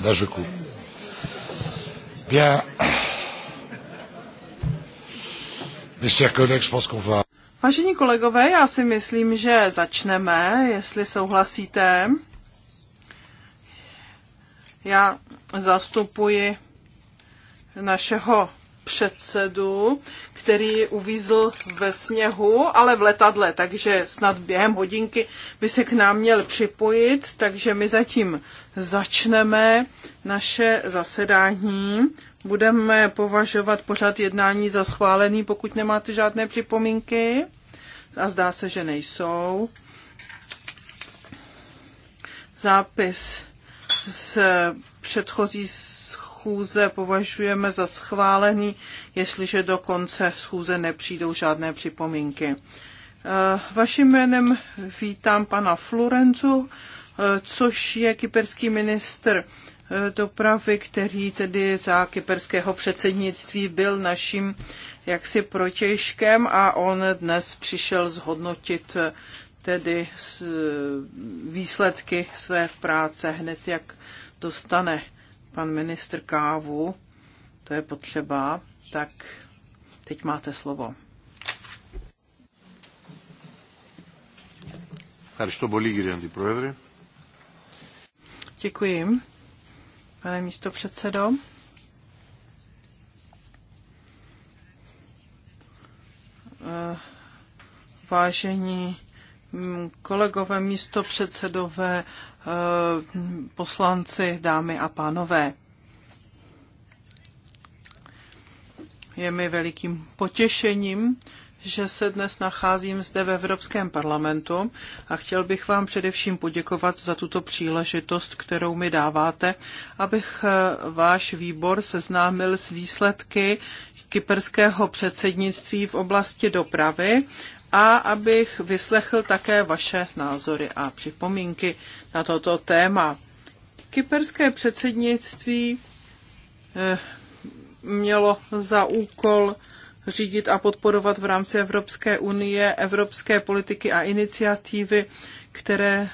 Даже jeu Bien. Mes chers collègues, je pense qu'on va... Vážení kolegové, já si myslím, že začneme, jestli souhlasíte. Já zastupuji našeho předsedu, který uvízl ve sněhu, ale v letadle, takže snad během hodinky by se k nám měl připojit, takže my zatím začneme naše zasedání. Budeme považovat pořad jednání za schválený, pokud nemáte žádné připomínky. A zdá se, že nejsou. Zápis z předchozí schůze považujeme za schválený, jestliže do konce schůze nepřijdou žádné připomínky. Eh, vaším jménem vítám pana Florenzu, eh, což je kyperský ministr eh, dopravy, který tedy za kyperského předsednictví byl naším jaksi protěžkem a on dnes přišel zhodnotit tedy výsledky své práce hned, jak dostane pan ministr kávu, to je potřeba, tak teď máte slovo. Děkuji, pane místo předsedo. Eh, vážení kolegové místo předsedové, eh, poslanci, dámy a pánové. Je mi velikým potěšením, že se dnes nacházím zde ve Evropském parlamentu a chtěl bych vám především poděkovat za tuto příležitost, kterou mi dáváte, abych eh, váš výbor seznámil s výsledky kyperského předsednictví v oblasti dopravy a abych vyslechl také vaše názory a připomínky na toto téma. Kyperské předsednictví eh, mělo za úkol řídit a podporovat v rámci Evropské unie evropské politiky a iniciativy, které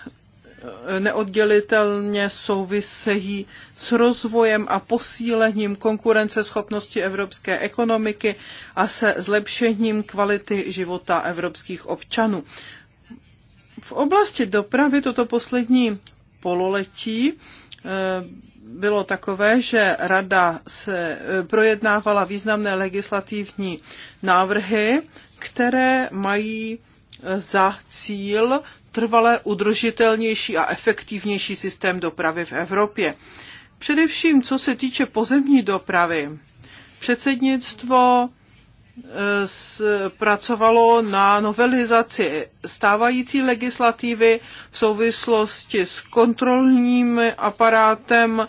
neoddělitelně souvisejí s rozvojem a posílením konkurenceschopnosti evropské ekonomiky a se zlepšením kvality života evropských občanů. V oblasti dopravy toto poslední pololetí eh, bylo takové, že rada se eh, projednávala významné legislativní návrhy, které mají eh, za cíl trvale udržitelnější a efektivnější systém dopravy v Evropě. Především co se týče pozemní dopravy, předsednictvo e, pracovalo na novelizaci stávající legislativy v souvislosti s kontrolním aparátem. E,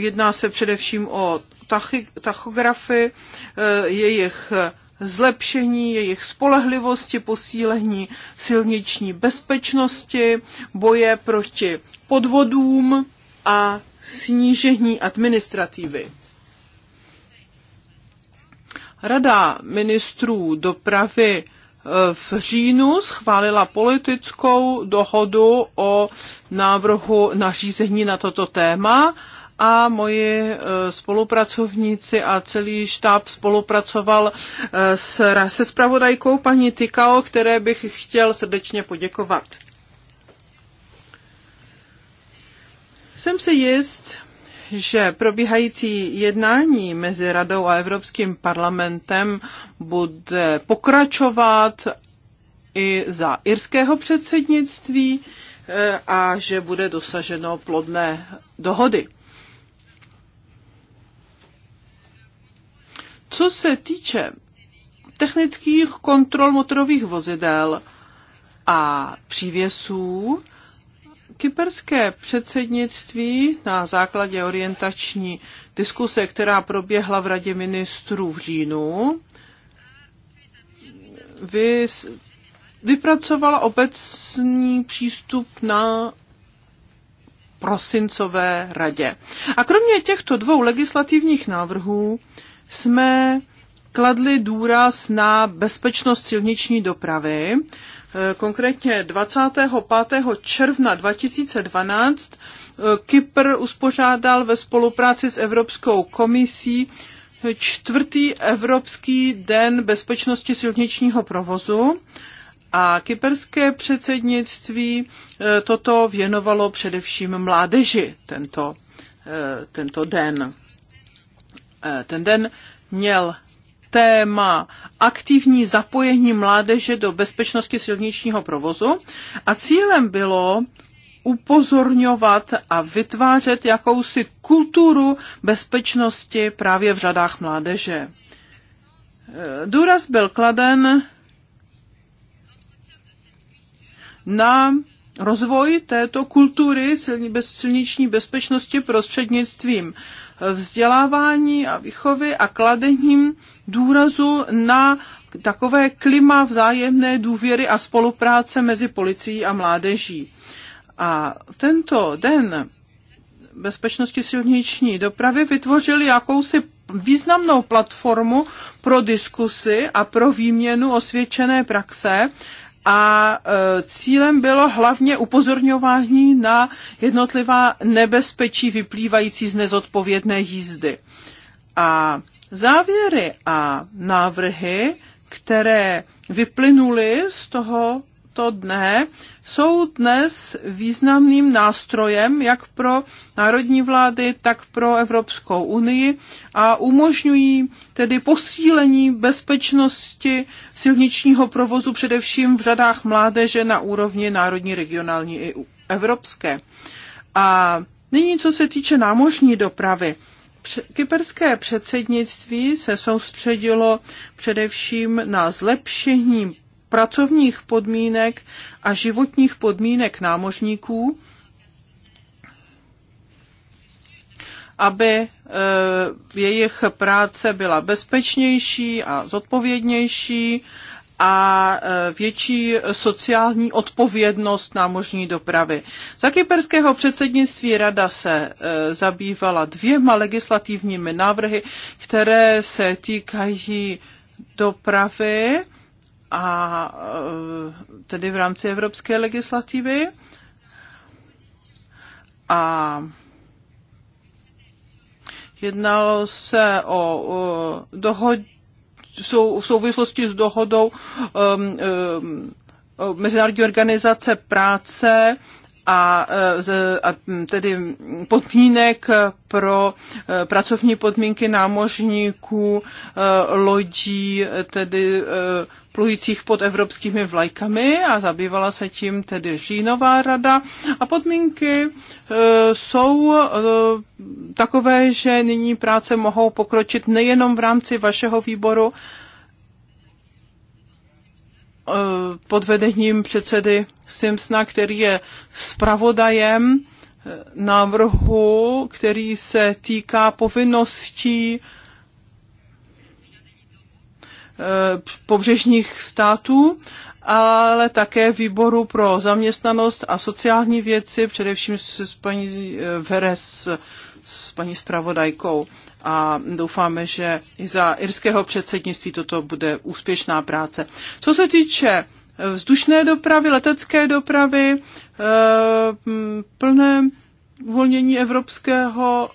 jedná se především o tachy, tachografy, e, jejich zlepšení jejich spolehlivosti, posílení silniční bezpečnosti, boje proti podvodům a snížení administrativy. Rada ministrů dopravy eh, v říjnu schválila politickou dohodu o návrhu nařízení na toto téma a moji eh, spolupracovníci a celý štáb spolupracoval eh, s, se spravodajkou paní Tykao, které bych chtěl srdečně poděkovat. Jsem si jist, že probíhající jednání mezi Radou a Evropským parlamentem bude pokračovat i za irského předsednictví eh, a že bude dosaženo plodné dohody. Co se týče technických kontrol motorových vozidel a přívěsů, kyperské předsednictví na základě orientační diskuse, která proběhla v Radě ministrů v říjnu, vy, vypracovala obecný přístup na prosincové radě. A kromě těchto dvou legislativních návrhů jsme kladli důraz na bezpečnost silniční dopravy. E, konkrétně 25. června 2012 e, Kypr uspořádal ve spolupráci s Evropskou komisí čtvrtý Evropský den bezpečnosti silničního provozu a kyperské předsednictví e, toto věnovalo především mládeži tento, tento den. Eh, ten den měl téma aktivní zapojení mládeže do bezpečnosti silničního provozu a cílem bylo upozorňovat a vytvářet jakousi kulturu bezpečnosti právě v řadách mládeže. Eh, důraz byl kladen na rozvoj této kultury silniční bezpečnosti prostřednictvím vzdělávání a výchovy a kladením důrazu na takové klima vzájemné důvěry a spolupráce mezi policií a mládeží. A tento den bezpečnosti silniční dopravy vytvořili jakousi významnou platformu pro diskusy a pro výměnu osvědčené praxe a e, cílem bylo hlavně upozorňování na jednotlivá nebezpečí vyplývající z nezodpovědné jízdy. A závěry a návrhy, které vyplynuly z toho to dne jsou dnes významným nástrojem jak pro národní vlády, tak pro Evropskou unii a umožňují tedy posílení bezpečnosti silničního provozu především v řadách mládeže na úrovni národní, regionální i evropské. A nyní, co se týče námořní dopravy. Kyperské předsednictví se soustředilo především na zlepšení pracovních podmínek a životních podmínek námořníků, aby e, jejich práce byla bezpečnější a zodpovědnější a e, větší sociální odpovědnost námořní dopravy. Za kyperského předsednictví rada se e, zabývala dvěma legislativními návrhy, které se týkají dopravy a e, tedy v rámci evropské legislativy. A jednalo se o, o dohodě v souvislosti s dohodou um, um, Mezinárodní organizace práce a, e, a tedy podmínek pro e, pracovní podmínky námořníků lodí, tedy plujících pod evropskými vlajkami a zabývala se tím tedy Žínová rada. A podmínky e, jsou e, takové, že nyní práce mohou pokročit nejenom v rámci vašeho výboru e, pod vedením předsedy Simpsona, který je zpravodajem návrhu, který se týká povinností Eh, pobřežních států, ale také výboru pro zaměstnanost a sociální věci, především s paní eh, Veres, s paní zpravodajkou. A doufáme, že i za irského předsednictví toto bude úspěšná práce. Co se týče eh, vzdušné dopravy, letecké dopravy, plné uvolnění evropského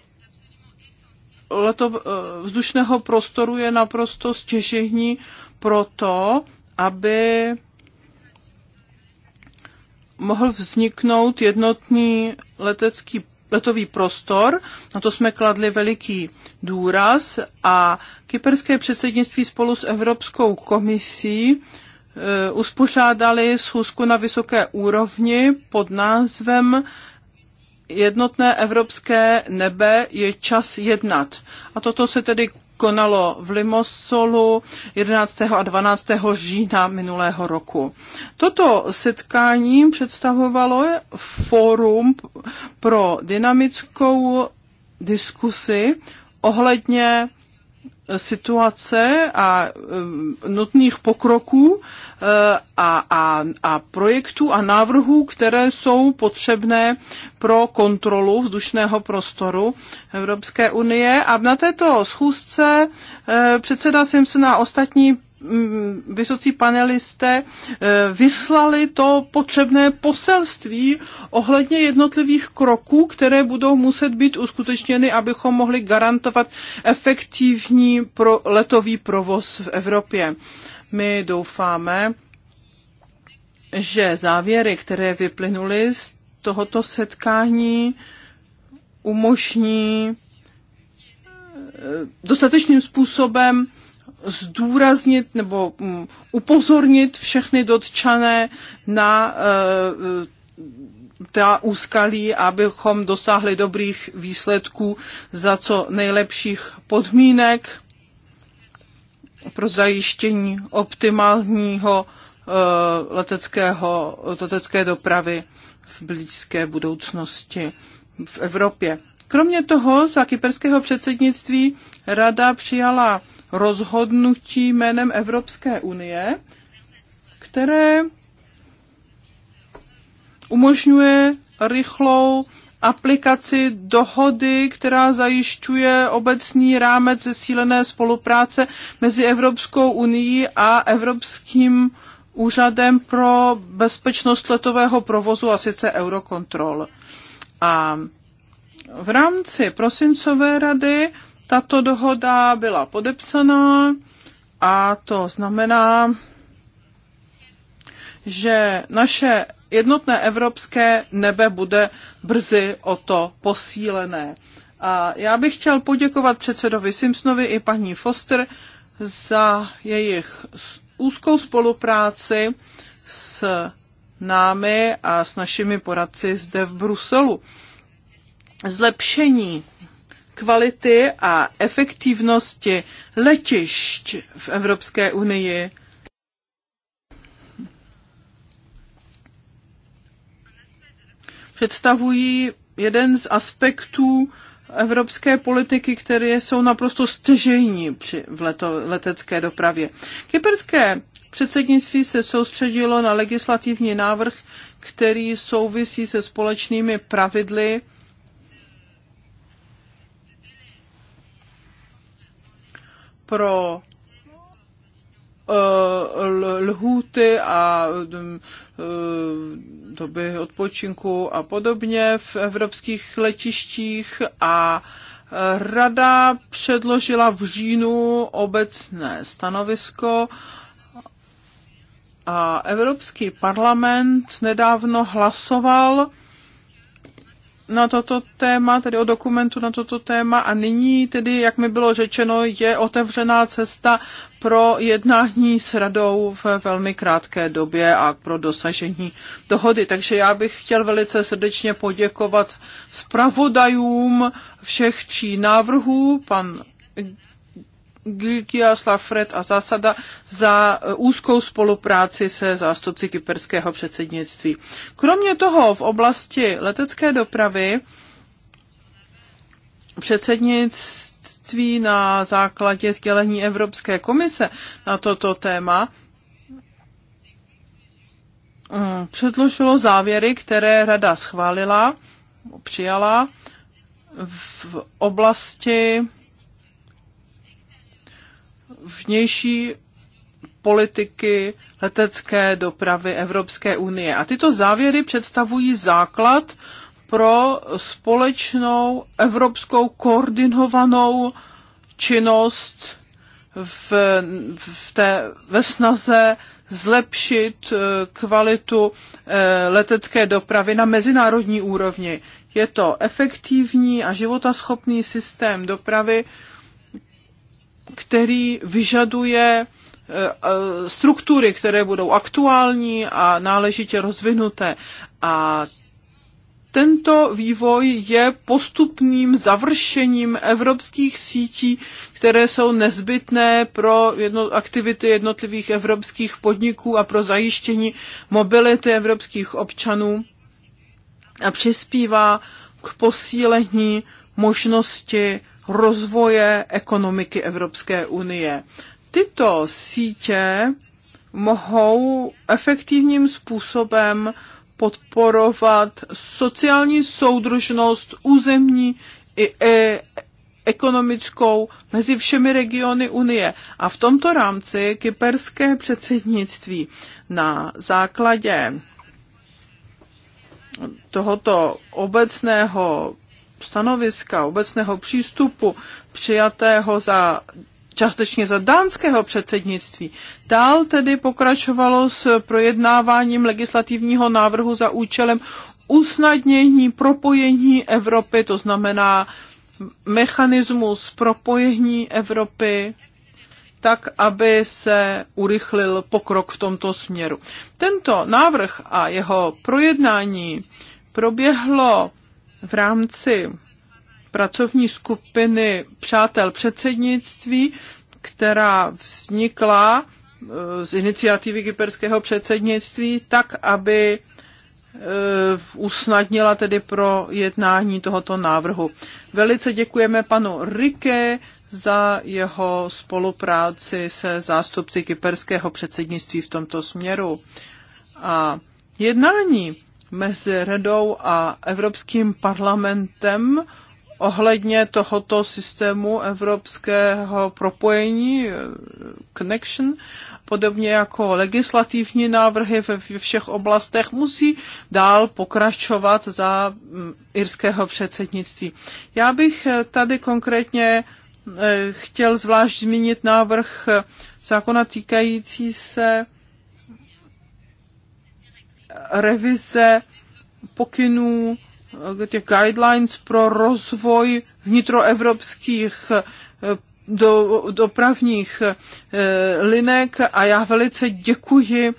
leto, eh, vzdušného prostoru je naprosto stěžení pro to, aby mohl vzniknout jednotný letecký letový prostor, na to jsme kladli veliký důraz a kyperské předsednictví spolu s Evropskou komisí eh, uspořádali schůzku na vysoké úrovni pod názvem jednotné evropské nebe je čas jednat. A toto se tedy konalo v Limosolu 11. a 12. října minulého roku. Toto setkání představovalo fórum pro dynamickou diskusi ohledně situace a um, nutných pokroků uh, a, a, a projektů a návrhů, které jsou potřebné pro kontrolu vzdušného prostoru Evropské unie. A na této schůzce uh, předseda Simpson a ostatní Mm, vysocí panelisté eh, vyslali to potřebné poselství ohledně jednotlivých kroků, které budou muset být uskutečněny, abychom mohli garantovat efektivní pro letový provoz v Evropě. My doufáme, že závěry, které vyplynuly z tohoto setkání, umožní eh, dostatečným způsobem zdůraznit nebo mm, upozornit všechny dotčané na eh, ta úskalí, abychom dosáhli dobrých výsledků za co nejlepších podmínek pro zajištění optimálního eh, leteckého, letecké dopravy v blízké budoucnosti v Evropě. Kromě toho za kyperského předsednictví rada přijala rozhodnutí jménem Evropské unie, které umožňuje rychlou aplikaci dohody, která zajišťuje obecný rámec zesílené spolupráce mezi Evropskou unii a Evropským úřadem pro bezpečnost letového provozu, a sice Eurocontrol. A v rámci prosincové rady tato dohoda byla podepsaná a to znamená, že naše jednotné evropské nebe bude brzy o to posílené. A já bych chtěl poděkovat předsedovi Simpsonovi i paní Foster za jejich úzkou spolupráci s námi a s našimi poradci zde v Bruselu. Zlepšení kvality a efektivnosti letišť v Evropské unii. Představují jeden z aspektů evropské politiky, které jsou naprosto stěžejní při, v leto, letecké dopravě. Kyperské předsednictví se soustředilo na legislativní návrh, který souvisí se společnými pravidly pro eh, lhůty a mm, eh, doby odpočinku a podobně v evropských letištích a eh, Rada předložila v říjnu obecné stanovisko a Evropský parlament nedávno hlasoval na toto téma, tedy o dokumentu na toto téma a nyní tedy, jak mi bylo řečeno, je otevřená cesta pro jednání s radou v velmi krátké době a pro dosažení dohody. Takže já bych chtěl velice srdečně poděkovat zpravodajům všech tří návrhů, pan Gilkia, Slafred a Zásada za eh, úzkou spolupráci se zástupci kyperského předsednictví. Kromě toho v oblasti letecké dopravy předsednictví na základě sdělení Evropské komise na toto téma eh, předložilo závěry, které rada schválila, přijala v oblasti vnější politiky letecké dopravy Evropské unie. A tyto závěry představují základ pro společnou evropskou koordinovanou činnost v, v té, ve snaze zlepšit eh, kvalitu eh, letecké dopravy na mezinárodní úrovni. Je to efektivní a životaschopný systém dopravy, který vyžaduje eh, eh, struktury, které budou aktuální a náležitě rozvinuté. A tento vývoj je postupným završením evropských sítí, které jsou nezbytné pro jedno, aktivity jednotlivých evropských podniků a pro zajištění mobility evropských občanů a přispívá k posílení možnosti rozvoje ekonomiky Evropské unie. Tyto sítě mohou efektivním způsobem podporovat sociální soudržnost územní i, i ekonomickou mezi všemi regiony Unie. A v tomto rámci kyperské předsednictví na základě tohoto obecného stanoviska obecného přístupu přijatého za částečně za dánského předsednictví. Dál tedy pokračovalo s projednáváním legislativního návrhu za účelem usnadnění propojení Evropy, to znamená mechanismus propojení Evropy tak, aby se urychlil pokrok v tomto směru. Tento návrh a jeho projednání proběhlo v rámci pracovní skupiny Přátel předsednictví, která vznikla eh, z iniciativy kyperského předsednictví, tak aby eh, usnadnila tedy pro jednání tohoto návrhu. Velice děkujeme panu Rike za jeho spolupráci se zástupci kyperského předsednictví v tomto směru. A jednání mezi radou a Evropským parlamentem ohledně tohoto systému evropského propojení, eh, connection, podobně jako legislativní návrhy ve všech oblastech, musí dál pokračovat za mm, irského předsednictví. Já bych eh, tady konkrétně eh, chtěl zvlášť zmínit návrh zákona týkající se revize pokynů, eh, těch guidelines pro rozvoj vnitroevropských eh, do, dopravních eh, linek a já velice děkuji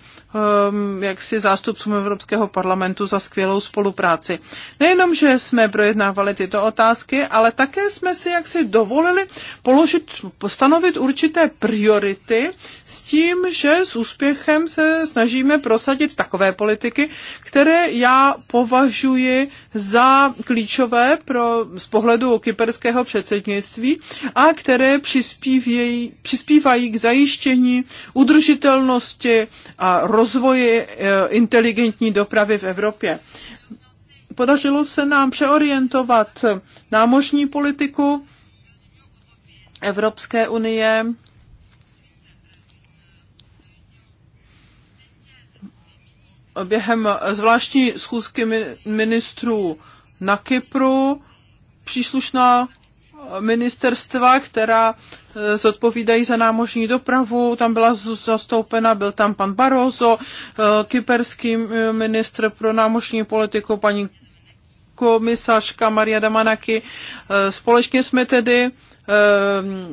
Um, jaksi zástupcům Evropského parlamentu za skvělou spolupráci. Nejenom, že jsme projednávali tyto otázky, ale také jsme si jaksi dovolili položit, postanovit určité priority s tím, že s úspěchem se snažíme prosadit takové politiky, které já považuji za klíčové pro, z pohledu kyperského předsednictví a které přispívají, přispívají k zajištění udržitelnosti a rozvoji eh, inteligentní dopravy v Evropě. Podařilo se nám přeorientovat námořní politiku Evropské unie během zvláštní schůzky ministrů na Kypru příslušná ministerstva, která zodpovídají za námořní dopravu, tam byla zastoupena, byl tam pan Barroso, eh, kyperský ministr pro námořní politiku, paní komisařka Maria Damanaki. Eh, společně jsme tedy eh,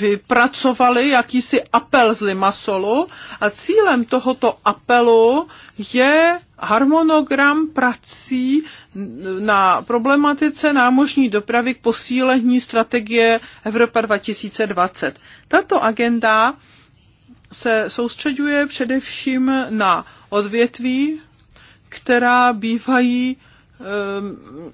vypracovali jakýsi apel z Limasolu a cílem tohoto apelu je harmonogram prací na problematice námořní dopravy k posílení strategie Evropa 2020. Tato agenda se soustředuje především na odvětví, která bývají ehm,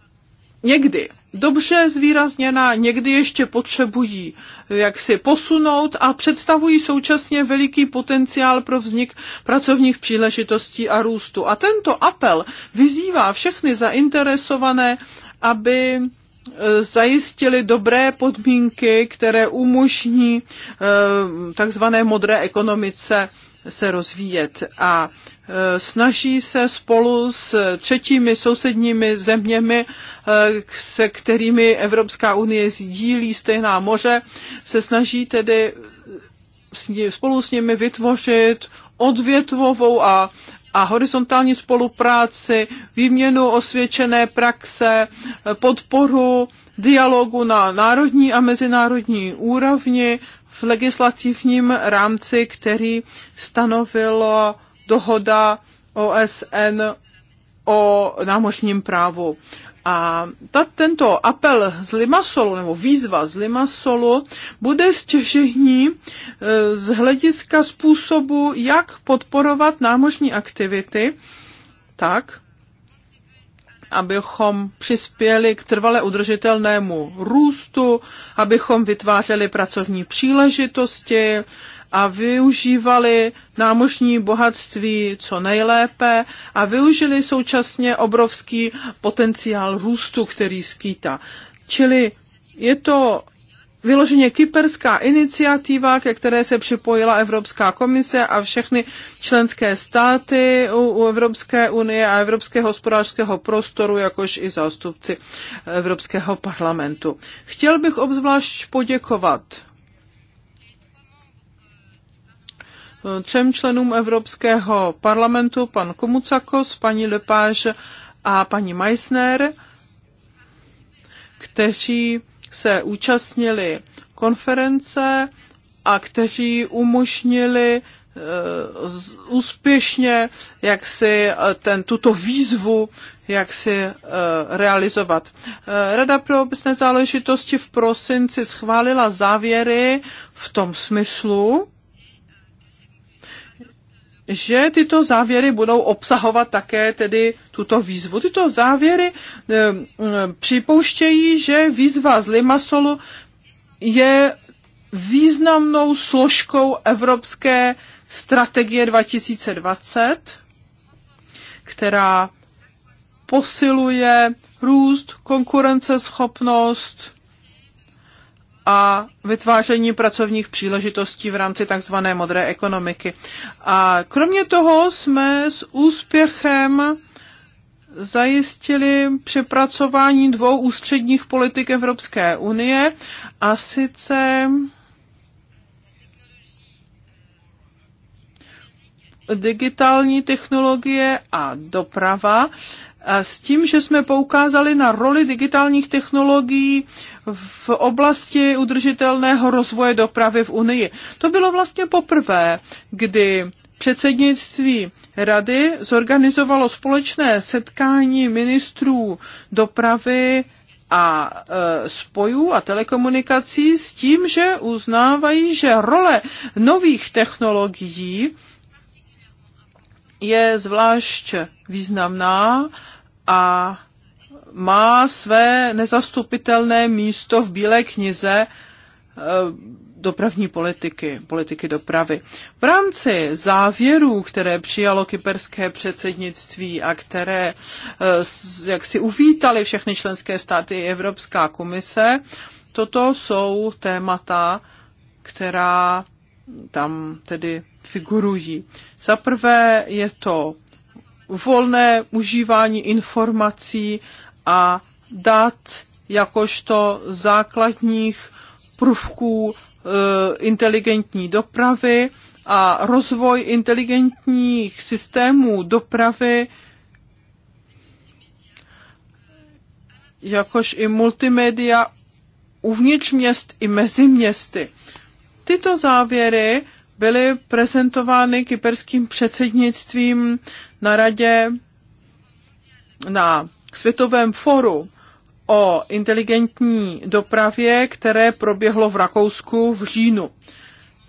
někdy dobře zvýrazněná, někdy ještě potřebují jak si posunout a představují současně veliký potenciál pro vznik pracovních příležitostí a růstu. A tento apel vyzývá všechny zainteresované, aby eh, zajistili dobré podmínky, které umožní eh, takzvané modré ekonomice se rozvíjet a e, snaží se spolu s třetími sousedními zeměmi, e, se kterými Evropská unie sdílí stejná moře, se snaží tedy spolu s nimi vytvořit odvětvovou a a horizontální spolupráci, výměnu osvědčené praxe, podporu dialogu na národní a mezinárodní úrovni v legislativním rámci, který stanovilo dohoda OSN o námořním právu. A ta, tento apel z Limasolu, nebo výzva z Limasolu, bude stěžení e, z hlediska způsobu, jak podporovat námořní aktivity, tak, abychom přispěli k trvale udržitelnému růstu, abychom vytvářeli pracovní příležitosti a využívali námořní bohatství co nejlépe a využili současně obrovský potenciál růstu, který skýtá. Čili je to vyloženě kyperská iniciativa, ke které se připojila Evropská komise a všechny členské státy u, u Evropské unie a Evropského hospodářského prostoru, jakož i zástupci Evropského parlamentu. Chtěl bych obzvlášť poděkovat třem členům Evropského parlamentu, pan Komucakos, paní Lepáž a paní Meissner, kteří se účastnili konference a kteří umožnili eh, úspěšně jak si eh, ten, tuto výzvu jak si eh, realizovat. Rada pro obecné záležitosti v prosinci schválila závěry v tom smyslu, že tyto závěry budou obsahovat také tedy tuto výzvu. Tyto závěry eh, eh, připouštějí, že výzva z Limasolu je významnou složkou evropské strategie 2020, která posiluje růst, konkurenceschopnost, a vytváření pracovních příležitostí v rámci tzv. modré ekonomiky. A kromě toho jsme s úspěchem zajistili přepracování dvou ústředních politik Evropské unie a sice digitální technologie a doprava s tím, že jsme poukázali na roli digitálních technologií v oblasti udržitelného rozvoje dopravy v Unii. To bylo vlastně poprvé, kdy předsednictví rady zorganizovalo společné setkání ministrů dopravy a e, spojů a telekomunikací s tím, že uznávají, že role nových technologií je zvlášť významná a má své nezastupitelné místo v Bílé knize eh, dopravní politiky, politiky dopravy. V rámci závěrů, které přijalo kyperské předsednictví a které, eh, jak si uvítali všechny členské státy i Evropská komise, toto jsou témata, která tam tedy figurují. Za prvé je to volné užívání informací a dat jakožto základních prvků eh, inteligentní dopravy a rozvoj inteligentních systémů dopravy, jakož i multimédia uvnitř měst i mezi městy. Tyto závěry byly prezentovány kyperským předsednictvím na radě na Světovém foru o inteligentní dopravě, které proběhlo v Rakousku v říjnu.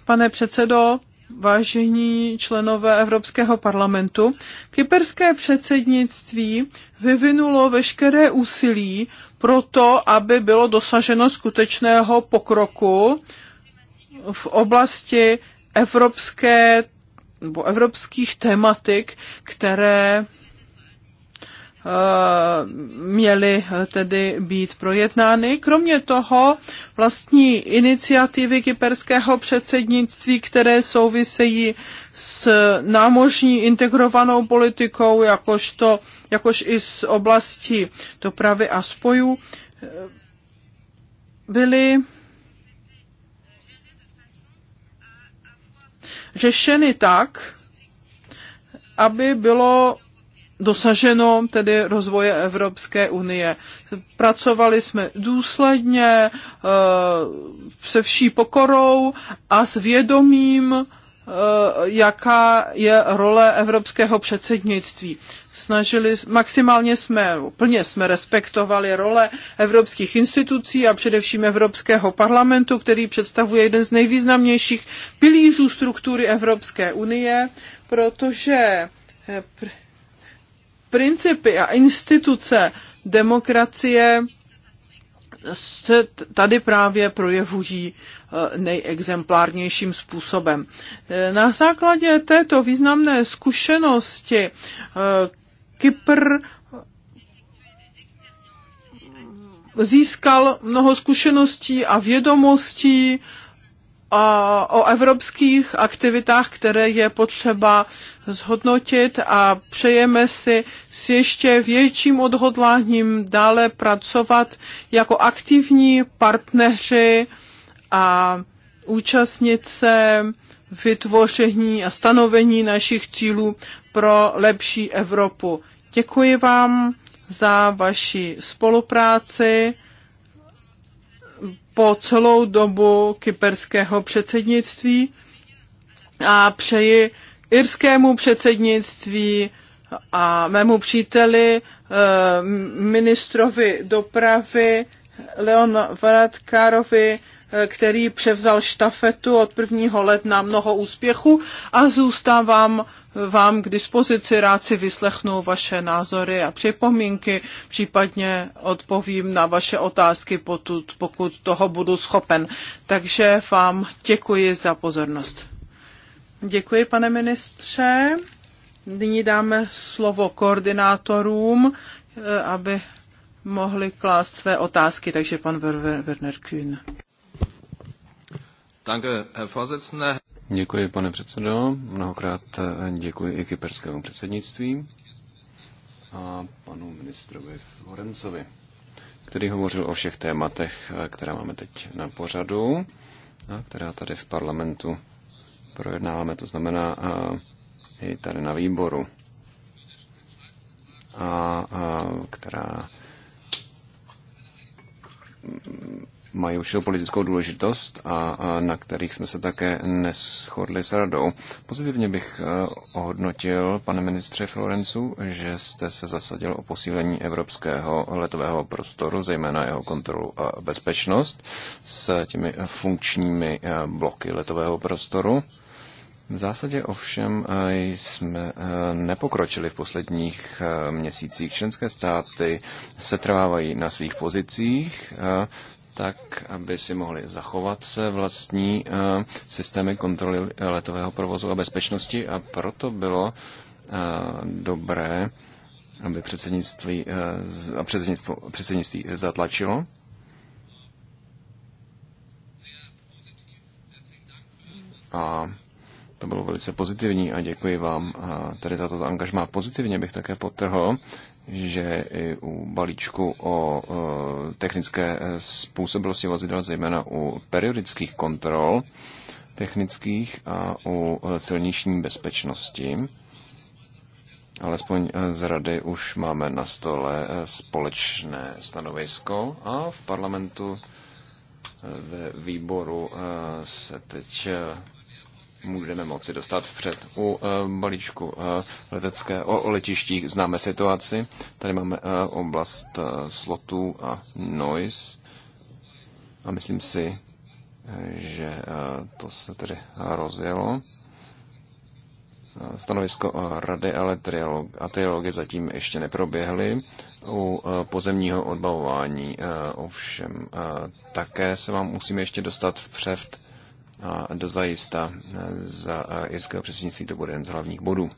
Pane předsedo, vážení členové Evropského parlamentu, kyperské předsednictví vyvinulo veškeré úsilí pro to, aby bylo dosaženo skutečného pokroku v oblasti evropské nebo evropských tematik, které eh, měly tedy být projednány. Kromě toho vlastní iniciativy kyperského předsednictví, které souvisejí s námožní integrovanou politikou, jakožto, jakož i z oblasti dopravy a spojů, eh, byly řešeny tak, aby bylo dosaženo tedy rozvoje Evropské unie. Pracovali jsme důsledně, eh, se vší pokorou a s vědomím Eh, jaká je role evropského předsednictví. Snažili, maximálně jsme, plně jsme respektovali role evropských institucí a především Evropského parlamentu, který představuje jeden z nejvýznamnějších pilířů struktury Evropské unie, protože eh, principy a instituce demokracie se tady právě projevují eh, nejexemplárnějším způsobem. Eh, na základě této významné zkušenosti eh, Kypr získal mnoho zkušeností a vědomostí o evropských aktivitách, které je potřeba zhodnotit a přejeme si s ještě větším odhodláním dále pracovat jako aktivní partneři a účastnit se vytvoření a stanovení našich cílů pro lepší Evropu. Děkuji vám za vaši spolupráci po celou dobu kyperského předsednictví a přeji irskému předsednictví a mému příteli, eh, ministrovi dopravy Leon Varadkárovi který převzal štafetu od 1. ledna mnoho úspěchu a zůstávám vám k dispozici, rád si vyslechnu vaše názory a připomínky, případně odpovím na vaše otázky, potud, pokud toho budu schopen. Takže vám děkuji za pozornost. Děkuji, pane ministře. Nyní dáme slovo koordinátorům, eh, aby mohli klást své otázky, takže pan Werner Kühn. Danke, Herr Vorsitzender. Děkuji, pane předsedo. Mnohokrát eh, děkuji i kyperskému předsednictví a panu ministrovi Florencovi, který hovořil o všech tématech, eh, která máme teď na pořadu a která tady v parlamentu projednáváme, to znamená eh, i tady na výboru, a, a která mají určitou politickou důležitost a, a na kterých jsme se také neschodli s radou. Pozitivně bych eh, ohodnotil, pane ministře Florencu, že jste se zasadil o posílení evropského letového prostoru, zejména jeho kontrolu a bezpečnost s těmi funkčními eh, bloky letového prostoru. V zásadě ovšem eh, jsme nepokročili v posledních měsících. Členské státy se trvávají na svých pozicích, tak, aby si mohli zachovat své vlastní eh, systémy kontroly letového provozu a bezpečnosti a proto bylo eh, dobré, aby předsednictví, eh, a předsednictví, předsednictví zatlačilo. A to bylo velice pozitivní a děkuji vám tedy za to angažmá. Pozitivně bych také potrhl, že i u balíčku o technické e, způsobilosti vozidel, zejména u periodických kontrol technických a u e, silniční bezpečnosti, alespoň e, z rady už máme na stole společné stanovisko a v parlamentu ve výboru se teď Můžeme moci dostat vpřed. U eh, balíčku eh, letecké, o letištích známe situaci. Tady máme eh, oblast slotů a noise. A myslím si, že to se tedy rozjelo. Stanovisko rady, ale trialog, a triology zatím ještě neproběhly. U pozemního odbavování ovšem také se vám musíme ještě dostat vpřed a dozajista e, za e, irského předsednictví to bude jeden z hlavních bodů.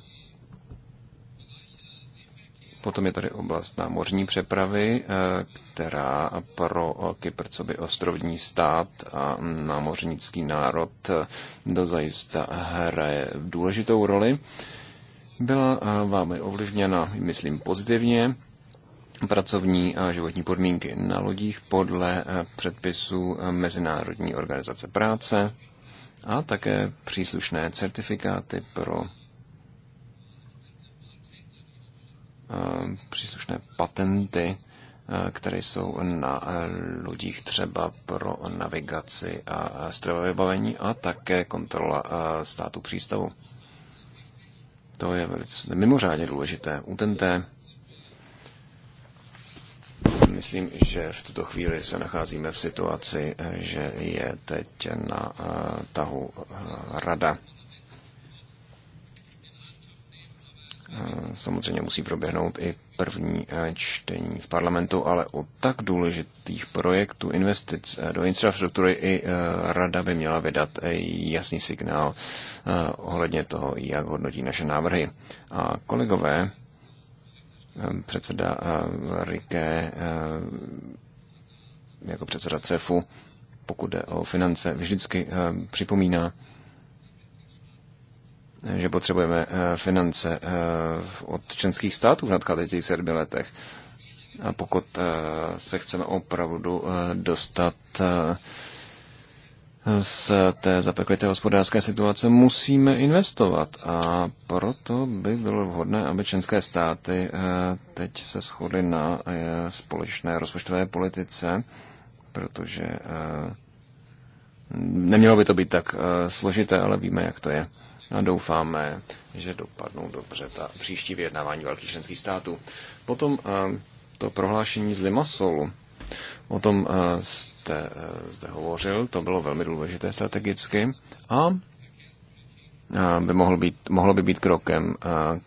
Potom je tady oblast na mořní přepravy, e, která pro Kypr, co by ostrovní stát a námořnický národ dozajista hraje důležitou roli. Byla vámi ovlivněna, myslím, pozitivně pracovní a životní podmínky na lodích podle předpisů Mezinárodní organizace práce a také příslušné certifikáty pro eh, příslušné patenty, eh, které jsou na lodích třeba pro navigaci a strojové vybavení a také kontrola eh, státu přístavu. To je velice mimořádně důležité. U tenté Myslím, že v tuto chvíli se nacházíme v situaci, že je teď na eh, tahu eh, rada. Eh, samozřejmě musí proběhnout i první čtení v parlamentu, ale u tak důležitých projektů investic do infrastruktury i rada by měla vydat jasný signál ohledně toho, jak hodnotí naše návrhy. A kolegové, Ehm, předseda eh, Rike eh, jako předseda CEFu, pokud jde o finance, vždycky eh, připomíná, že potřebujeme finance od členských států v nadcházejících sedmi letech. A pokud se chceme opravdu dostat z té zapeklité hospodářské situace musíme investovat a proto by bylo vhodné, aby členské státy eh, teď se shodly na eh, společné rozpočtové politice, protože eh, nemělo by to být tak složité, ale víme, jak to je. A doufáme, že dopadnou dobře ta příští vyjednávání velkých členských států. Potom to prohlášení z Limasolu O tom eh, jste eh, zde hovořil, to bylo velmi důležité strategicky a eh, by mohl být, mohlo by být krokem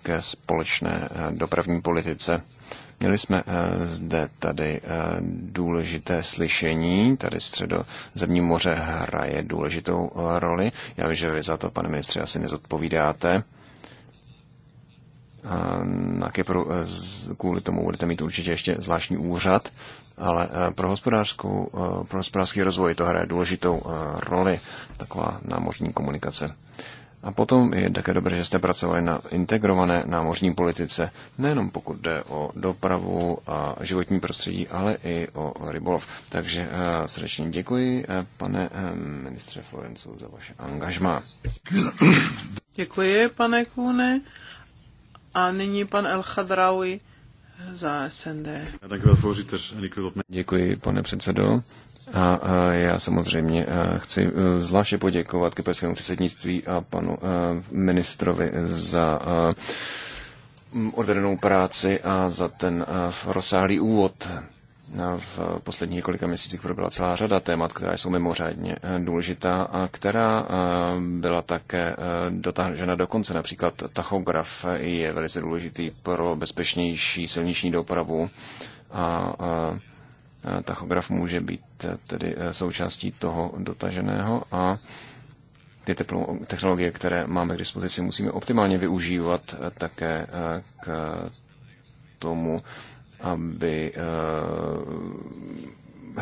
ke společné dopravní politice. Měli jsme zde tady důležité slyšení, tady středozemní moře hraje důležitou roli. Já vím, že vy za to, pane ministře, asi nezodpovídáte. Na Kypru kvůli tomu budete mít určitě ještě zvláštní úřad, ale eh, pro, hospodářskou, eh, pro hospodářský rozvoj to hraje důležitou eh, roli, taková námořní komunikace. A potom je také dobré, že jste pracovali na integrované námořní politice, nejenom pokud jde o dopravu a životní prostředí, ale i o rybolov. Takže srdečně děkuji, pane ministře Florencu, za vaše angažmá. Děkuji, pane Kůne. A nyní pan El Khadraoui za SND. Děkuji, pane předsedo. A, a já samozřejmě chci e, zvláště poděkovat kyperskému předsednictví a panu e, ministrovi za e, odvedenou práci a za ten rozsáhlý úvod. V posledních několika měsících proběhla celá řada témat, která jsou mimořádně eh, důležitá a která eh, byla také eh, dotažena do konce. Například tachograf je velice důležitý pro bezpečnější silniční dopravu a tachograf může být tedy součástí toho dotaženého a ty technologie, které máme k dispozici, musíme optimálně využívat také k tomu, aby eh,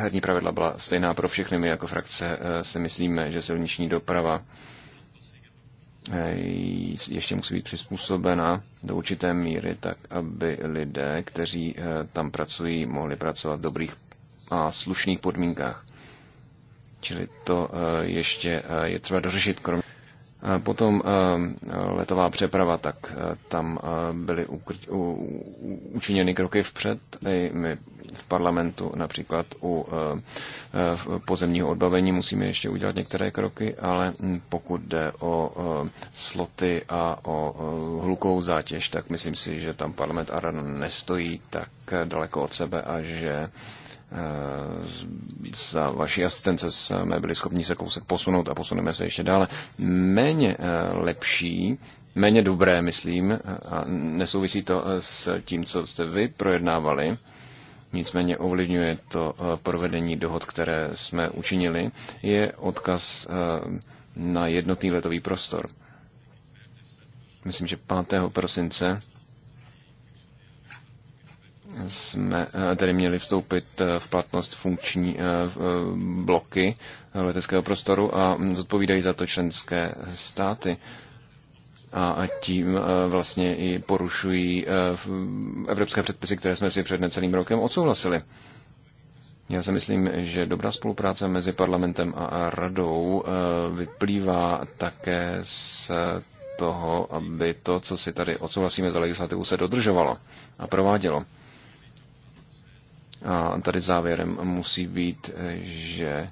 herní pravidla byla stejná pro všechny. My jako frakce eh, si myslíme, že silniční doprava eh, ještě musí být přizpůsobena do určité míry, tak aby lidé, kteří tam pracují, mohli pracovat v dobrých a slušných podmínkách. Čili to ještě je třeba dořešit, kromě Potom eh, letová přeprava, tak eh, tam eh, byly učiněny kroky vpřed. I my v parlamentu například u pozemního odbavení musíme ještě udělat některé kroky, ale hm, pokud jde o sloty a o hlukovou zátěž, tak myslím si, že tam parlament a nestojí tak daleko od sebe a že Eh, za vaší asistence jsme byli schopni se kousek posunout a posuneme se ještě dále. Méně eh, lepší, méně dobré, myslím, eh, a nesouvisí to s tím, co jste vy projednávali, nicméně ovlivňuje to provedení dohod, které jsme učinili, je odkaz na jednotný letový prostor. Myslím, že 5. prosince jsme eh, tedy měli vstoupit eh, v platnost funkční eh, bloky leteckého prostoru a zodpovídají za to členské státy. A tím vlastně i porušují evropské předpisy, které jsme si před necelým rokem odsouhlasili. Já si myslím, že dobrá spolupráce mezi parlamentem a radou vyplývá také z toho, aby to, co si tady odsouhlasíme za legislativu, se dodržovalo a provádělo. A tady závěrem musí být, že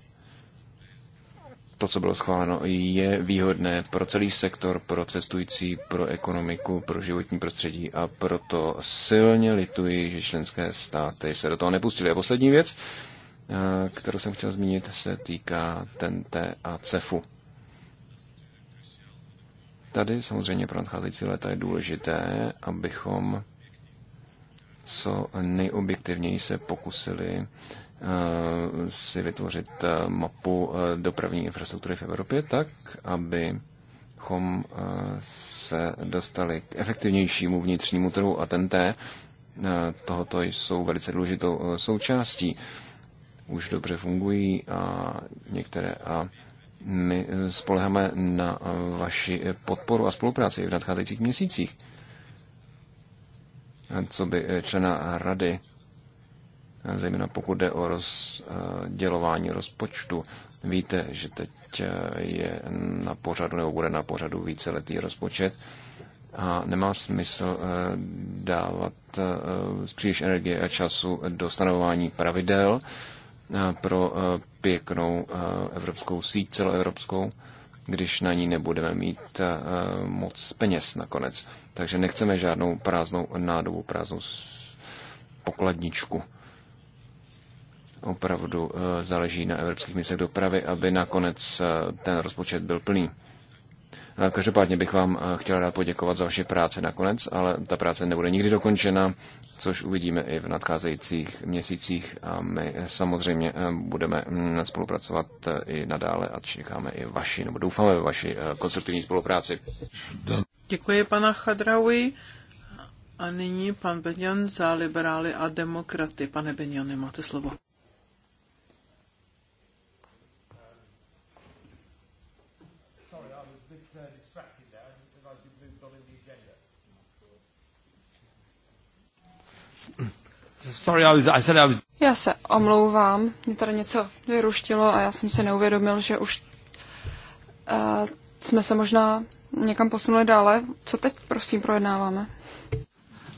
to, co bylo schváleno, je výhodné pro celý sektor, pro cestující, pro ekonomiku, pro životní prostředí a proto silně lituji, že členské státy se do toho nepustily. A poslední věc, eh, kterou jsem chtěl zmínit, se týká TNT a CEFu. Tady samozřejmě pro nadcházející léta je důležité, abychom co nejobjektivněji se pokusili eh, si vytvořit eh, mapu eh, dopravní infrastruktury v Evropě tak, abychom se dostali k efektivnějšímu vnitřnímu trhu a ten té tohoto jsou velice důležitou součástí. Už dobře fungují a některé a my spoleháme na vaši podporu a spolupráci v nadcházejících měsících co by eh, člena rady, eh, zejména pokud jde o rozdělování rozpočtu. Víte, že teď eh, je na pořadu nebo bude na pořadu víceletý rozpočet a nemá smysl dávat příliš energie a času do stanovování pravidel pro pěknou evropskou síť celoevropskou. evropskou když na ní nebudeme mít eh, moc peněz nakonec. Takže nechceme žádnou prázdnou nádobu, prázdnou pokladničku. Opravdu eh, záleží na evropských misech dopravy, aby nakonec eh, ten rozpočet byl plný. Každopádně bych vám chtěla dát poděkovat za vaši práci nakonec, ale ta práce nebude nikdy dokončena což uvidíme i v nadcházejících měsících a my samozřejmě eh, budeme mm, spolupracovat eh, i nadále a čekáme i vaši, nebo doufáme ve vaši eh, konstruktivní spolupráci. Děkuji pana Chadraui A nyní pan Benjan za liberály a demokraty. Pane Benjane, máte slovo. Uh, Sorry, I was, I said I was... Já se omlouvám, mě tady něco vyruštilo a já jsem si neuvědomil, že už uh, jsme se možná někam posunuli dále. Co teď, prosím, projednáváme?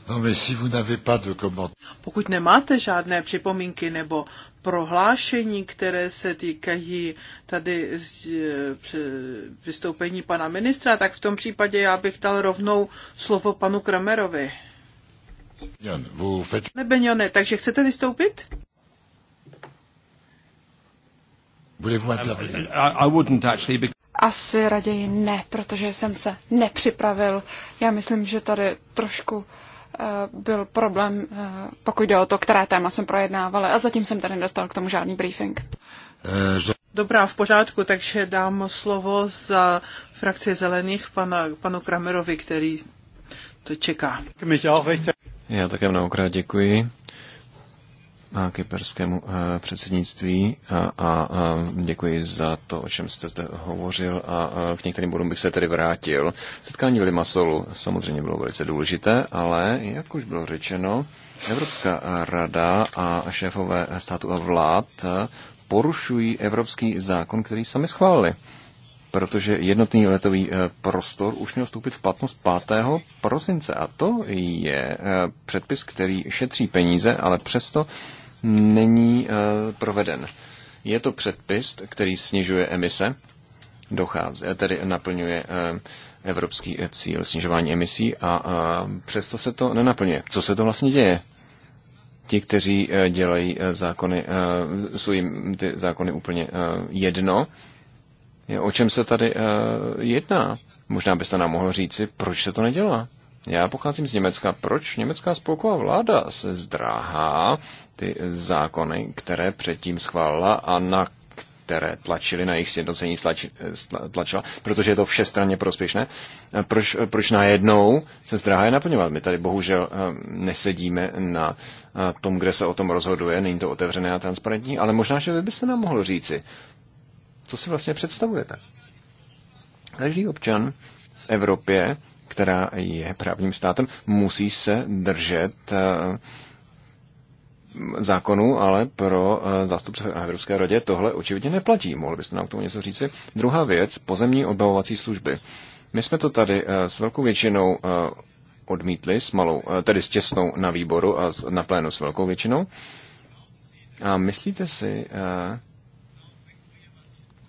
No, mais si vous n'avez pas de comment... Pokud nemáte žádné připomínky nebo prohlášení, které se týkají tady eh, vystoupení pana ministra, tak v tom případě já bych dal rovnou slovo panu Kramerovi. Pane Beňone, takže chcete vystoupit? Asi raději ne, protože jsem se nepřipravil. Já myslím, že tady trošku uh, byl problém, uh, pokud jde o to, které téma jsme projednávali a zatím jsem tady nedostal k tomu žádný briefing. Dobrá, v pořádku, takže dám slovo za frakci zelených pana, panu Kramerovi, který to čeká. Já také mnohokrát děkuji a kyperskému eh, předsednictví a, a, a děkuji za to, o čem jste zde hovořil a, a k některým bodům bych se tedy vrátil. Setkání v Limasolu samozřejmě bylo velice důležité, ale jak už bylo řečeno, Evropská rada a šéfové státu a vlád porušují evropský zákon, který sami schválili protože jednotný letový eh, prostor už měl vstoupit v platnost 5. prosince. A to je eh, předpis, který šetří peníze, ale přesto není eh, proveden. Je to předpis, který snižuje emise, dochází, tedy naplňuje evropský cíl snižování emisí a přesto se to nenaplňuje. Co se to vlastně děje? Ti, kteří dělají zákony, jsou jim ty zákony úplně jedno, O čem se tady eh, jedná? Možná byste nám mohl říci, proč se to nedělá? Já pocházím z Německa. Proč německá spolková vláda se zdráhá ty zákony, které předtím schválila a na které tlačili na jejich sjednocení tlačila, protože je to všestranně prospěšné. Proč, proč najednou se zdráhá je naplňovat? My tady bohužel eh, nesedíme na eh, tom, kde se o tom rozhoduje, není to otevřené a transparentní, ale možná, že vy byste nám mohl říci, co si vlastně představujete? Každý občan v Evropě, která je právním státem, musí se držet eh, zákonu, ale pro eh, zástupce v Evropské radě tohle očividně neplatí. Mohli byste nám k tomu něco říci? Druhá věc, pozemní odbavovací služby. My jsme to tady eh, s velkou většinou odmítli, s malou, tedy s těsnou na výboru a na plénu s velkou většinou. A myslíte si,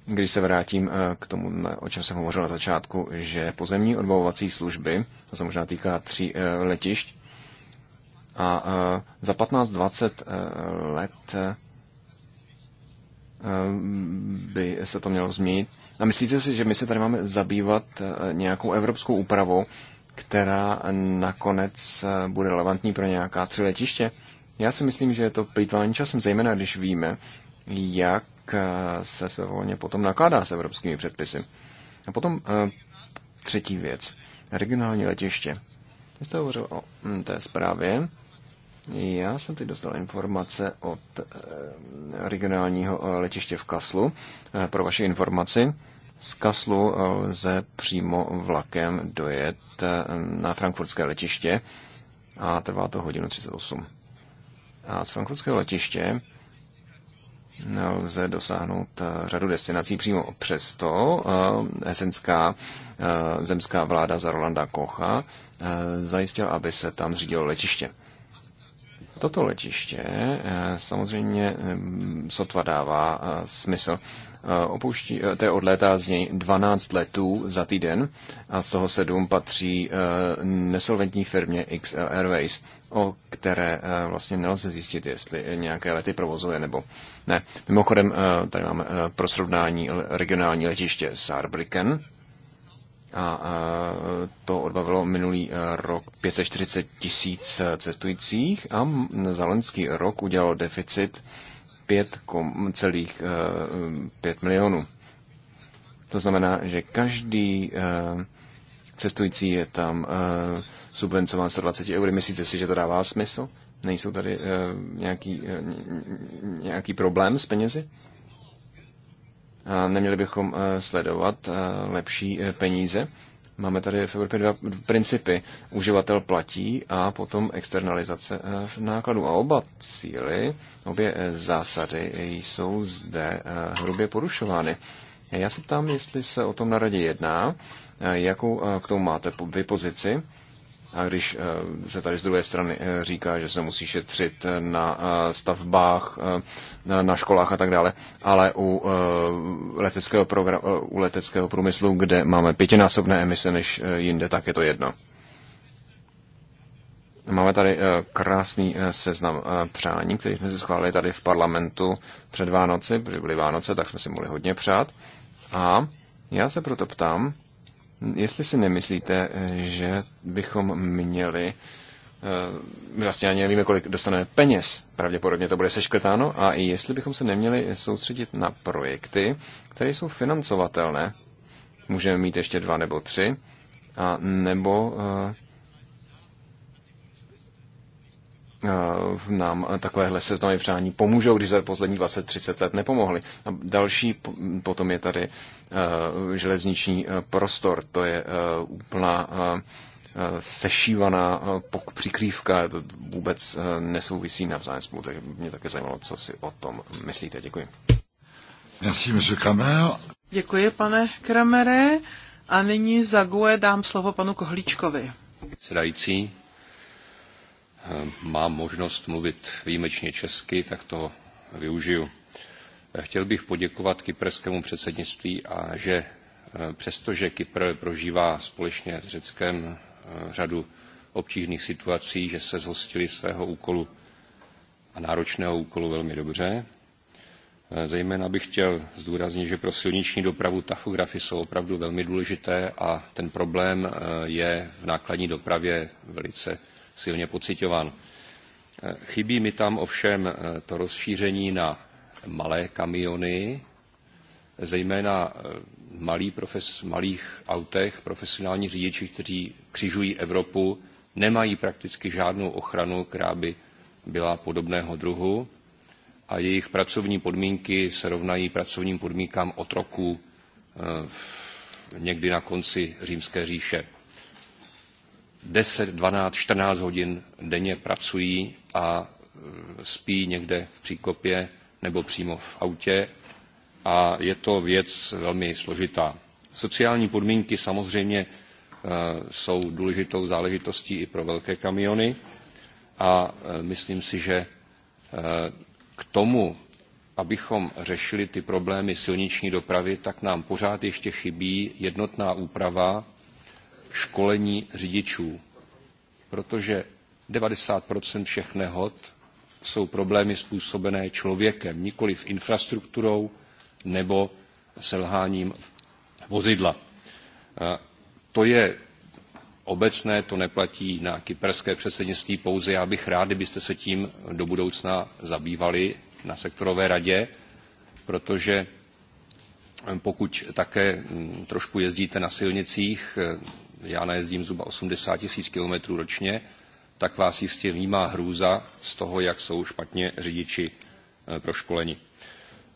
když se vrátím eh, k tomu, o čem jsem hovořil na začátku, že pozemní odbavovací služby, to se možná týká tří eh, letišť, a eh, za 15-20 let by se to mělo změnit. A myslíte si, že my se tady máme zabývat nějakou evropskou úpravou, která nakonec bude relevantní pro nějaká tři letiště? Já si myslím, že je to plýtvání časem, zejména když víme, jak Eh, se svévolně potom nakládá s evropskými předpisy. A potom eh, třetí věc. Regionální letiště. Vy jste hovořil o mm, té zprávě. Já jsem teď dostal informace od eh, regionálního letiště v Kaslu. Pro vaši informaci, z Kaslu lze přímo vlakem dojet na frankfurtské letiště a trvá to hodinu 38. A z frankfurtského letiště lze dosáhnout eh, řadu destinací přímo. Přesto eh, esenská eh, zemská vláda za Rolanda Kocha zajistila, aby se tam zřídilo letiště. Toto letiště samozřejmě mm, sotva dává smysl. Opouští, to odlétá z něj 12 letů za týden a z toho 7 patří nesolventní firmě XL Airways o které eh, vlastně nelze zjistit, jestli nějaké lety provozuje nebo ne. Mimochodem, eh, tady máme eh, pro srovnání regionální letiště Saarbrücken a to odbavilo minulý rok 540 tisíc cestujících a za loňský rok udělalo deficit 5,5 milionů. To znamená, že každý cestující je tam subvencován 120 eury. Myslíte si, že to dává smysl? Nejsou tady eh, nějaký, eh, nějaký problém s penězi? A neměli bychom eh, sledovat lepší peníze? Máme tady v Evropě dva principy. Uživatel platí a potom externalizace v nákladu. A oba cíly, obě zásady jsou zde hrubě porušovány. Já se ptám, jestli se o tom na radě jedná, jakou k tomu máte vy pozici a když eh, se tady z druhé strany eh, říká, že se musí šetřit eh, na stavbách, na školách a tak dále, ale u leteckého, program, u leteckého průmyslu, kde máme pětinásobné emise než jinde, tak je to jedno. Máme tady krásný seznam přání, který jsme si schválili tady v parlamentu před Vánoci, protože byly Vánoce, tak jsme si mohli hodně přát. A já se proto ptám, Jestli si nemyslíte, že bychom měli eh, my vlastně ani nevíme, kolik dostaneme peněz. Pravděpodobně to bude seškrtáno. A i jestli bychom se neměli soustředit na projekty, které jsou financovatelné, můžeme mít ještě dva nebo tři, a nebo eh, nám takovéhle seznamy přání pomůžou, když za poslední 20-30 let nepomohly. A další potom je tady eh, železniční eh, prostor, to je eh, úplná sešívaná pok přikrývka, to vůbec nesouvisí navzájem spolu, tak mě také zajímalo, co si o tom myslíte. Děkuji. Merci, Děkuji, pane Kramere. A nyní za GUE dám slovo panu Kohlíčkovi. Předající, Eh, mám možnost mluvit výjimečně česky, tak toho využiju. Eh, chtěl bych poděkovat kyperskému předsednictví a že eh, přestože Kypr prožívá společně s Řeckem řadu obtížných situací, že se zhostili svého úkolu a náročného úkolu velmi dobře. Zejména bych chtěl zdůraznit, že pro silniční dopravu tachografy jsou opravdu velmi důležité a ten problém je v nákladní dopravě velice silně pocitován. E, chybí mi tam ovšem e, to rozšíření na malé kamiony, zejména e, malý profes, malých autech, profesionální řidiči, kteří křižují Evropu, nemají prakticky žádnou ochranu, která by byla podobného druhu a jejich pracovní podmínky se rovnají pracovním podmínkám otroků někdy na konci římské říše. 10, 12, 14 hodin denně pracují a e, spí někde v příkopě nebo přímo v autě a je to věc velmi složitá. Sociální podmínky samozřejmě e, jsou důležitou záležitostí i pro velké kamiony a e, myslím si, že k tomu, abychom řešili ty problémy silniční dopravy, tak nám pořád ještě chybí jednotná úprava školení řidičů, protože 90 všech nehod jsou problémy způsobené člověkem, nikoli v infrastrukturou nebo selháním vozidla. To je obecné, to neplatí na kyperské předsednictví pouze. Já bych rád, kdybyste se tím do budoucna zabývali na sektorové radě, protože eh, pokud také mm, trošku jezdíte na silnicích, eh, já najezdím zhruba 80 tisíc kilometrů ročně, tak vás jistě vnímá hrůza z toho, jak jsou špatně řidiči eh, proškoleni.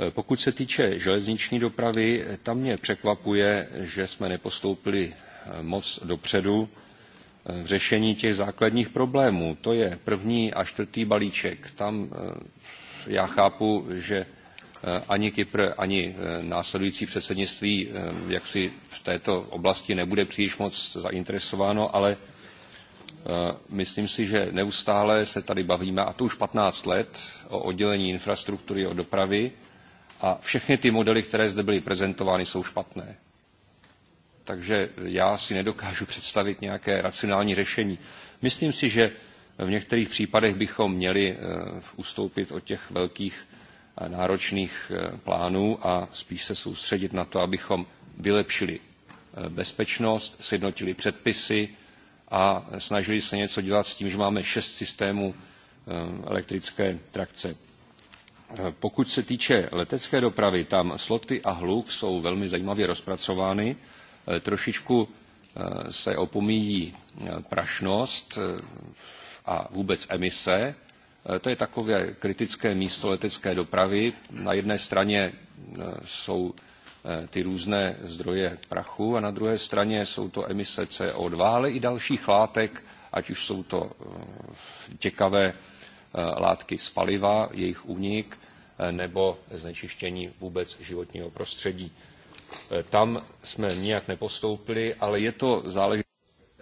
Eh, pokud se týče železniční dopravy, tam mě překvapuje, že jsme nepostoupili eh, moc dopředu v řešení těch základních problémů. To je první a čtvrtý balíček. Tam já chápu, že Eh, ani Kypr, ani eh, následující předsednictví eh, jaksi v této oblasti nebude příliš moc zainteresováno, ale myslím si, že neustále se tady bavíme, a to už 15 let, o oddělení infrastruktury od dopravy a všechny ty modely, které zde byly prezentovány, jsou špatné. Takže já si nedokážu představit nějaké racionální řešení. Myslím si, že v některých případech bychom měli ustoupit od těch velkých náročných eh, plánů a spíš se soustředit na to, abychom vylepšili eh, bezpečnost, sjednotili předpisy a snažili se něco dělat s tím, že máme šest systémů eh, elektrické trakce. Pokud se týče letecké dopravy, tam sloty a hluk jsou velmi zajímavě rozpracovány. Trošičku se opomíjí prašnost a vůbec emise, Eh, to je takové kritické místo letecké dopravy. Na jedné straně eh, jsou eh, ty různé zdroje prachu a na druhé straně jsou to emise CO2, ale i dalších látek, ať už jsou to těkavé látky z paliva, jejich únik, nebo znečištění vůbec životního prostředí. Tam jsme nijak nepostoupili, ale je to záležitost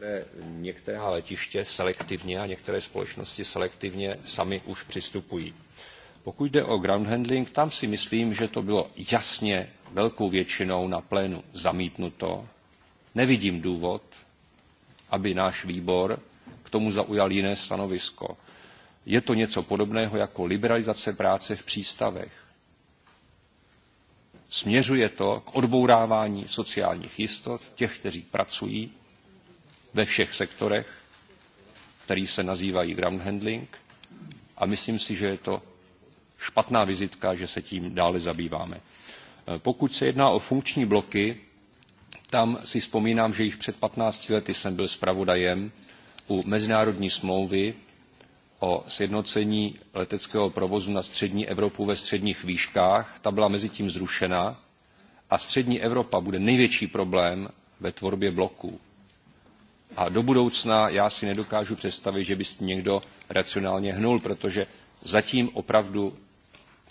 které některá letiště selektivně a některé společnosti selektivně sami už přistupují. Pokud jde o ground handling, tam si myslím, že to bylo jasně velkou většinou na plénu zamítnuto. Nevidím důvod, aby náš výbor k tomu zaujal jiné stanovisko. Je to něco podobného jako liberalizace práce v přístavech. Směřuje to k odbourávání sociálních jistot těch, kteří pracují ve všech sektorech, který se nazývají ground handling a myslím si, že je to špatná vizitka, že se tím dále zabýváme. Eh, pokud se jedná o funkční bloky, tam si vzpomínám, že již před 15 lety jsem byl zpravodajem u mezinárodní smlouvy o sjednocení leteckého provozu na střední Evropu ve středních výškách. Ta byla mezi tím zrušena a střední Evropa bude největší problém ve tvorbě bloků. A do budoucna já si nedokážu představit, že by s tím někdo racionálně hnul, protože zatím opravdu,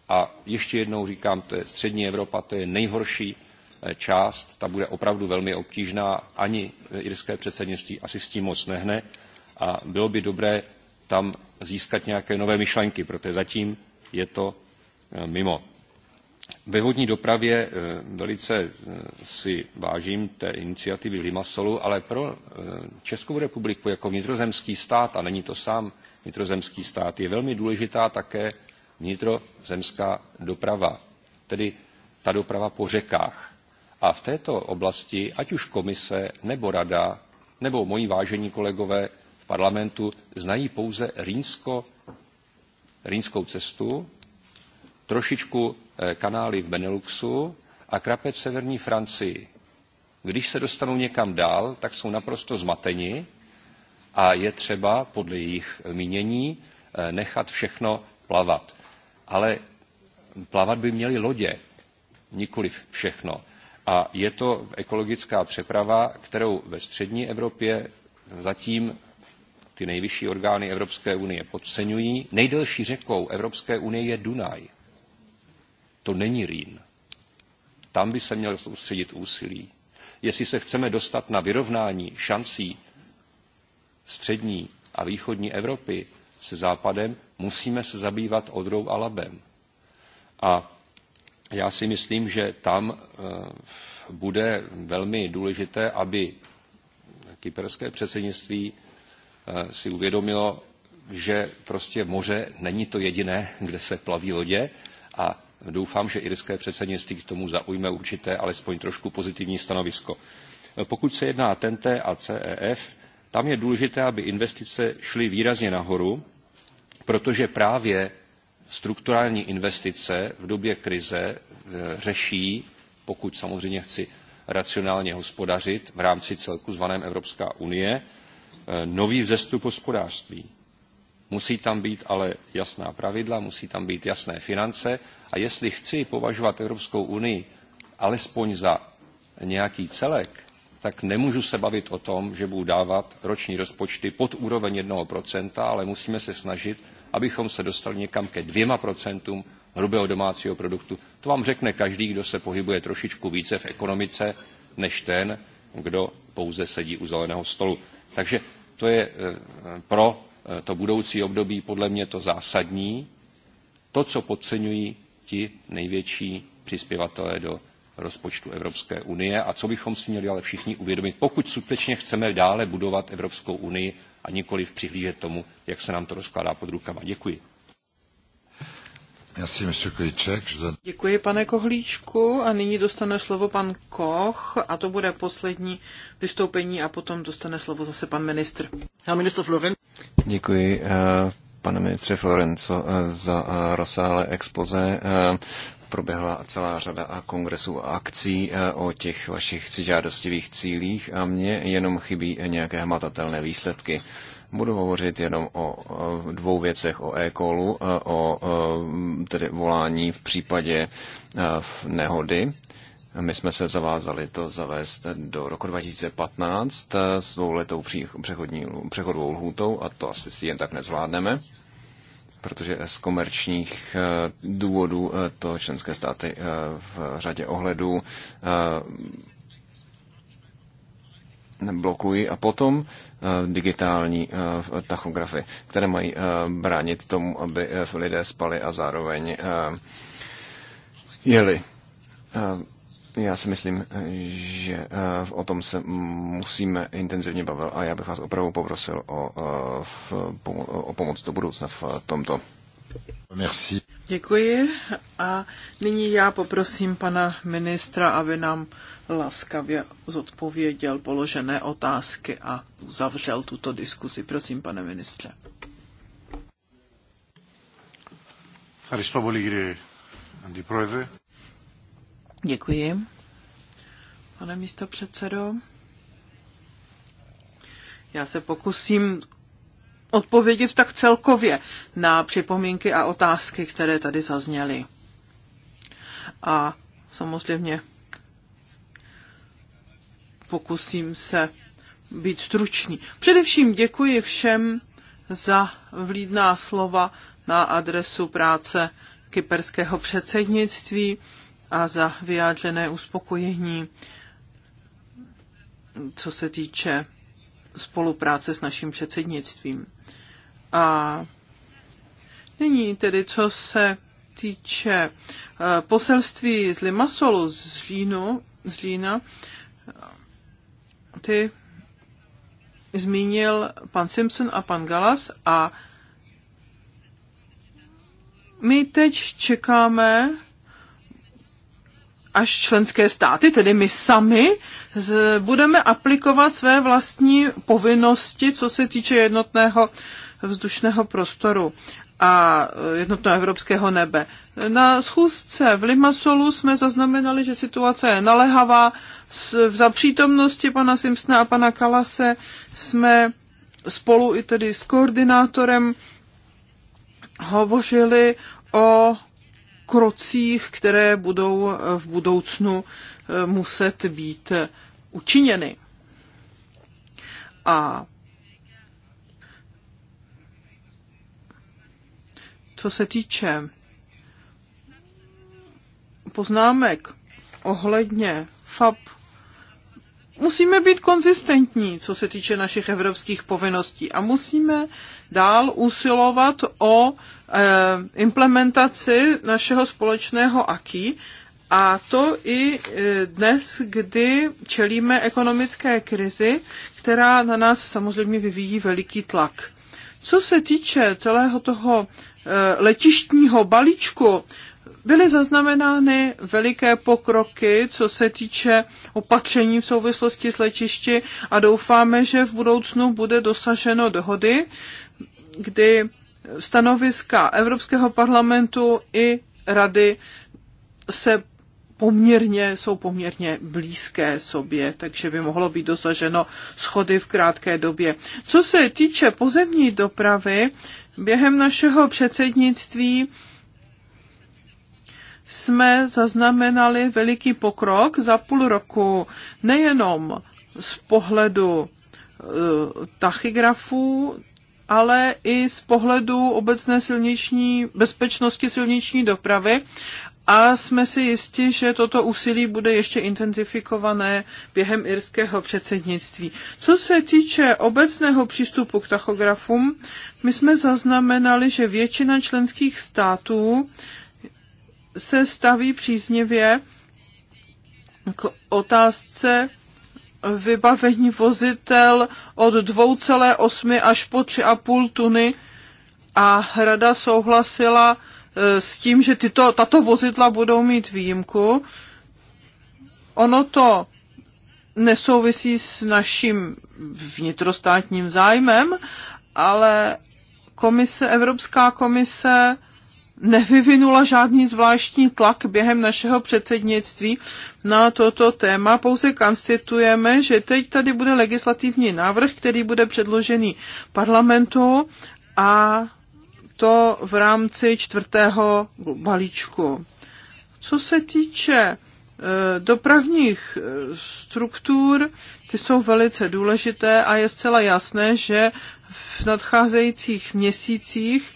a ještě jednou říkám, to je střední Evropa, to je nejhorší eh, část, ta bude opravdu velmi obtížná, ani irské předsednictví asi s tím moc nehne a bylo by dobré tam získat nějaké nové myšlenky, protože zatím je to eh, mimo. Ve vodní dopravě eh, velice eh, si vážím té iniciativy Limasolu, ale pro eh, Českou republiku jako vnitrozemský stát, a není to sám vnitrozemský stát, je velmi důležitá také vnitrozemská doprava, tedy ta doprava po řekách. A v této oblasti, ať už komise nebo rada, nebo moji vážení kolegové v parlamentu, znají pouze rýnsko, rýnskou cestu, trošičku Eh, kanály v Beneluxu a krapec v severní Francii. Když se dostanou někam dál, tak jsou naprosto zmateni a je třeba podle jejich mínění eh, nechat všechno plavat. Ale plavat by měly lodě, nikoli všechno. A je to ekologická přeprava, kterou ve střední Evropě zatím ty nejvyšší orgány Evropské unie podceňují. Nejdelší řekou Evropské unie je Dunaj. To není Rýn. Tam by se měl soustředit úsilí. Jestli se chceme dostat na vyrovnání šancí střední a východní Evropy se západem, musíme se zabývat Odrou a Labem. A já si myslím, že tam eh, bude velmi důležité, aby kyperské předsednictví eh, si uvědomilo, že prostě moře není to jediné, kde se plaví lodě a Doufám, že irské předsednictví k tomu zaujme určité, alespoň trošku pozitivní stanovisko. Pokud se jedná TNT a CEF, tam je důležité, aby investice šly výrazně nahoru, protože právě strukturální investice v době krize eh, řeší, pokud samozřejmě chci racionálně hospodařit v rámci celku zvaném Evropská unie, eh, nový vzestup hospodářství. Musí tam být ale jasná pravidla, musí tam být jasné finance a jestli chci považovat Evropskou unii alespoň za nějaký celek, tak nemůžu se bavit o tom, že budu dávat roční rozpočty pod úroveň 1%, ale musíme se snažit, abychom se dostali někam ke 2% hrubého domácího produktu. To vám řekne každý, kdo se pohybuje trošičku více v ekonomice, než ten, kdo pouze sedí u zeleného stolu. Takže to je eh, pro Eh, to budoucí období podle mě to zásadní, to, co podceňují ti největší přispěvatelé do rozpočtu Evropské unie a co bychom si měli ale všichni uvědomit, pokud skutečně chceme dále budovat Evropskou unii a nikoli přihlížet tomu, jak se nám to rozkládá pod rukama. Děkuji. Děkuji, pane Kohlíčku. A nyní dostane slovo pan Koch a to bude poslední vystoupení a potom dostane slovo zase pan ministr. minister Děkuji, eh, pane ministře Florenco, eh, za eh, rozsáhlé expoze proběhla celá řada kongresů a akcí o těch vašich žádostivých cílích a mně jenom chybí nějaké hmatatelné výsledky. Budu hovořit jenom o dvou věcech, o e-callu, o tedy volání v případě e, v nehody. My jsme se zavázali to zavést do roku 2015 e, s dvouletou přechodní, přechodovou lhůtou a to asi si jen tak nezvládneme protože z komerčních e, důvodů to členské státy v řadě ohledů blokují. A potom Eh, digitální eh, tachografy, které mají eh, bránit tomu, aby lidé spali a zároveň jeli. Já si myslím, že o tom se musíme intenzivně bavit a já bych vás opravdu poprosil o, o pomoc do budoucna v tomto. Merci. Děkuji a nyní já poprosím pana ministra, aby nám laskavě zodpověděl položené otázky a uzavřel tuto diskusi. Prosím, pane ministře. Děkuji. Pane místo předsedo, já se pokusím odpovědět tak celkově na připomínky a otázky, které tady zazněly. A samozřejmě pokusím se být stručný. Především děkuji všem za vlídná slova na adresu práce kyperského předsednictví a za vyjádřené uspokojení, co se týče spolupráce s naším předsednictvím. A nyní tedy, co se týče eh, poselství z Limasolu z Žínu, z Žína, ty zmínil pan Simpson a pan Galas a my teď čekáme, až členské státy, tedy my sami, z, budeme aplikovat své vlastní povinnosti, co se týče jednotného vzdušného prostoru a jednotného evropského nebe. Na schůzce v Limasolu jsme zaznamenali, že situace je nalehavá. Za přítomnosti pana Simpsona a pana Kalase jsme spolu i tedy s koordinátorem hovořili o krocích, které budou v budoucnu eh, muset být učiněny. A Co se týče poznámek ohledně FAP, musíme být konzistentní, co se týče našich evropských povinností a musíme dál usilovat o eh, implementaci našeho společného AKI, a to i eh, dnes, kdy čelíme ekonomické krizi, která na nás samozřejmě vyvíjí veliký tlak. Co se týče celého toho eh, letištního balíčku, byly zaznamenány veliké pokroky, co se týče opatření v souvislosti s letišti a doufáme, že v budoucnu bude dosaženo dohody, kdy stanoviska Evropského parlamentu i rady se poměrně, jsou poměrně blízké sobě, takže by mohlo být dosaženo schody v krátké době. Co se týče pozemní dopravy, během našeho předsednictví jsme zaznamenali veliký pokrok za půl roku, nejenom z pohledu eh, tachygrafů, ale i z pohledu obecné silniční bezpečnosti silniční dopravy a jsme si jisti, že toto úsilí bude ještě intenzifikované během irského předsednictví. Co se týče obecného přístupu k tachografům, my jsme zaznamenali, že většina členských států se staví příznivě k otázce vybavení vozitel od 2,8 až po 3,5 tuny a rada souhlasila E, s tím, že tyto, tato vozidla budou mít výjimku. Ono to nesouvisí s naším vnitrostátním zájmem, ale komise, Evropská komise nevyvinula žádný zvláštní tlak během našeho předsednictví na toto téma. Pouze konstitujeme, že teď tady bude legislativní návrh, který bude předložený parlamentu a to v rámci čtvrtého balíčku. Co se týče e, dopravních e, struktur, ty jsou velice důležité a je zcela jasné, že v nadcházejících měsících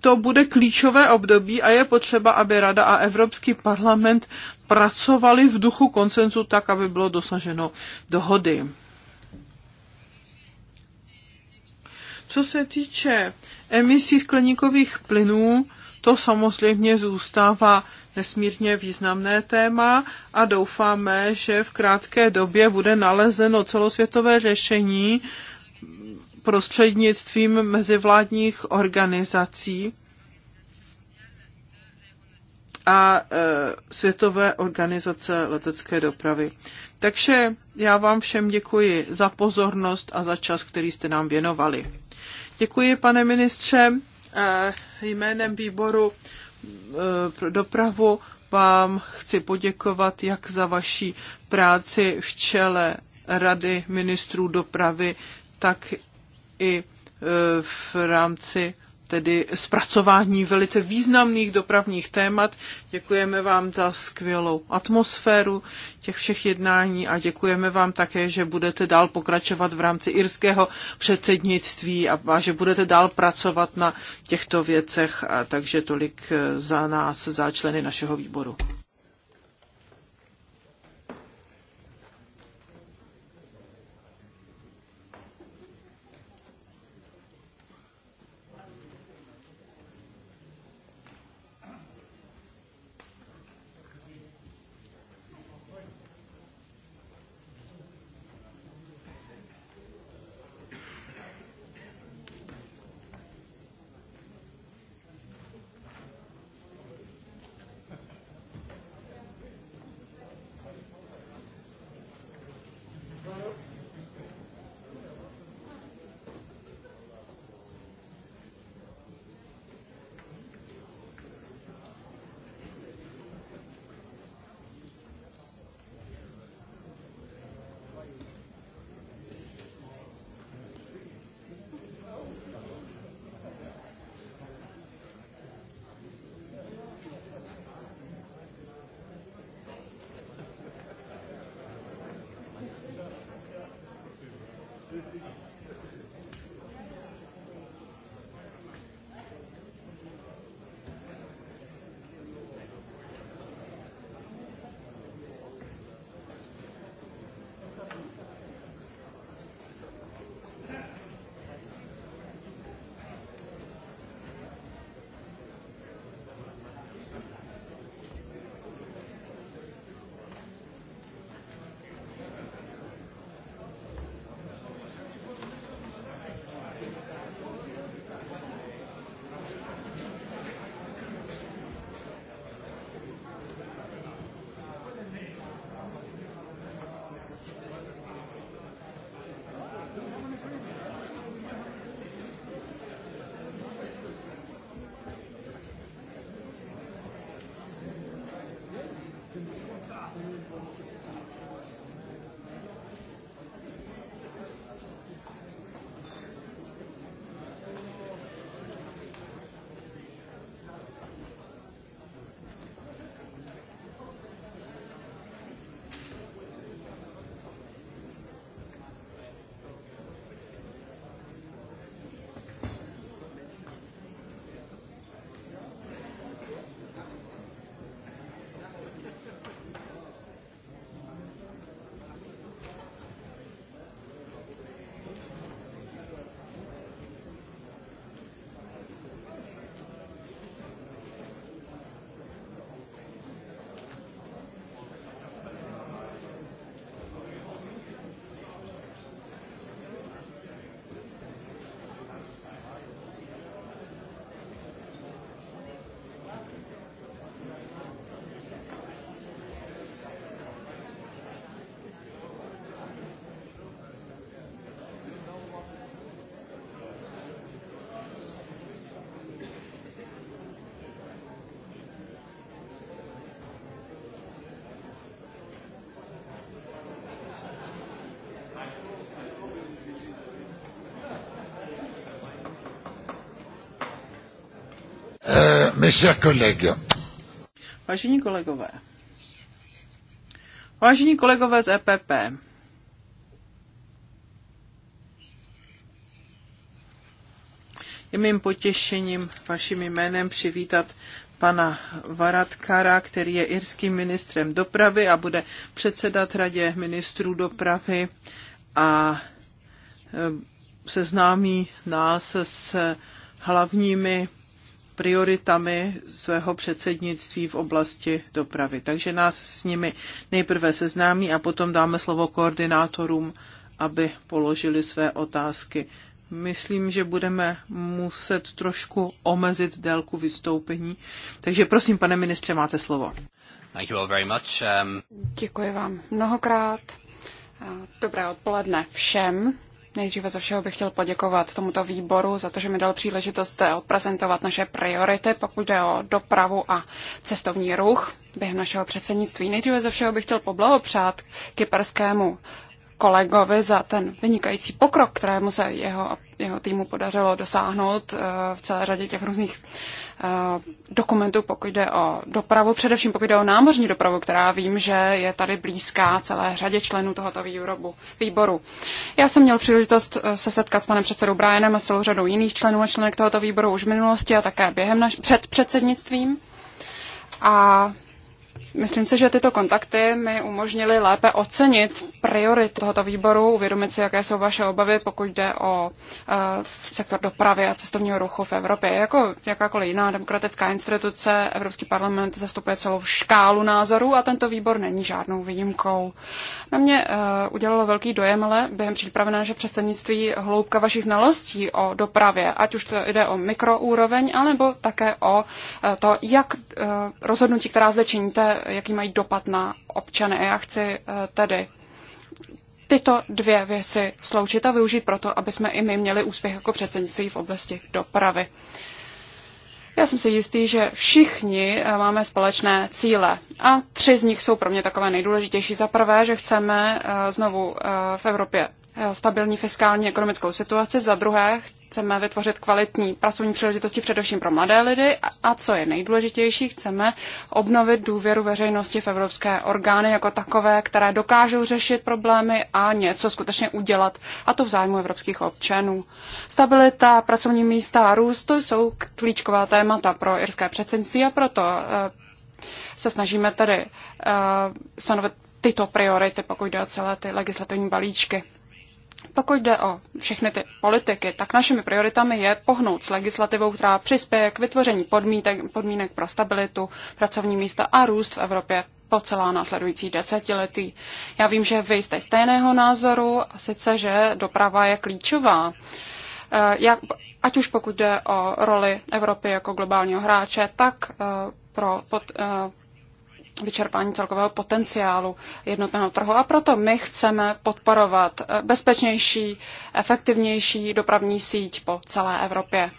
to bude klíčové období a je potřeba, aby Rada a Evropský parlament pracovali v duchu koncenzu tak, aby bylo dosaženo dohody. Co se týče emisí skleníkových plynů, to samozřejmě zůstává nesmírně významné téma a doufáme, že v krátké době bude nalezeno celosvětové řešení prostřednictvím mezivládních organizací a e, Světové organizace letecké dopravy. Takže já vám všem děkuji za pozornost a za čas, který jste nám věnovali. Děkuji, pane ministře. Eh, jménem výboru eh, pro dopravu vám chci poděkovat jak za vaší práci v čele Rady ministrů dopravy, tak i eh, v rámci tedy zpracování velice významných dopravních témat. Děkujeme vám za skvělou atmosféru těch všech jednání a děkujeme vám také, že budete dál pokračovat v rámci irského předsednictví a, a že budete dál pracovat na těchto věcech. A takže tolik eh, za nás, za členy našeho výboru. Mes chers collègues. Vážení kolegové. Vážení kolegové z EPP. Je mým potěšením vaším jménem přivítat pana Varadkara, který je irským ministrem dopravy a bude předsedat radě ministrů dopravy a e, seznámí nás s hlavními prioritami svého předsednictví v oblasti dopravy. Takže nás s nimi nejprve seznámí a potom dáme slovo koordinátorům, aby položili své otázky. Myslím, že budeme muset trošku omezit délku vystoupení. Takže prosím, pane ministře, máte slovo. Thank you all very much. Um... Děkuji vám mnohokrát. Dobré odpoledne všem. Nejdříve ze všeho bych chtěl poděkovat tomuto výboru za to, že mi dal příležitost odprezentovat naše priority, pokud jde o dopravu a cestovní ruch během našeho předsednictví. Nejdříve ze všeho bych chtěl poblahopřát kyperskému kolegovi za ten vynikající pokrok, kterému se jeho, jeho týmu podařilo dosáhnout eh, v celé řadě těch různých Eh, dokumentu, pokud jde o dopravu, především pokud jde o námořní dopravu, která vím, že je tady blízká celé řadě členů tohoto výrobu, výboru. Já jsem měl příležitost eh, se setkat s panem předsedou Brianem a celou řadou jiných členů a členek tohoto výboru už v minulosti a také během naš- před předsednictvím. A Myslím si, že tyto kontakty mi umožnily lépe ocenit priority tohoto výboru, uvědomit si, jaké jsou vaše obavy, pokud jde o uh, sektor dopravy a cestovního ruchu v Evropě. Jako jakákoliv jiná demokratická instituce, Evropský parlament zastupuje celou škálu názorů a tento výbor není žádnou výjimkou. Na mě uh, udělalo velký dojem, ale během přípravy na naše předsednictví hloubka vašich znalostí o dopravě, ať už to jde o mikroúroveň, anebo také o uh, to, jak uh, rozhodnutí, která zde činíte, jaký mají dopad na občany. A já chci eh, tedy tyto dvě věci sloučit a využít proto, aby jsme i my měli úspěch jako předsednictví v oblasti dopravy. Já jsem si jistý, že všichni eh, máme společné cíle a tři z nich jsou pro mě takové nejdůležitější. Za prvé, že chceme eh, znovu v Evropě stabilní fiskální ekonomickou situaci, za druhé chceme vytvořit kvalitní pracovní příležitosti především pro mladé lidi a co je nejdůležitější, chceme obnovit důvěru veřejnosti v evropské orgány jako takové, které dokážou řešit problémy a něco skutečně udělat, a to v zájmu evropských občanů. Stabilita, pracovní místa a růst to jsou klíčková témata pro irské předsednictví a proto eh, se snažíme tedy eh, stanovit tyto priority, pokud jde o celé ty legislativní balíčky. Pokud jde o všechny ty politiky, tak našimi prioritami je pohnout s legislativou, která přispěje k vytvoření podmínek, podmínek pro stabilitu, pracovní místa a růst v Evropě po celá následující desetiletí. Já vím, že vy jste stejného názoru, a sice, že doprava je klíčová. Eh, jak, ať už pokud jde o roli Evropy jako globálního hráče, tak eh, pro pod, eh, vyčerpání celkového potenciálu jednotného trhu. A proto my chceme podporovat eh, bezpečnější, efektivnější dopravní síť po celé Evropě.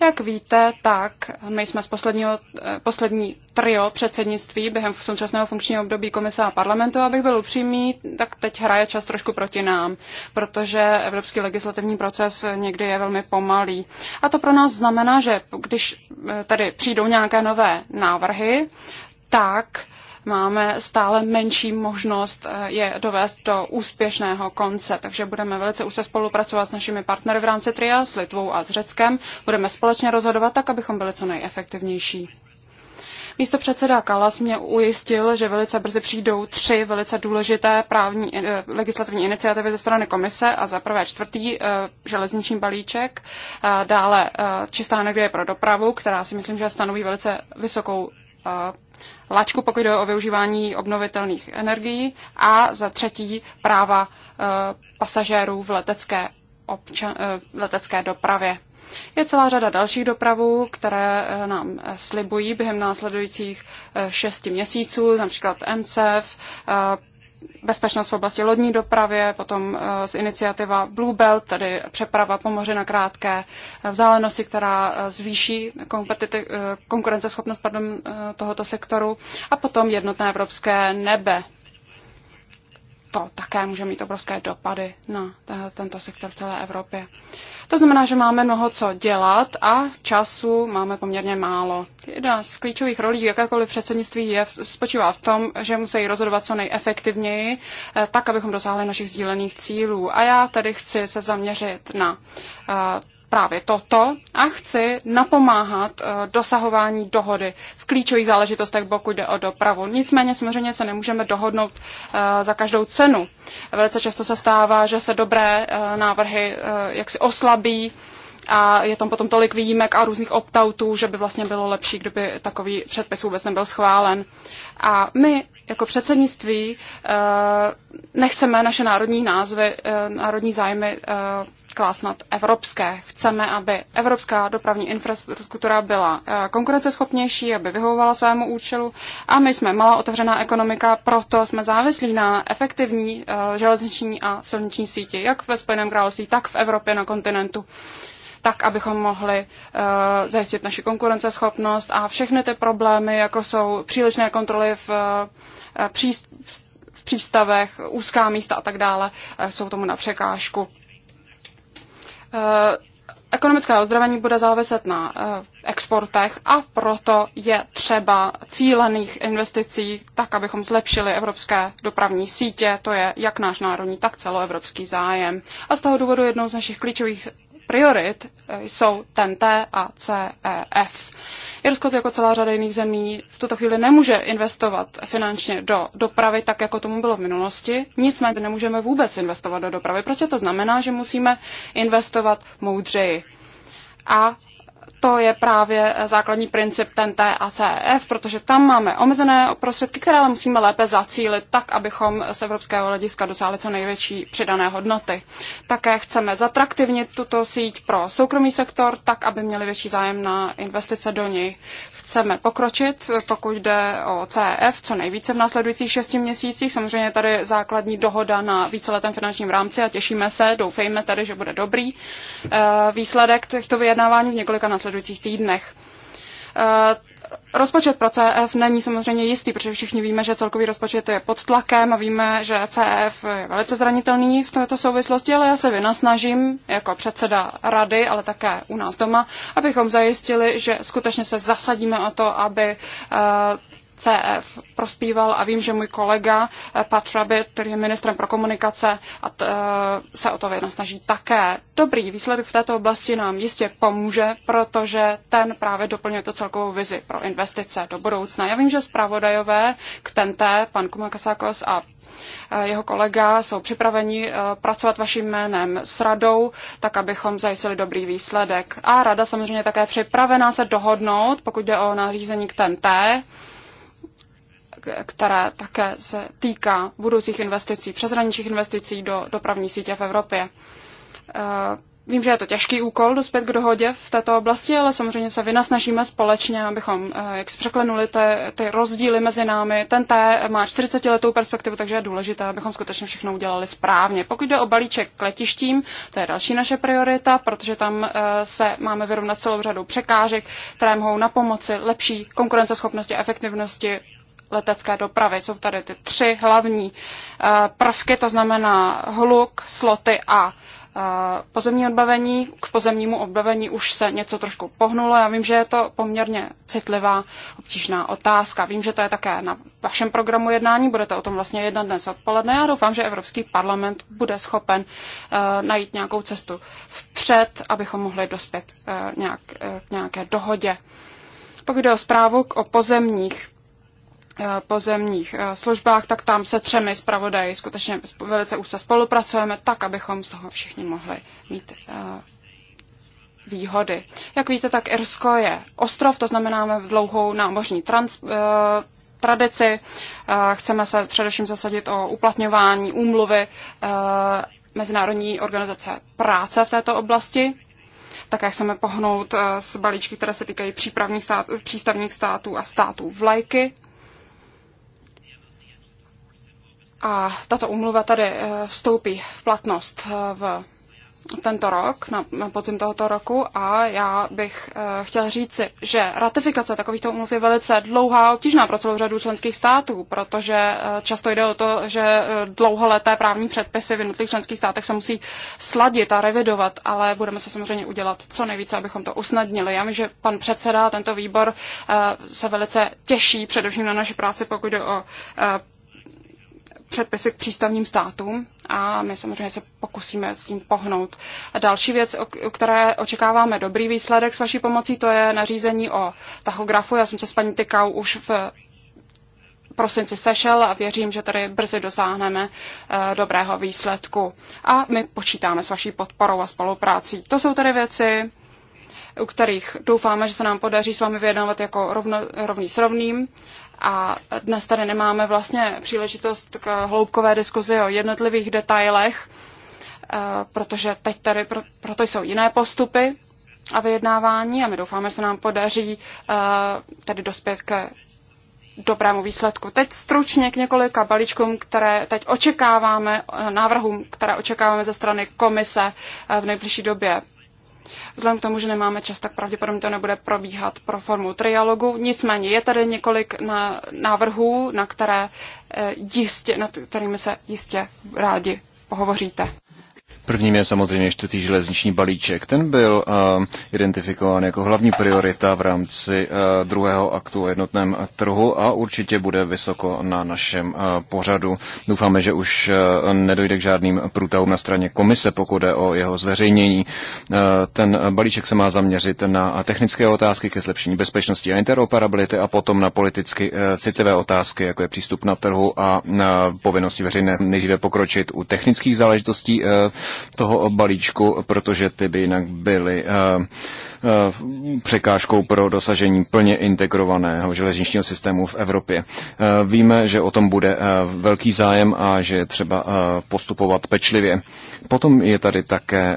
Jak víte, tak my jsme z posledního, eh, poslední trio předsednictví během současného funkčního období komise a parlamentu, abych byl upřímný, tak teď hraje čas trošku proti nám, protože evropský legislativní proces někdy je velmi pomalý. A to pro nás znamená, že když eh, tady přijdou nějaké nové návrhy, tak máme stále menší možnost eh, je dovést do úspěšného konce. Takže budeme velice úzce spolupracovat s našimi partnery v rámci TRIA, s Litvou a s Řeckem. Budeme společně rozhodovat tak, abychom byli co nejefektivnější. Místo předseda Kalas mě ujistil, že velice brzy přijdou tři velice důležité právní eh, legislativní iniciativy ze strany komise a za prvé čtvrtý eh, železniční balíček, eh, dále eh, čistá energie pro dopravu, která si myslím, že stanoví velice vysokou Eh, lačku, pokud jde o využívání obnovitelných energií a za třetí práva eh, pasažérů v letecké, občan, eh, letecké dopravě. Je celá řada dalších dopravů, které nám slibují během následujících šesti měsíců, například MCF, e bezpečnost v oblasti lodní dopravy, potom eh, z iniciativa Blue Belt, tedy přeprava po moři na krátké eh, vzdálenosti, která eh, zvýší konkurenceschopnost pardon, tohoto sektoru a potom jednotné evropské nebe. To také může mít obrovské dopady na tento sektor v celé Evropě. To znamená, že máme mnoho co dělat a času máme poměrně málo. Jedna z klíčových rolí jakékoliv předsednictví je, spočívá v tom, že musí rozhodovat co nejefektivněji, eh, tak, abychom dosáhli našich sdílených cílů. A já tady chci se zaměřit na eh, právě toto a chci napomáhat eh, dosahování dohody v klíčových záležitostech, pokud jde o dopravu. Nicméně samozřejmě se nemůžeme dohodnout eh, za každou cenu. Velice často se stává, že se dobré eh, návrhy jaksi oslabí a je tam potom tolik výjimek a různých optautů, že by vlastně bylo lepší, kdyby takový předpis vůbec nebyl schválen. A my jako předsednictví nechceme naše národní názvy, národní zájmy klást nad evropské. Chceme, aby evropská dopravní infrastruktura byla eh, konkurenceschopnější, aby vyhovovala svému účelu. A my jsme malá otevřená ekonomika, proto jsme závislí na efektivní eh, železniční a silniční síti, jak ve Spojeném království, tak v Evropě na kontinentu tak, abychom mohli uh, zajistit naši konkurenceschopnost a všechny ty problémy, jako jsou přílišné kontroly v, uh, příst, v přístavech, úzká místa a tak dále, jsou tomu na překážku. Eh, Ekonomické ozdravení bude záviset na eh, exportech a proto je třeba cílených investicí tak, abychom zlepšili evropské dopravní sítě. To je jak náš národní, tak celoevropský zájem. A z toho důvodu jednou z našich klíčových priorit eh, jsou T a CEF. Irsko jako celá řada jiných zemí v tuto chvíli nemůže investovat finančně do dopravy, tak jako tomu bylo v minulosti. Nicméně nemůžeme vůbec investovat do dopravy. Prostě to znamená, že musíme investovat moudřeji. A to je právě eh, základní princip TNT a CEF, protože tam máme omezené prostředky, které ale musíme lépe zacílit tak, abychom z evropského hlediska dosáhli co největší přidané hodnoty. Také chceme zatraktivnit tuto síť pro soukromý sektor, tak, aby měli větší zájem na investice do ní chceme pokročit, pokud jde o CEF, co nejvíce v následujících šesti měsících. Samozřejmě tady základní dohoda na víceletém finančním rámci a těšíme se, doufejme tady, že bude dobrý eh, výsledek těchto vyjednávání v několika následujících týdnech. Eh, Rozpočet pro CEF není samozřejmě jistý, protože všichni víme, že celkový rozpočet je pod tlakem a víme, že CEF je velice zranitelný v této souvislosti, ale já se vynasnažím jako předseda rady, ale také u nás doma, abychom zajistili, že skutečně se zasadíme o to, aby eh, CF prospíval a vím, že můj kolega eh, Pat Rabbit, který je ministrem pro komunikace, a t, eh, se o to snaží také. Dobrý výsledek v této oblasti nám jistě pomůže, protože ten právě doplňuje to celkovou vizi pro investice do budoucna. Já vím, že zpravodajové k tenté pan Kumakasakos a eh, jeho kolega jsou připraveni pracovat vaším jménem s radou, tak abychom zajistili dobrý výsledek. A rada samozřejmě také připravená se dohodnout, pokud jde o nařízení k TNT, které také se týká budoucích investicí, přeshraničních investicí do dopravní sítě v Evropě. Eh, vím, že je to těžký úkol dospět k dohodě v této oblasti, ale samozřejmě se vynasnažíme společně, abychom eh, jak si překlenuli ty, ty rozdíly mezi námi. Ten T má 40 letou perspektivu, takže je důležité, abychom skutečně všechno udělali správně. Pokud jde o balíček k letištím, to je další naše priorita, protože tam eh, se máme vyrovnat celou řadu překážek, které mohou na pomoci lepší konkurenceschopnosti a efektivnosti letecké dopravy. Jsou tady ty tři hlavní eh, prvky, to znamená hluk, sloty a eh, pozemní odbavení. K pozemnímu odbavení už se něco trošku pohnulo. Já vím, že je to poměrně citlivá, obtížná otázka. Vím, že to je také na vašem programu jednání. Budete o tom vlastně jednat dnes odpoledne. Já doufám, že Evropský parlament bude schopen uh, najít nějakou cestu vpřed, abychom mohli dospět uh, nějak, uh, nějaké dohodě. Pokud jde o zprávu o pozemních Eh, pozemních eh, službách, tak tam se třemi zpravodaji skutečně velice úzce spolupracujeme, tak, abychom z toho všichni mohli mít eh, výhody. Jak víte, tak Irsko je ostrov, to znamená máme dlouhou námořní trans, tradici. Chceme se především zasadit o uplatňování úmluvy Mezinárodní organizace práce v této oblasti. Také chceme pohnout s balíčky, které se týkají přípravních stát, přístavních států a států vlajky. A tato umluva tady eh, vstoupí v platnost eh, v tento rok, na, na podzim tohoto roku a já bych e, eh, chtěl říci, že ratifikace takovýchto umluv je velice dlouhá a obtížná pro celou řadu členských států, protože e, často jde o to, že e, dlouholeté právní předpisy v jednotlivých členských státech se musí sladit a revidovat, ale budeme se samozřejmě udělat co nejvíce, abychom to usnadnili. Já myslím, že pan předseda tento výbor e, se velice těší především na naši práci, pokud jde o e, předpisy k přístavním státům a my samozřejmě se pokusíme s tím pohnout. A další věc, o které očekáváme dobrý výsledek s vaší pomocí, to je nařízení o tachografu. Já jsem se s paní Tykau už v prosinci sešel a věřím, že tady brzy dosáhneme eh, dobrého výsledku. A my počítáme s vaší podporou a spoluprácí. To jsou tady věci, u kterých doufáme, že se nám podaří s vámi vyjednávat jako rovno, rovný s rovným a dnes tady nemáme vlastně příležitost k hloubkové diskuzi o jednotlivých detailech, eh, protože teď tady pro, proto jsou jiné postupy a vyjednávání a my doufáme, že se nám podaří eh, tady dospět ke dobrému výsledku. Teď stručně k několika balíčkům, které teď očekáváme, eh, návrhům, které očekáváme ze strany komise v nejbližší době. Vzhledem k tomu, že nemáme čas, tak pravděpodobně to nebude probíhat pro formu trialogu. Nicméně je tady několik na, návrhů, na které eh, jistě, nad kterými se jistě rádi pohovoříte. Prvním je samozřejmě čtvrtý železniční balíček. Ten byl uh, identifikován jako hlavní priorita v rámci uh, druhého aktu o jednotném trhu a určitě bude vysoko na našem uh, pořadu. Doufáme, že už uh, nedojde k žádným průtahům na straně komise, pokud jde o jeho zveřejnění. Uh, ten balíček se má zaměřit na technické otázky ke zlepšení bezpečnosti a interoperability a potom na politicky uh, citlivé otázky, jako je přístup na trhu a uh, povinnosti veřejné nejdříve pokročit u technických záležitostí. Uh, toho balíčku, protože ty by jinak byly eh, eh, překážkou pro dosažení plně integrovaného železničního systému v Evropě. Eh, víme, že o tom bude velký zájem a že je třeba postupovat pečlivě. Potom je tady také,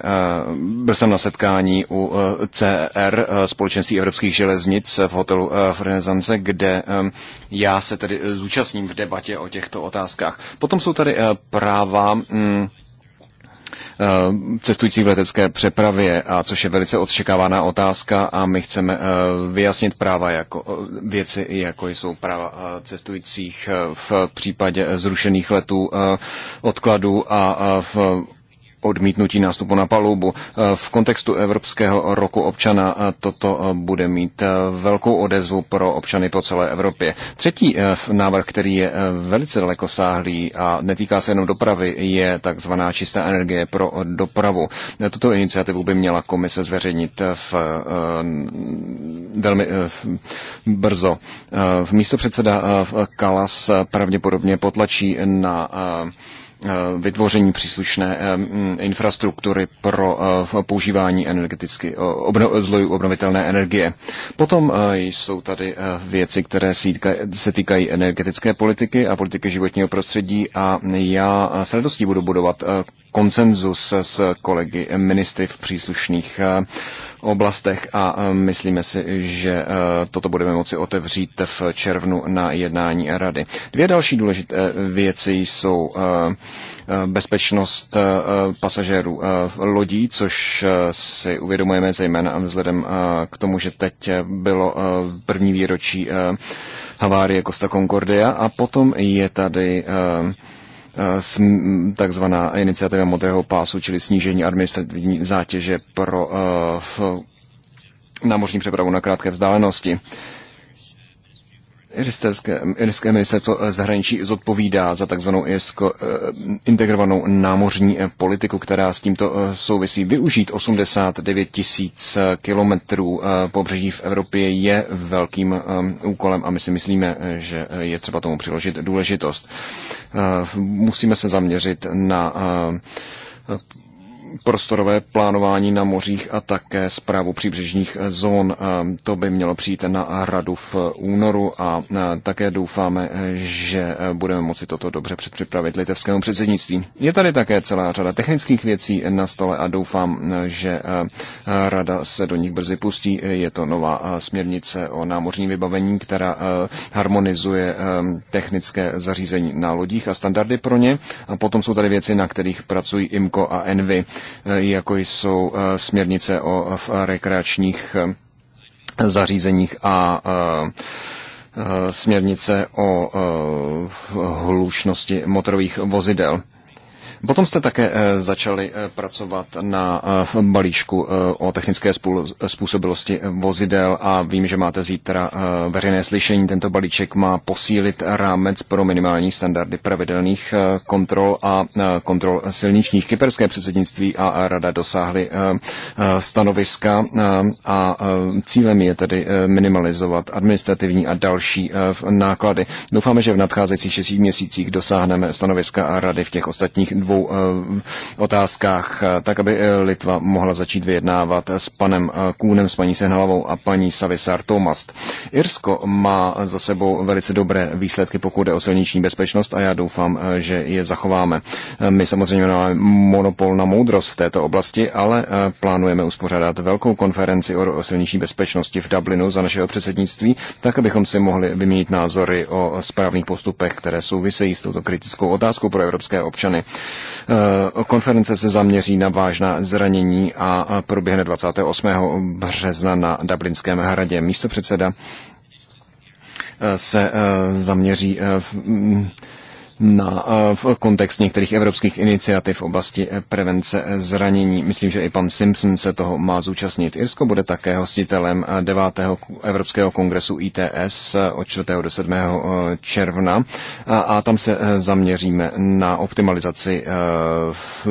byl jsem na setkání u CR, Společenství evropských železnic v hotelu v kde já se tedy zúčastním v debatě o těchto otázkách. Potom jsou tady práva mm, Eh, cestující v letecké přepravě, a což je velice odčekávaná otázka a my chceme eh, vyjasnit práva jako, eh, věci, jako jsou práva cestujících v případě zrušených letů, odkladů a v odmítnutí nástupu na palubu. Eh, v kontextu Evropského roku občana eh, toto eh, bude mít velkou odezvu pro občany po celé Evropě. Třetí návrh, který je velice dalekosáhlý a netýká se jenom dopravy, je takzvaná čistá energie pro dopravu. Tuto iniciativu by měla komise zveřejnit v, velmi v, brzo. V místo předseda Kalas pravděpodobně potlačí na Eh, vytvoření příslušné eh, infrastruktury pro eh, používání energeticky zdrojů obnovitelné energie. Potom jsou tady věci, které se týkají energetické politiky a politiky životního prostředí a já s radostí budu budovat konsenzus s kolegy ministry v příslušných oblastech a e, myslíme si, že e, toto budeme moci otevřít v červnu na jednání rady. Dvě další důležité e, věci jsou bezpečnost pasažérů v lodí, což si uvědomujeme zejména vzhledem k tomu, že teď bylo první výročí havárie Costa Concordia a potom je tady uh, Eh, takzvaná iniciativa modrého pásu, čili snížení administrativní zátěže pro eh, námořní přepravu na krátké vzdálenosti. Irské, irské ministerstvo eh, zahraničí zodpovídá za takzvanou irsko, eh, integrovanou námořní eh, politiku, která s tímto souvisí. Využít 89 tisíc kilometrů pobřeží v Evropě je velkým úkolem a my si myslíme, že je třeba tomu přiložit důležitost. Musíme se zaměřit na prostorové plánování na mořích a také zprávu příbřežních zón. To by mělo přijít na radu v únoru a také doufáme, že budeme moci toto dobře předpřipravit litevskému předsednictví. Je tady také celá řada technických věcí na stole a doufám, že rada se do nich brzy pustí. Je to nová směrnice o námořním vybavení, která harmonizuje technické zařízení na lodích a standardy pro ně. A potom jsou tady věci, na kterých pracují IMCO a ENVY. Eh, jako jsou eh, směrnice o rekreačních eh, zařízeních a směrnice o hlušnosti motorových vozidel. Potom jste také eh, začali eh, pracovat na eh, balíčku o technické způsobilosti vozidel a vím, že máte zítra veřejné slyšení. Tento balíček má posílit rámec pro minimální standardy pravidelných kontrol a kontrol silničních. Kyperské předsednictví a rada dosáhly stanoviska a cílem je tedy minimalizovat administrativní a další náklady. Doufáme, že v nadcházejících šesti měsících dosáhneme stanoviska a rady v těch ostatních dvou eh, otázkách, eh, tak aby eh, Litva mohla začít vyjednávat s panem Kůnem, s paní Sehnalovou a paní Savisar Tomast. Irsko má za sebou velice dobré výsledky, pokud je o silniční bezpečnost a já doufám, že je zachováme. My samozřejmě máme monopol na moudrost v této oblasti, ale plánujeme uspořádat velkou konferenci o silniční bezpečnosti v Dublinu za našeho předsednictví, tak abychom si mohli vyměnit názory o správných postupech, které souvisejí s touto kritickou otázkou pro evropské občany. Eh, konference se zaměří na vážná zranění a proběhne 28. března na Dublinském hradě. Místo předseda eh, se eh, zaměří mm, na, eh, v kontext některých evropských iniciativ v oblasti eh, prevence eh, zranění. Myslím, že i pan Simpson se toho má zúčastnit. Irsko bude také hostitelem 9. Evropského kongresu ITS od 4. do 7. června a, a tam se zaměříme na optimalizaci v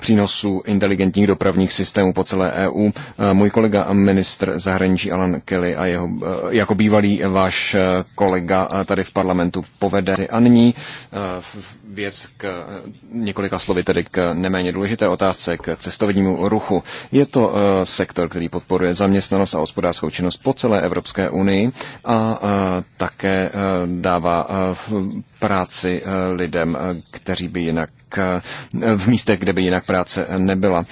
přínosu inteligentních dopravních systémů po celé EU. Eh, můj kolega a ministr zahraničí Alan Kelly a jeho, eh, jako bývalý váš eh, kolega tady v parlamentu povede. A nyní věc k několika slovy, tedy k neméně důležité otázce k cestovnímu ruchu. Je to sektor, který podporuje zaměstnanost a hospodářskou činnost po celé Evropské unii a také dává práci lidem, kteří by jinak v místech, kde by jinak práce nebyla.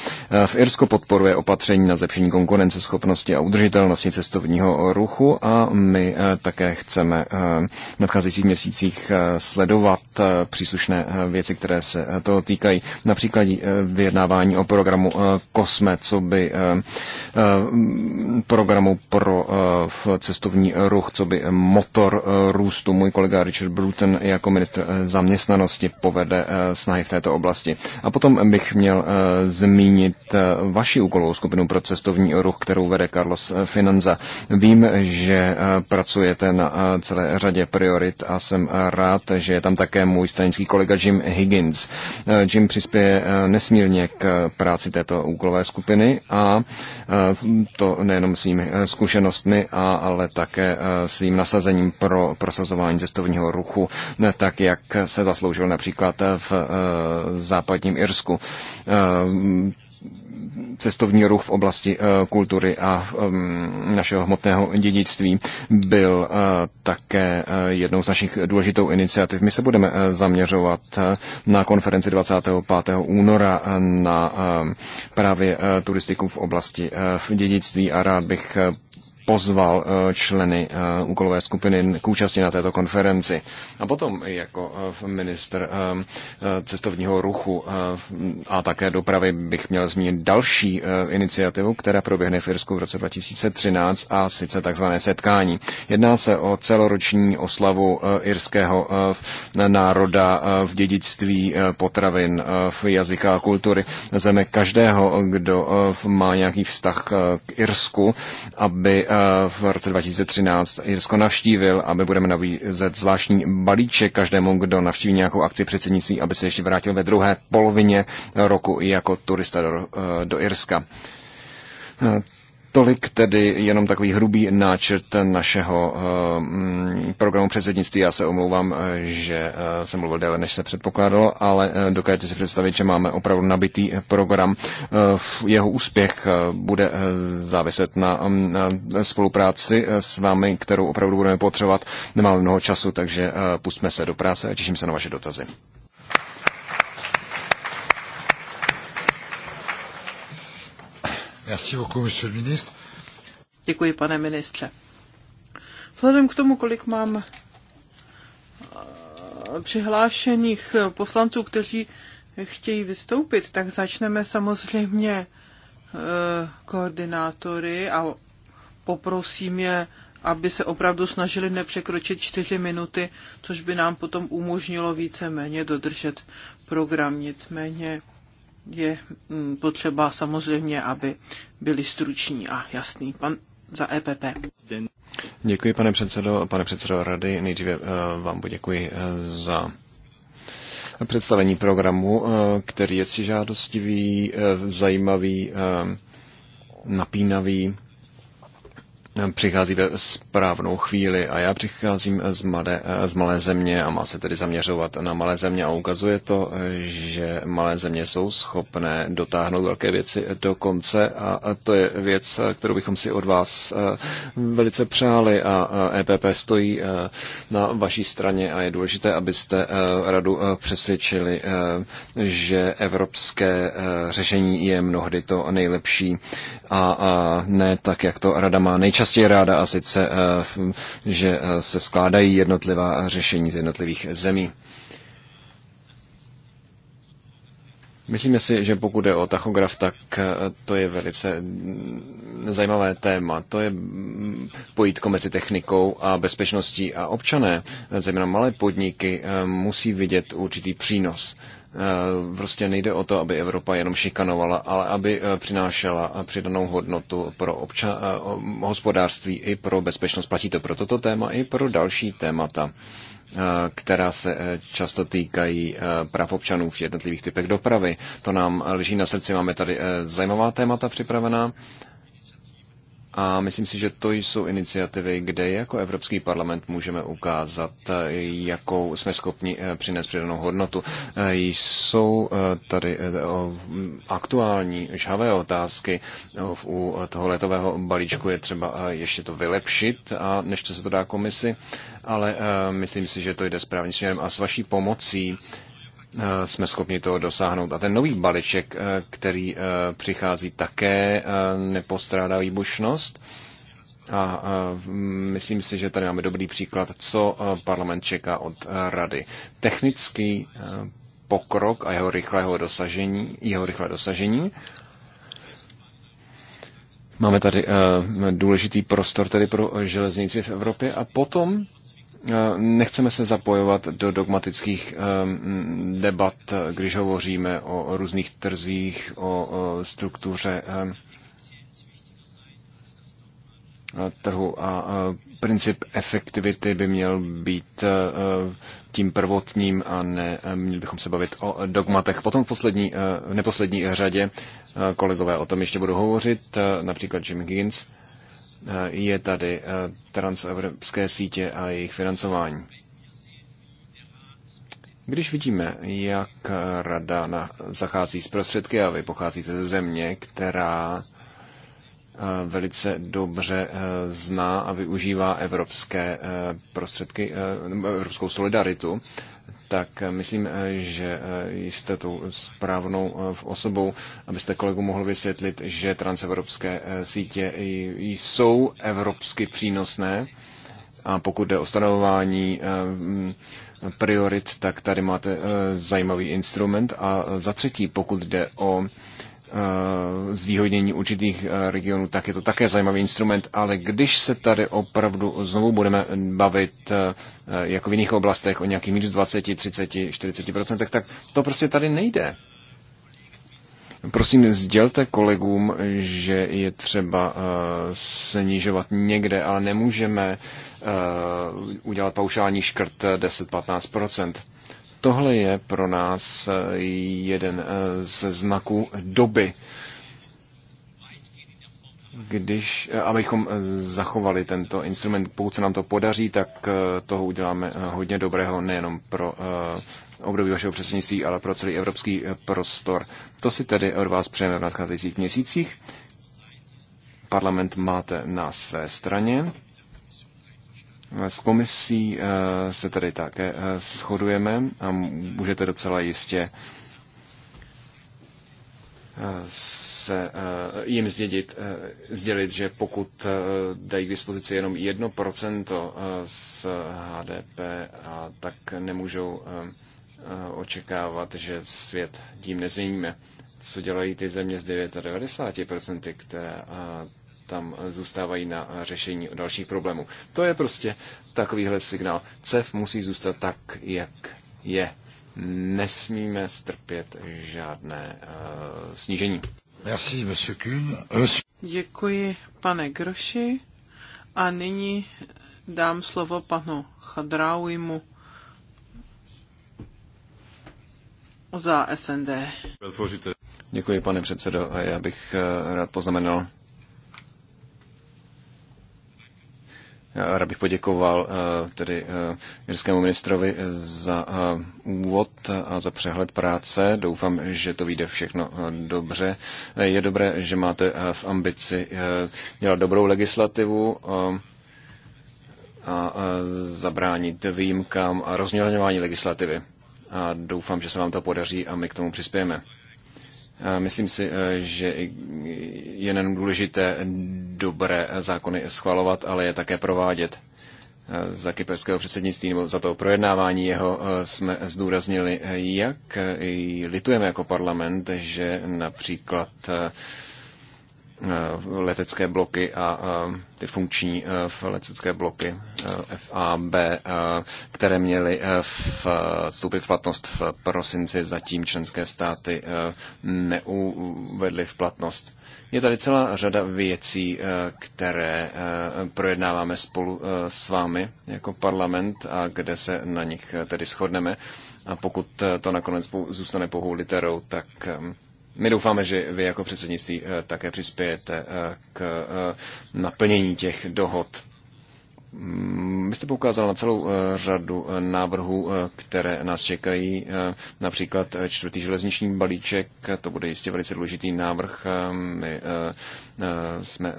V Irsku podporuje opatření na zlepšení konkurenceschopnosti a udržitelnosti cestovního ruchu a my eh, také chceme eh, v nadcházejících měsících eh, sledovat příslušné věci, které se toho týkají. Například vyjednávání o programu COSME, co by programu pro cestovní ruch, co by motor růstu. Můj kolega Richard Bruton jako ministr zaměstnanosti povede snahy v této oblasti. A potom bych měl eh, zmínit eh, vaši úkolovou skupinu pro cestovní ruch, kterou vede Carlos eh, Finanza. Vím, že pracujete na celé řadě priorit a jsem rád, že je tam také můj stranický kolega Jim Higgins. Jim přispěje nesmírně k práci této úkolové skupiny a to nejenom svými zkušenostmi, a, ale také svým nasazením pro prosazování cestovního ruchu, tak jak se zasloužil například v západním Irsku eh, cestovní ruch v oblasti eh, kultury a mm, našeho hmotného dědictví byl eh, také jednou z našich důležitou iniciativ. My se budeme zaměřovat na konferenci 25. února na právě turistiku v oblasti dědictví a rád bych pozval eh, členy eh, úkolové skupiny k účasti na této konferenci. A potom jako eh, minister cestovního ruchu a také dopravy bych měl zmínit další iniciativu, která proběhne v Irsku v roce 2013 a sice takzvané setkání. Jedná se o celoroční oslavu irského národa v dědictví potravin, v jazyka a kultury zeme každého, kdo má nějaký vztah k Irsku, aby Eh, v roce 2013 jirsko navštívil a my budeme nabízet zvláštní balíček každému, kdo navštíví nějakou akci předsednictví, aby se ještě vrátil ve druhé polovině roku i jako turista do, eh, do Irska. Eh, Tolik tedy jenom takový hrubý náčrt našeho eh, mm, programu předsednictví. Já se omlouvám, eh, že eh, jsem mluvil déle, než se předpokládalo, ale dokážete si představit, že máme opravdu nabitý program. Jeho úspěch bude záviset na mm, spolupráci s vámi, kterou opravdu budeme potřebovat. Nemáme mnoho času, takže pustme se do práce a těším se na vaše dotazy. Merci beaucoup, monsieur le ministre. Děkuji, pane ministře. Vzhledem k tomu, kolik mám eh, přihlášených poslanců, kteří chtějí vystoupit, tak začneme samozřejmě eh, koordinátory a poprosím je, aby se opravdu snažili nepřekročit čtyři minuty, což by nám potom umožnilo více dodržet program. Nicméně je mm, potřeba samozřejmě, aby byli struční a jasný. Pan za EPP. Děkuji, pane předsedo. Pane předsedo rady, nejdříve eh, vám poděkuji eh, za představení programu, eh, který je si žádostivý, zajímavý, napínavý přichází ve správnou chvíli a já přicházím z, made, z malé země a má se tedy zaměřovat na malé země a ukazuje to, že malé země jsou schopné dotáhnout velké věci do konce a to je věc, kterou bychom si od vás eh, velice přáli a EPP eh, e stojí eh, na vaší straně a je důležité, abyste radu přesvědčili, že evropské řešení je mnohdy to nejlepší a ne tak, jak to rada má nejčastěji častěji ráda a sice, eh, že eh, se skládají jednotlivá řešení z jednotlivých zemí. Myslíme si, že pokud je o tachograf, tak eh, to je velice mm, zajímavé téma. To je mm, pojítko mezi technikou a bezpečností a občané, zejména malé podniky, musí vidět určitý přínos Eh, prostě nejde o to, aby Evropa jenom šikanovala, ale aby eh, přinášela eh, přidanou hodnotu pro obča- hospodářství i pro bezpečnost. Platí to pro toto téma i pro další témata která se často týkají práv občanů v jednotlivých typech dopravy. To nám leží na srdci, máme tady zajímavá témata připravená a myslím si, že to jsou iniciativy, kde jako Evropský parlament můžeme ukázat, jakou jsme schopni eh, přinést přidanou hodnotu. Eh, jsou eh, tady aktuální žhavé otázky. U toho letového balíčku je třeba ještě to vylepšit, a než to se to dá komisi, ale myslím si, že to jde správným směrem. A s vaší pomocí Eh, jsme schopni toho dosáhnout. A ten nový balíček, eh, který eh, přichází, také nepostrádá výbušnost. A myslím si, že tady máme dobrý příklad, co parlament čeká od rady. Technický pokrok a jeho rychlého dosažení, jeho rychlé dosažení. Máme tady důležitý prostor tedy pro železnici v Evropě a potom nechceme se zapojovat do dogmatických debat, když hovoříme o různých trzích, o struktuře trhu a princip efektivity by měl být e, tím prvotním a ne, e, měli bychom se bavit o dogmatech. Potom v poslední, e, v neposlední řadě kolegové o tom ještě budou hovořit, například Jim Higgins Eh, je tady eh, transevropské sítě a jejich financování. Když vidíme, jak rada na, zachází z prostředky a vy pocházíte ze země, která eh, velice dobře zná a využívá evropské prostředky, evropskou solidaritu, tak eh, myslím, eh, že eh, jste tou správnou osobou, abyste kolegu mohl vysvětlit, že transevropské sítě jsou evropsky přínosné. A pokud jde o stanovování priorit, tak tady máte zajímavý instrument. A za třetí, pokud jde o Eh, zvýhodnění určitých eh, regionů, tak je to také zajímavý instrument, ale když se tady opravdu znovu budeme bavit eh, jako v jiných oblastech o nějakých minus 20, 30, 40%, tak to prostě tady nejde. Prosím, sdělte kolegům, že je třeba uh, snižovat někde, ale nemůžeme uh, udělat paušální škrt 10-15% tohle je pro nás eh, jeden eh, ze znaků doby, když, eh, abychom zachovali tento instrument. Pokud se nám to podaří, tak toho uděláme hodně dobrého nejenom pro období vašeho předsednictví, ale pro celý evropský prostor. To si tedy od vás přejeme v nadcházejících měsících. Parlament máte na své straně. Eh, s komisí eh, se tady také eh, shodujeme a můžete docela jistě se jim zdědit, sdělit, že pokud dají k dispozici jenom 1% z HDP, a tak nemůžou očekávat, že svět tím nezměníme. Co dělají ty země z 99%, které tam zůstávají na řešení dalších problémů. To je prostě takovýhle signál. CEF musí zůstat tak, jak je. Nesmíme strpět žádné uh, snížení. Merci, monsieur Kuhn. Euh, Děkuji, pane Groši. A nyní dám slovo panu Chadrauimu za SND. Děkuji, pane předsedo. Já bych eh, rád poznamenal, Rád bych poděkoval eh, tedy jirskému eh, ministrovi za eh, úvod a za přehled práce. Doufám, že to vyjde všechno dobře. Je dobré, že máte v ambici dělat dobrou legislativu a zabránit výjimkám a rozmělňování legislativy. A doufám, že se vám to podaří a my k tomu přispějeme. Myslím si, eh, že je nejen důležité dobré zákony schvalovat, ale je také provádět. Eh, za kyperského předsednictví nebo za toho projednávání jeho eh, jsme zdůraznili, jak litujeme jako parlament, že například Eh, letecké bloky a eh, ty funkční eh, letecké bloky FAB, které měly vstoupit v platnost v prosinci, zatím členské státy neuvedly v platnost. Je tady celá řada věcí, které projednáváme spolu s vámi jako parlament a kde se na nich tedy shodneme. A pokud to nakonec zůstane pouhou literou, tak my doufáme, že vy jako předsednictví eh, také přispějete eh, k eh, naplnění těch dohod. Mm, vy jste poukázal na celou eh, řadu eh, návrhů, eh, které nás čekají, například čtvrtý železniční balíček, to bude jistě velice důležitý návrh. My jsme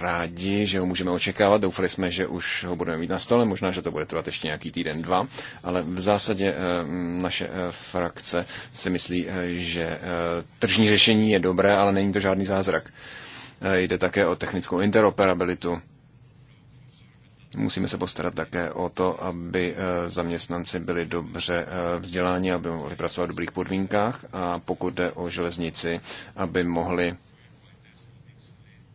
rádi, že ho můžeme očekávat, doufali jsme, že už ho budeme mít na stole, možná, že to bude trvat ještě nějaký týden, dva, ale v zásadě naše frakce si myslí, že tržní řešení je dobré, ale není to žádný zázrak. Jde také o technickou interoperabilitu Musíme se postarat také o to, aby eh, zaměstnanci byli dobře eh, vzděláni, aby mohli pracovat v dobrých podmínkách a pokud jde o železnici, aby mohli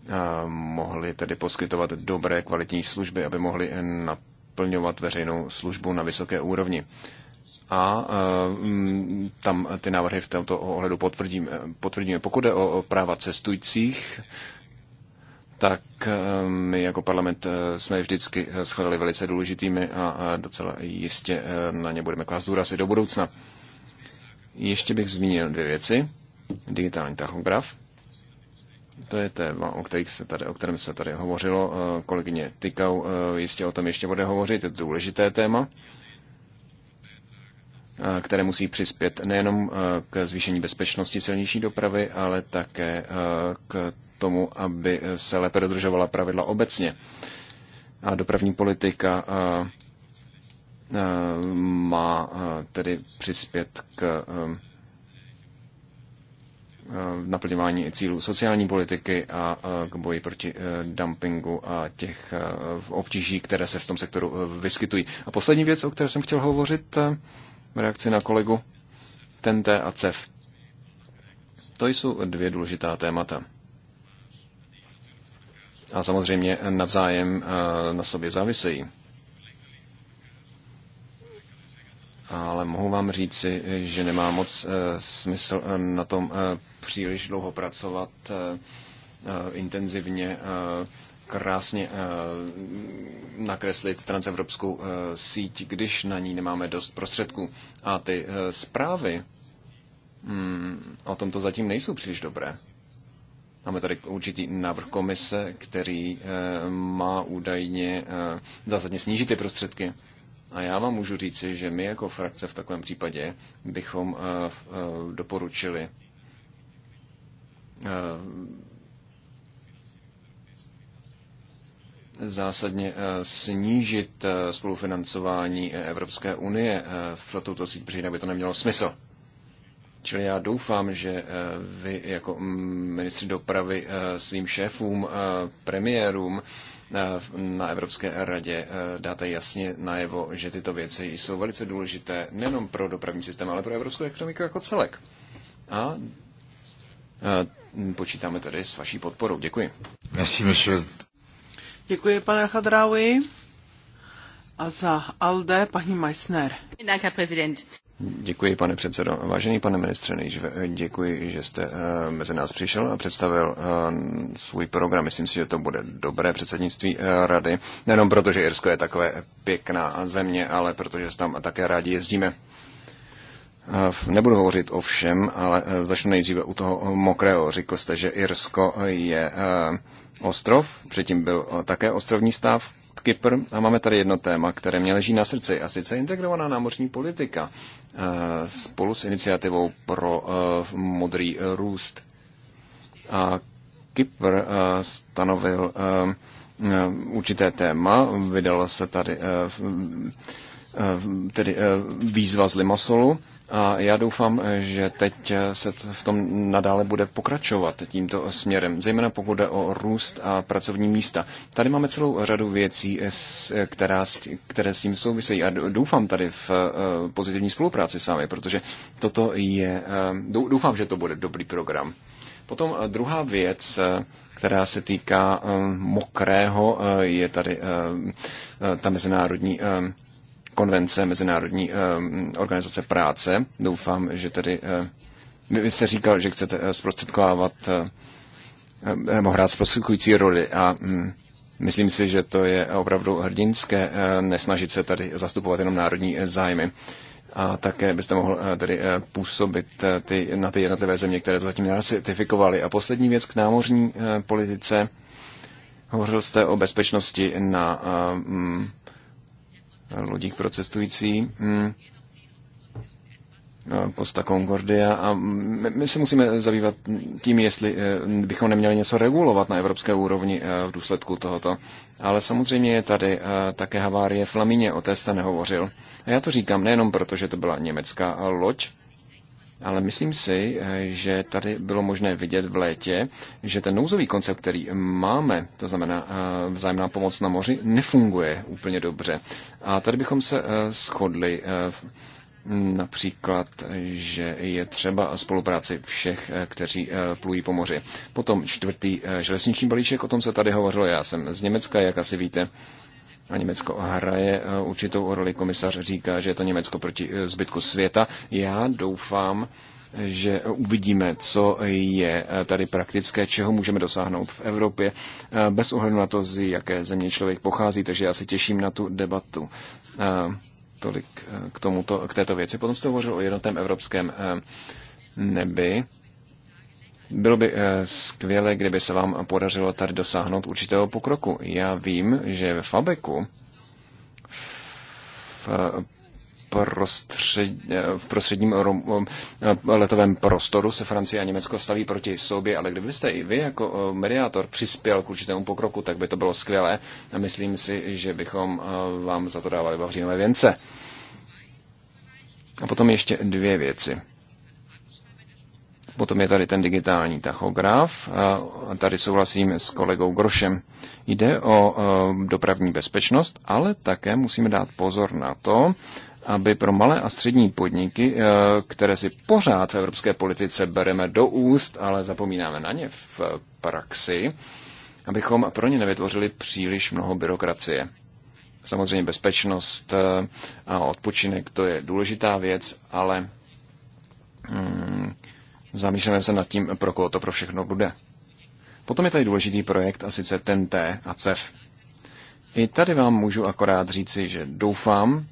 eh, mohli tedy poskytovat dobré kvalitní služby, aby mohli naplňovat veřejnou službu na vysoké úrovni. A mm, tam ty návrhy v tomto ohledu potvrdíme. potvrdíme. Pokud jde o práva cestujících, tak eh, my jako parlament eh, jsme vždycky eh, shledali velice důležitými a docela jistě na ně budeme klást důraz i do budoucna. Ještě bych zmínil dvě věci. Digitální tachograf. To je téma, o, kterých se tady, o kterém se tady hovořilo. Kolegyně Tykau jistě o tom ještě bude hovořit. Je to důležité téma které musí přispět nejenom k zvýšení bezpečnosti silnější dopravy, ale také k tomu, aby se lépe dodržovala pravidla obecně. A dopravní politika má tedy přispět k naplňování cílů sociální politiky a k boji proti e, dumpingu a těch e, obtíží, které se v tom sektoru e, vyskytují. A poslední věc, o které jsem chtěl hovořit, reakci na kolegu. TNT a CEF. To jsou dvě důležitá témata. A samozřejmě navzájem eh, na sobě závisejí. Ale mohu vám říci, že nemá moc eh, smysl eh, na tom příliš dlouho pracovat intenzivně krásně eh, nakreslit transevropskou eh, síť, když na ní nemáme dost prostředků. A ty eh, zprávy hmm, o tomto zatím nejsou příliš dobré. Máme tady určitý návrh komise, který má údajně zásadně snížit ty prostředky. A já vám můžu říci, že my jako frakce v takovém případě bychom doporučili zásadně eh, snížit eh, spolufinancování eh, Evropské unie v tuto síť, protože jinak by to nemělo smysl. Čili já doufám, že vy jako ministři dopravy svým šéfům, premiérům na Evropské radě dáte jasně najevo, že tyto věci jsou velice důležité nejenom pro dopravní systém, ale pro evropskou ekonomiku jako celek. A počítáme tedy s vaší podporou. Děkuji. Merci, monsieur. Děkuji, pane Chadraui. A za ALDE paní Meissner. Děkuji, pane předsedo. Vážený pane ministře, nejdříve děkuji, že jste eh, mezi nás přišel a představil eh, svůj program. Myslím si, že to bude dobré předsednictví eh, rady. Nenom proto, že Irsko je takové pěkná země, ale protože tam také rádi jezdíme. Nebudu hovořit o všem, ale začnu nejdříve u toho mokrého. Řekl jste, že Irsko je ostrov, předtím byl eh, také ostrovní stav Kypr a máme tady jedno téma, které mě leží na srdci a sice integrovaná námořní politika eh, spolu s iniciativou pro eh, modrý růst. A Kypr stanovil určité téma, vydala se tady tedy výzva z Limasolu a já doufám, že teď se v tom nadále bude pokračovat tímto směrem, zejména pokud jde o růst a pracovní místa. Tady máme celou řadu věcí, která, které s tím souvisejí a doufám tady v eh, pozitivní spolupráci s vámi, protože toto je, eh, doufám, že to bude dobrý program. Potom eh, druhá věc, která se týká mokrého, je tady ta mezinárodní konvence Mezinárodní eh, organizace práce. Doufám, že tedy eh, vy jste říkal, že chcete eh, zprostředkovávat nebo hrát zprostředkující roli a hm, myslím si, že to je opravdu hrdinské nesnažit se tady zastupovat jenom národní zájmy. A také byste mohl tedy působit ty, na ty jednotlivé země, které to zatím neratifikovaly. A poslední věc k námořní politice. Hovořil jste o bezpečnosti na hm, lodík pro cestující. Costa mm, Concordia a my, my se musíme zabývat tím, jestli eh, bychom neměli něco regulovat na evropské úrovni eh, v důsledku tohoto. Ale samozřejmě je tady eh, také havárie Flamině o té jste nehovořil. A já to říkám nejenom proto, že to byla německá loď, ale myslím si, eh, že tady bylo možné vidět v létě, že ten nouzový koncept, který máme, to znamená eh, vzájemná pomoc na moři, nefunguje úplně dobře. A tady bychom se eh, shodli například, že je třeba spolupráci všech, kteří plují po moři. Potom čtvrtý železniční balíček, o tom se tady hovořilo, já jsem z Německa, jak asi víte, a Německo hraje eh, určitou roli. Komisař říká, že je to Německo proti eh, zbytku světa. Já doufám, že uvidíme, co je eh, tady praktické, čeho můžeme dosáhnout v Evropě, bez ohledu na to, z jaké země člověk pochází. Takže já se těším na tu debatu. Tolik k, tomuto, k této věci. Potom jste hovořil o jednotném evropském nebi. Bylo by eh, skvělé, kdyby se vám podařilo tady dosáhnout určitého pokroku. Já vím, že ve Fabeku v eh, prostřed, eh, v prostředním letovém prostoru se Francie a Německo staví proti sobě, ale kdybyste i vy jako mediátor přispěl k určitému pokroku, tak by to bylo skvělé a myslím si, že bychom vám za to dávali vavřínové věnce. A potom ještě dvě věci. Potom je tady ten digitální tachograf. Tady souhlasím s kolegou Grošem. Jde o e, dopravní bezpečnost, ale také musíme dát pozor na to, aby pro malé a střední podniky, e, které si pořád v evropské politice bereme do úst, ale zapomínáme na ně v praxi, abychom pro ně nevytvořili příliš mnoho byrokracie. Samozřejmě bezpečnost e, a odpočinek, to je důležitá věc, ale mm, Zamýšlíme se nad tím, pro koho to pro všechno bude. Potom je tady důležitý projekt, a sice TNT a CEF. I tady vám můžu akorát říci, že doufám,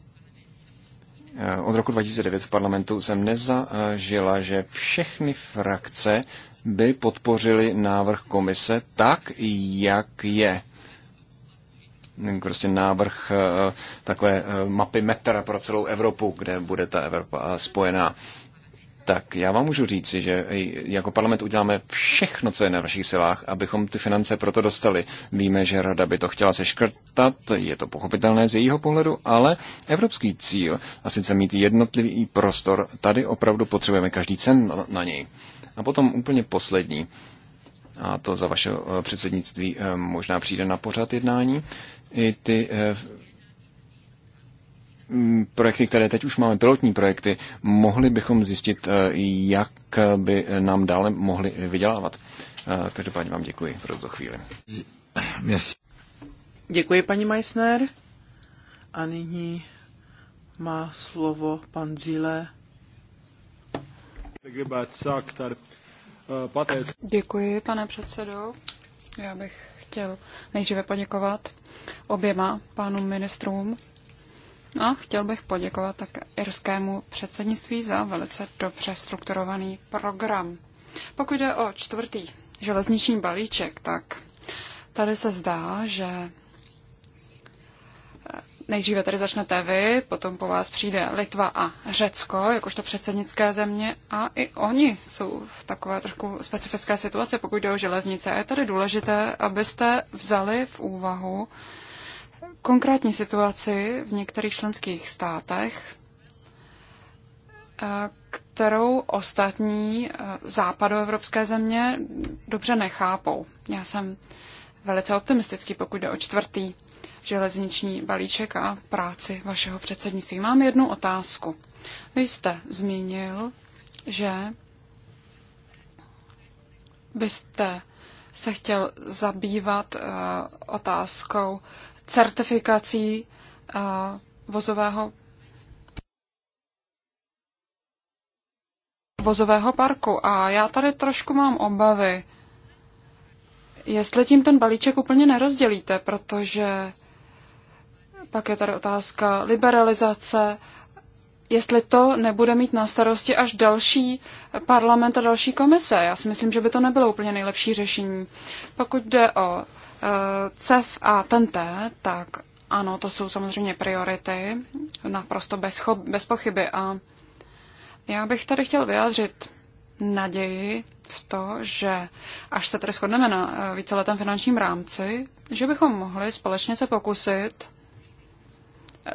eh, od roku 2009 v parlamentu jsem nezažila, že všechny frakce by podpořili návrh komise tak, jak je. Prostě návrh eh, takové eh, mapy metra pro celou Evropu, kde bude ta Evropa spojená tak já vám můžu říci, že jako parlament uděláme všechno, co je na vašich silách, abychom ty finance proto dostali. Víme, že rada by to chtěla seškrtat, je to pochopitelné z jejího pohledu, ale evropský cíl, a sice mít jednotlivý prostor, tady opravdu potřebujeme každý cen na něj. A potom úplně poslední, a to za vaše eh, předsednictví eh, možná přijde na pořad jednání, i ty eh, Mm, projekty, které teď už máme, pilotní projekty, mohli bychom zjistit, eh, jak by nám dále mohli vydělávat. Eh, každopádně vám děkuji pro tuto chvíli. Děkuji, paní Meissner. A nyní má slovo pan Zile. Děkuji, pane předsedo. Já bych chtěl nejdříve poděkovat oběma pánům ministrům a chtěl bych poděkovat tak irskému předsednictví za velice dobře strukturovaný program. Pokud jde o čtvrtý železniční balíček, tak tady se zdá, že eh, nejdříve tady začnete vy, potom po vás přijde Litva a Řecko, jakožto předsednické země, a i oni jsou v takové trošku specifické situaci, pokud jde o železnice. Je tady důležité, abyste vzali v úvahu konkrétní situaci v některých členských státech, eh, kterou ostatní eh, západoevropské země dobře nechápou. Já jsem velice optimistický, pokud jde o čtvrtý železniční balíček a práci vašeho předsednictví. Mám jednu otázku. Vy jste zmínil, že byste se chtěl zabývat eh, otázkou certifikací eh, vozového vozového parku. A já tady trošku mám obavy, jestli tím ten balíček úplně nerozdělíte, protože pak je tady otázka liberalizace, jestli to nebude mít na starosti až další parlament a další komise. Já si myslím, že by to nebylo úplně nejlepší řešení. Pokud jde o Eh, CEF a TNT, tak ano, to jsou samozřejmě priority, naprosto bez, bez pochyby. A já bych tady chtěl vyjádřit naději v to, že až se tedy shodneme na eh, víceletém finančním rámci, že bychom mohli společně se pokusit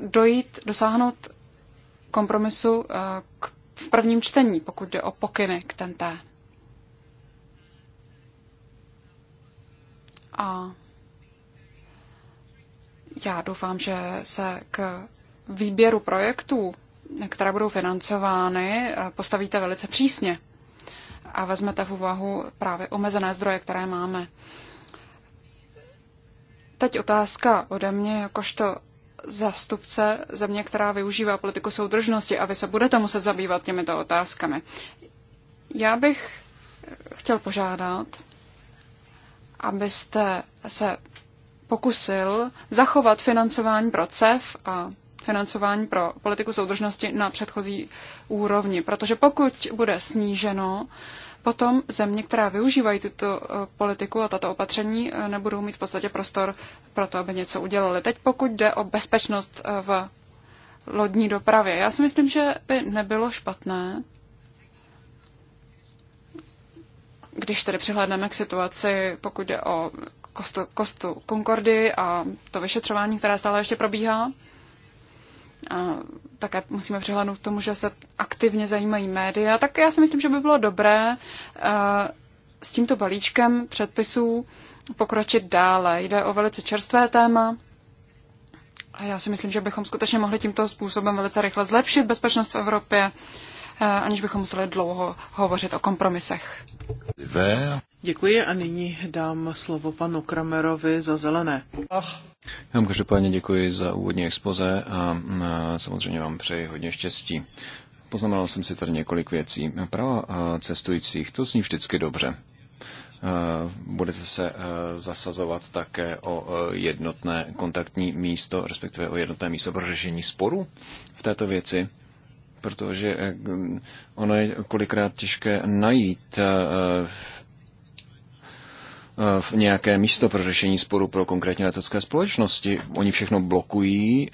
dojít, dosáhnout kompromisu eh, k, v prvním čtení, pokud jde o pokyny k TNT. a já doufám, že se k výběru projektů, které budou financovány, postavíte velice přísně a vezmete v úvahu právě omezené zdroje, které máme. Teď otázka ode mě, jakožto zastupce země, která využívá politiku soudržnosti a vy se budete muset zabývat těmito otázkami. Já bych chtěl požádat, abyste se pokusil zachovat financování pro CEF a financování pro politiku soudržnosti na předchozí úrovni. Protože pokud bude sníženo, potom země, která využívají tuto e, politiku a tato opatření, e, nebudou mít v podstatě prostor pro to, aby něco udělali. Teď pokud jde o bezpečnost e, v lodní dopravě, já si myslím, že by nebylo špatné, když tedy přihlédneme k situaci, pokud jde o kostu, kostu Concordy a to vyšetřování, které stále ještě probíhá, a také musíme přihlédnout k tomu, že se aktivně zajímají média, tak já si myslím, že by bylo dobré eh, s tímto balíčkem předpisů pokročit dále. Jde o velice čerstvé téma a já si myslím, že bychom skutečně mohli tímto způsobem velice rychle zlepšit bezpečnost v Evropě Eh, aniž bychom museli dlouho hovořit o kompromisech. Děkuji a nyní dám slovo panu Kramerovi za zelené. Ach. Já vám každopádně děkuji za úvodní expoze a mm, samozřejmě vám přeji hodně štěstí. Poznamenal jsem si tady několik věcí. Práva eh, cestujících, to zní vždycky dobře eh, budete se zasazovat také o jednotné kontaktní místo, respektive o jednotné místo pro řešení sporu v této věci protože eh, ono je kolikrát těžké najít eh, eh, v nějaké místo pro řešení sporu pro konkrétně letecké společnosti. Oni všechno blokují.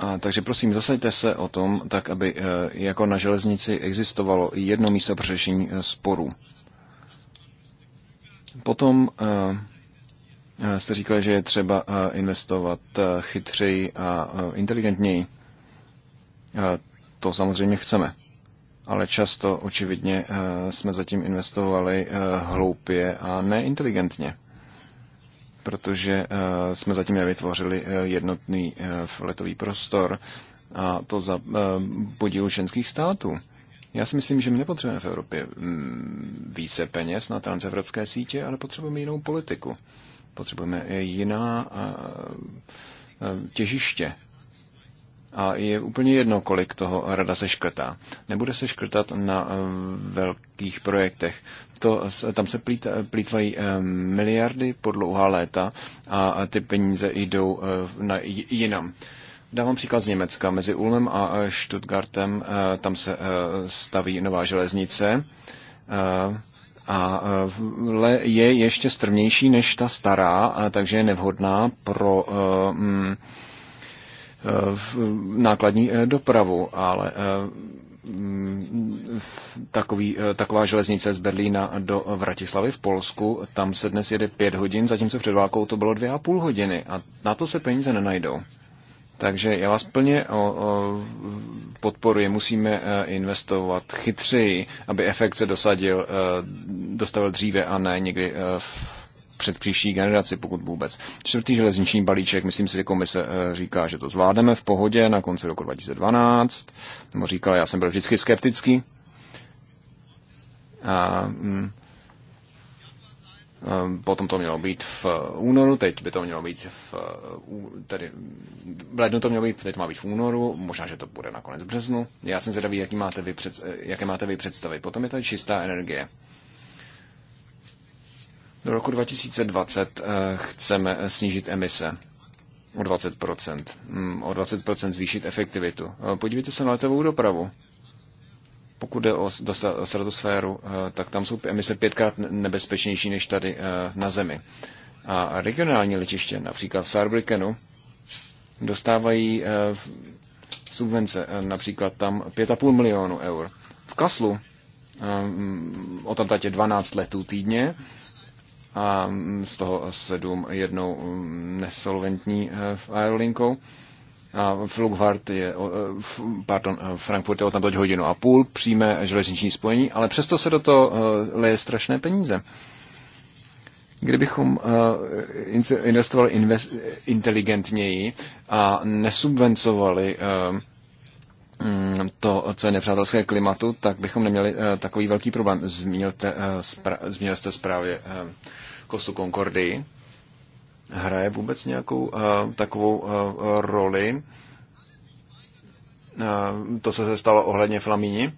A, takže prosím, zasaďte se o tom, tak aby jako na železnici existovalo jedno místo pro řešení sporu. Potom jste říkal, že je třeba investovat chytřeji a inteligentněji. To samozřejmě chceme. Ale často očividně eh, jsme zatím investovali eh, hloupě a neinteligentně, protože eh, jsme zatím nevytvořili jednotný letový prostor a to za podílu ženských států. Já si myslím, že my nepotřebujeme v Evropě mm, více peněz na transevropské sítě, ale potřebujeme jinou politiku. Potřebujeme jiná těžiště a je úplně jedno, kolik toho rada se škrtá. Nebude se škrtat na eh, velkých projektech. To, tam se plít, eh, plítvají eh, miliardy po dlouhá léta a ty peníze jdou na jinam. Dávám příklad z Německa. Mezi Ulmem a Stuttgartem tam se staví nová železnice a je ještě strmější než ta stará, takže je nevhodná pro mm, v nákladní eh, dopravu, ale eh, takový, eh, taková železnice z Berlína do Vratislavy v Polsku, tam se dnes jede pět hodin, zatímco před válkou to bylo dvě a půl hodiny a na to se peníze nenajdou. Takže já vás plně o, o, podporuji. Musíme investovat chytřeji, aby efekt se dosadil, dostavil dříve a ne někdy v před příští generaci, pokud vůbec. Čtvrtý železniční balíček, myslím si, že komise eh, říká, že to zvládneme v pohodě na konci roku 2012, nebo říkala, já jsem byl vždycky skeptický. A, mm, eh, Potom to mělo být v eh, únoru, teď by to mělo být v, tedy v lednu to mělo být, teď má být v únoru, možná, že to bude na konec březnu. Já jsem zvědavý, jaký máte vy před, jaké máte vy představy. Potom je to čistá energie. Do roku 2020 eh, chceme eh, snížit emise o 20%, mm, o 20% zvýšit efektivitu. Eh, podívejte se na letovou dopravu. Pokud jde o, stratosféru, tak tam jsou emise pětkrát nebezpečnější než tady na Zemi. A regionální letiště, například v Saarbrückenu, dostávají subvence, například tam 5,5 milionu eur. V Kaslu mm, o tam je 12 letů týdně a mm, z toho sedm jednou mm, nesolventní eh, aerolinkou. A Flugvart je, eh, pardon, eh, Frankfurt je o tamtoť hodinu a půl, přijme železniční spojení, ale přesto se do toho leje strašné peníze. Kdybychom investovali invest, inteligentněji a nesubvencovali Mm, to, co je nepřátelské klimatu, tak bychom neměli eh, takový velký problém. Zmínilte, eh, spra, zmínil jste zprávě eh, Kostu Concordii. Hraje vůbec nějakou takovou roli? To, co se stalo ohledně Flamíni,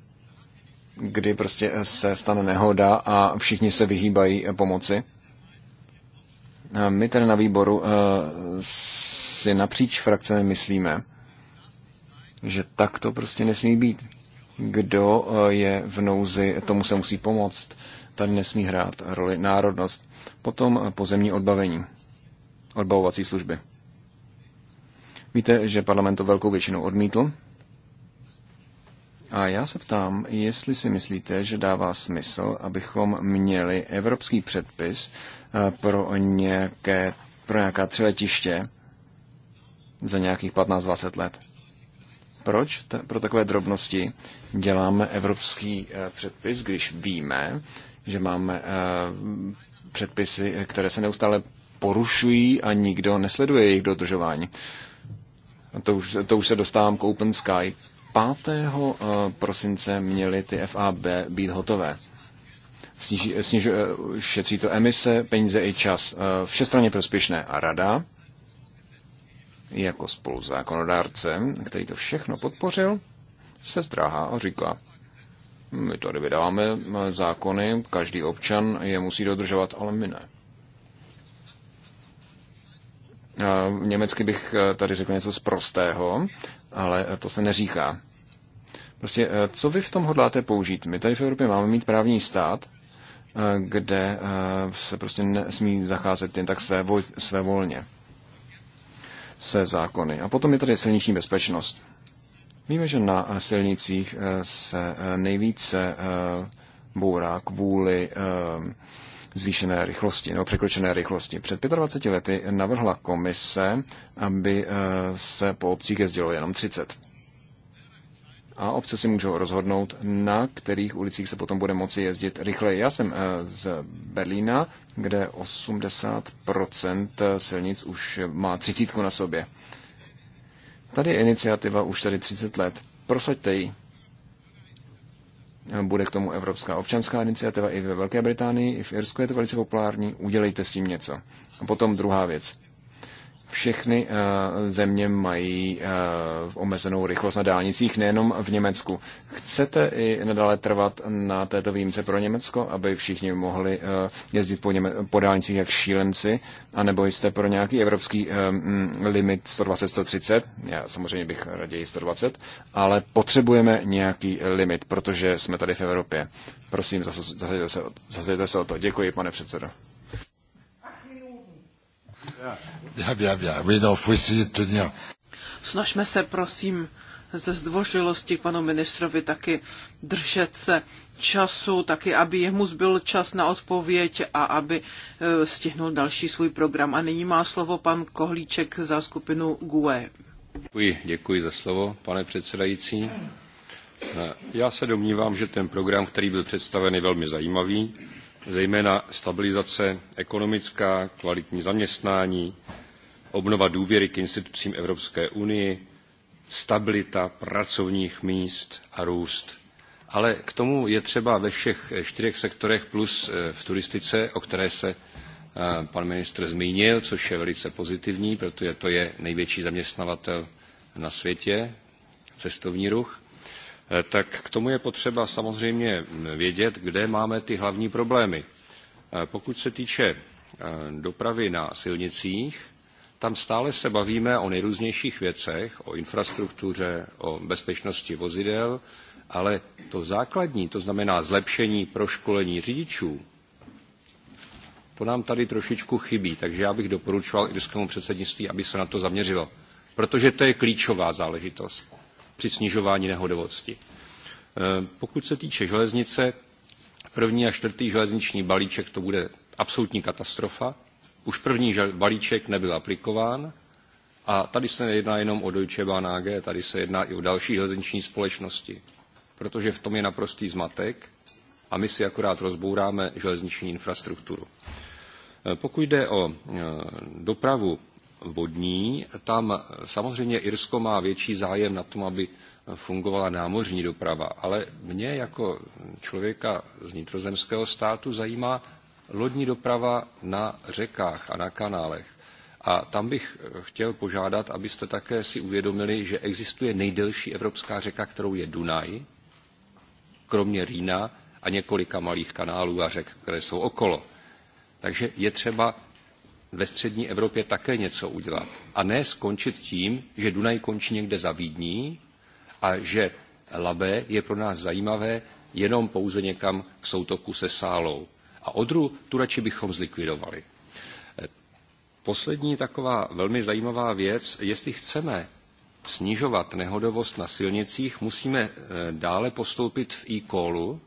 kdy prostě se stane nehoda a všichni se vyhýbají pomoci. My tedy na výboru si napříč frakcemi myslíme, že tak to prostě nesmí být. Kdo eh, je v nouzi, tomu se musí pomoct. Tady nesmí hrát roli národnost. Potom eh, pozemní odbavení, odbavovací služby. Víte, že parlament to velkou většinou odmítl. A já se ptám, jestli si myslíte, že dává smysl, abychom měli evropský předpis eh, pro, nějaké, pro nějaká třeletiště za nějakých 15-20 let. Proč ta, pro takové drobnosti děláme evropský eh, předpis, když víme, že máme eh, předpisy, které se neustále porušují a nikdo nesleduje jejich dodržování? To už, to už se dostávám k Open Sky. 5. Eh, prosince měly ty FAB být hotové. Sniž, sniž, šetří to emise, peníze i čas. Všestranně prospěšné. A rada jako spoluzákonodárce, který to všechno podpořil, se zdráhá a říká, my tady vydáváme eh, zákony, každý občan je musí dodržovat, ale my ne. Německy bych eh, tady řekl něco z prostého, ale eh, to se neříká. Prostě, co vy v tom hodláte použít? My tady v Evropě máme mít právní stát, kde se prostě nesmí zacházet jen tak své, své volně se zákony. A potom je tady silniční bezpečnost. Víme, že na silnicích eh, se eh, nejvíce eh, bourá kvůli zvýšené rychlosti nebo překročené rychlosti. Před 25 lety navrhla komise, aby se po obcích jezdilo jenom 30 a obce si můžou rozhodnout, na kterých ulicích se potom bude moci jezdit rychleji. Já jsem eh, z Berlína, kde 80% silnic už má třicítku na sobě. Tady je iniciativa už tady 30 let. Prosaďte ji. Bude k tomu Evropská občanská iniciativa i ve Velké Británii, i v Irsku je to velice populární. Udělejte s tím něco. A potom druhá věc všechny eh, země mají eh, omezenou rychlost na dálnicích, nejenom v Německu. Chcete i nadále trvat na této výjimce pro Německo, aby všichni mohli eh, jezdit po, Něme- po dálnicích jak šílenci, anebo jste pro nějaký evropský limit 120-130? Já samozřejmě bych raději 120, ale potřebujeme nějaký limit, protože jsme tady v Evropě. Prosím, zasejte se, se o to. Děkuji, pane předsedo. Yeah. Bien, bien, bien. Oui, non, faut essayer de tenir. Snažme se, prosím, ze zdvořilosti panu ministrovi taky držet se času, taky aby jemu zbyl čas na odpověď a aby e, stihnul další svůj program. A nyní má slovo pan Kohlíček za skupinu GUE. Děkuji, děkuji za slovo, pane předsedající. E, já se domnívám, že ten program, který byl představen, je velmi zajímavý, zejména stabilizace ekonomická, kvalitní zaměstnání, obnova důvěry k institucím Evropské unii, stabilita pracovních míst a růst. Ale k tomu je třeba ve všech čtyřech sektorech plus eh, v turistice, o které se eh, pan ministr zmínil, což je velice pozitivní, protože to je největší zaměstnavatel na světě, cestovní ruch, eh, tak k tomu je potřeba samozřejmě vědět, kde máme ty hlavní problémy. Pokud se týče dopravy na silnicích, tam stále se bavíme o nejrůznějších věcech, o infrastruktuře, o bezpečnosti vozidel, ale to základní, to znamená zlepšení proškolení řidičů, to nám tady trošičku chybí, takže já bych doporučoval irskému předsednictví, aby se na to zaměřilo, protože to je klíčová záležitost při snižování nehodovosti. Eh, pokud se týče železnice, první a čtvrtý železniční balíček to bude absolutní katastrofa, už první balíček nebyl aplikován a tady se nejedná jenom o Deutsche Bahn AG, tady se jedná i o další železniční společnosti, protože v tom je naprostý zmatek a my si akorát rozbouráme železniční infrastrukturu. E, pokud jde o e, dopravu vodní, tam samozřejmě Irsko má větší zájem na tom, aby fungovala námořní doprava, ale mě jako člověka z nitrozemského státu zajímá, lodní doprava na řekách a na kanálech. A tam bych eh, chtěl požádat, abyste také si uvědomili, že existuje nejdelší evropská řeka, kterou je Dunaj, kromě Rýna a několika malých kanálů a řek, které jsou okolo. Takže je třeba ve střední Evropě také něco udělat. A ne skončit tím, že Dunaj končí někde za Vídní a že Labe je pro nás zajímavé jenom pouze někam k soutoku se sálou a odru radši bychom zlikvidovali. E, poslední taková velmi zajímavá věc, jestli chceme snižovat nehodovost na silnicích, musíme e, dále postoupit v e-callu.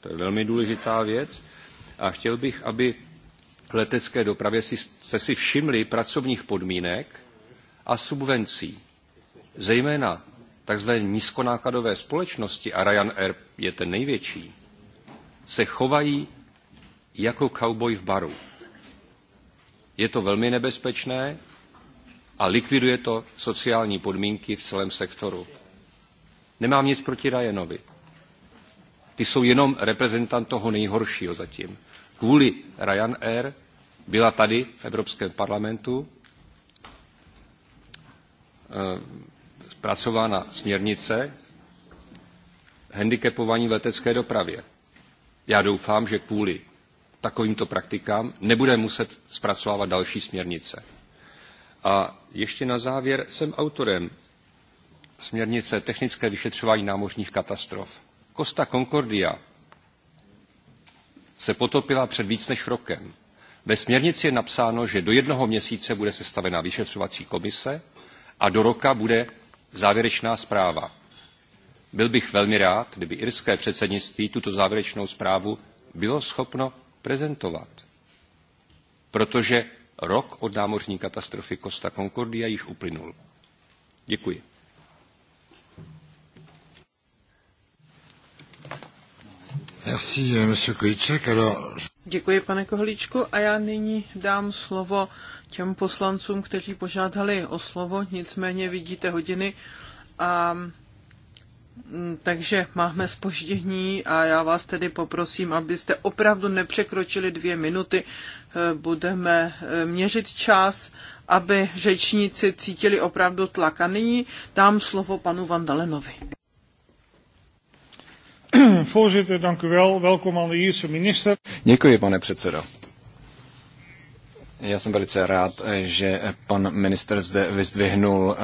To je velmi důležitá věc. A chtěl bych, aby letecké dopravě jste si všimli pracovních podmínek a subvencí. Zejména takzvané nízkonákladové společnosti, a Ryanair je ten největší, se chovají jako kauboj v baru. Je to velmi nebezpečné a likviduje to sociální podmínky v celém sektoru. Nemám nic proti Ryanovi. Ty jsou jenom reprezentant toho nejhoršího zatím. Kvůli Ryanair byla tady v Evropském parlamentu eh, zpracována směrnice handicapování v letecké dopravě. Já doufám, že kvůli takovýmto praktikám nebude muset zpracovávat další směrnice. A ještě na závěr jsem autorem směrnice technické vyšetřování námořních katastrof. Costa Concordia se potopila před víc než rokem. Ve směrnici je napsáno, že do jednoho měsíce bude sestavena vyšetřovací komise a do roka bude závěrečná zpráva. Byl bych velmi rád, kdyby irské předsednictví tuto závěrečnou zprávu bylo schopno prezentovat. Protože rok od námořní katastrofy Costa Concordia již uplynul. Děkuji. Euh, Děkuji, pane Kohlíčku. A já nyní dám slovo těm poslancům, kteří požádali o slovo, nicméně vidíte hodiny a Mm, takže máme spoždění a já vás tedy poprosím, abyste opravdu nepřekročili dvě minuty. Eh, budeme eh, měřit čas, aby řečníci cítili opravdu tlak. A nyní dám slovo panu Vandalenovi. Děkuji, pane předsedo. Já jsem velice rád, eh, že pan minister zde vyzdvihnul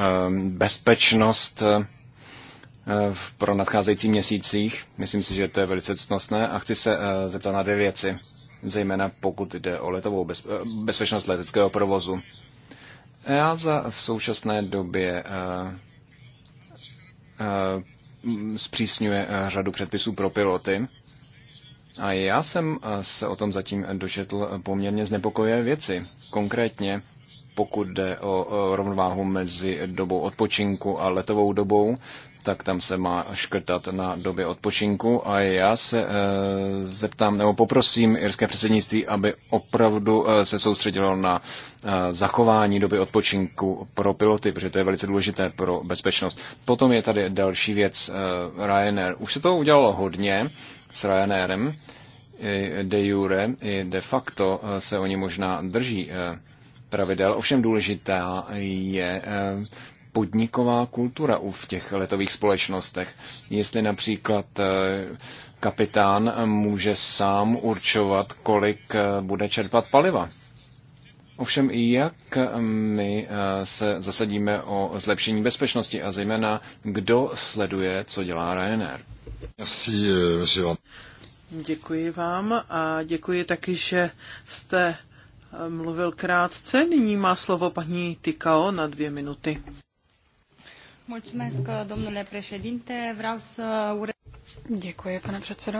bezpečnost Eh, pro nadcházející měsících. Myslím si, že to je velice cnostné a chci se eh, zeptat na dvě věci, zejména pokud jde o letovou bez, eh, bezpečnost leteckého provozu. EASA v současné době zpřísňuje řadu předpisů pro piloty. A já jsem se o tom zatím dočetl poměrně znepokojivé věci. Konkrétně pokud jde o rovnováhu mezi dobou odpočinku a letovou dobou, tak tam se má škrtat na době odpočinku. A já se e, zeptám nebo poprosím irské předsednictví, aby opravdu e, se soustředilo na e, zachování doby odpočinku pro piloty, protože to je velice důležité pro bezpečnost. Potom je tady další věc, e, Ryanair. Už se to udělalo hodně s Ryanairem, i de jure, i de facto se oni možná drží pravidel. Ovšem důležitá je podniková kultura v těch letových společnostech. Jestli například eh, kapitán může sám určovat, kolik eh, bude čerpat paliva. Ovšem, jak my eh, se zasadíme o zlepšení bezpečnosti a zejména, kdo sleduje, co dělá Ryanair? Děkuji vám a děkuji taky, že jste mluvil krátce. Nyní má slovo paní Tikao na dvě minuty. Mulțumesc, domnule președinte. Vreau să ure... Děkuji, pane předsedo.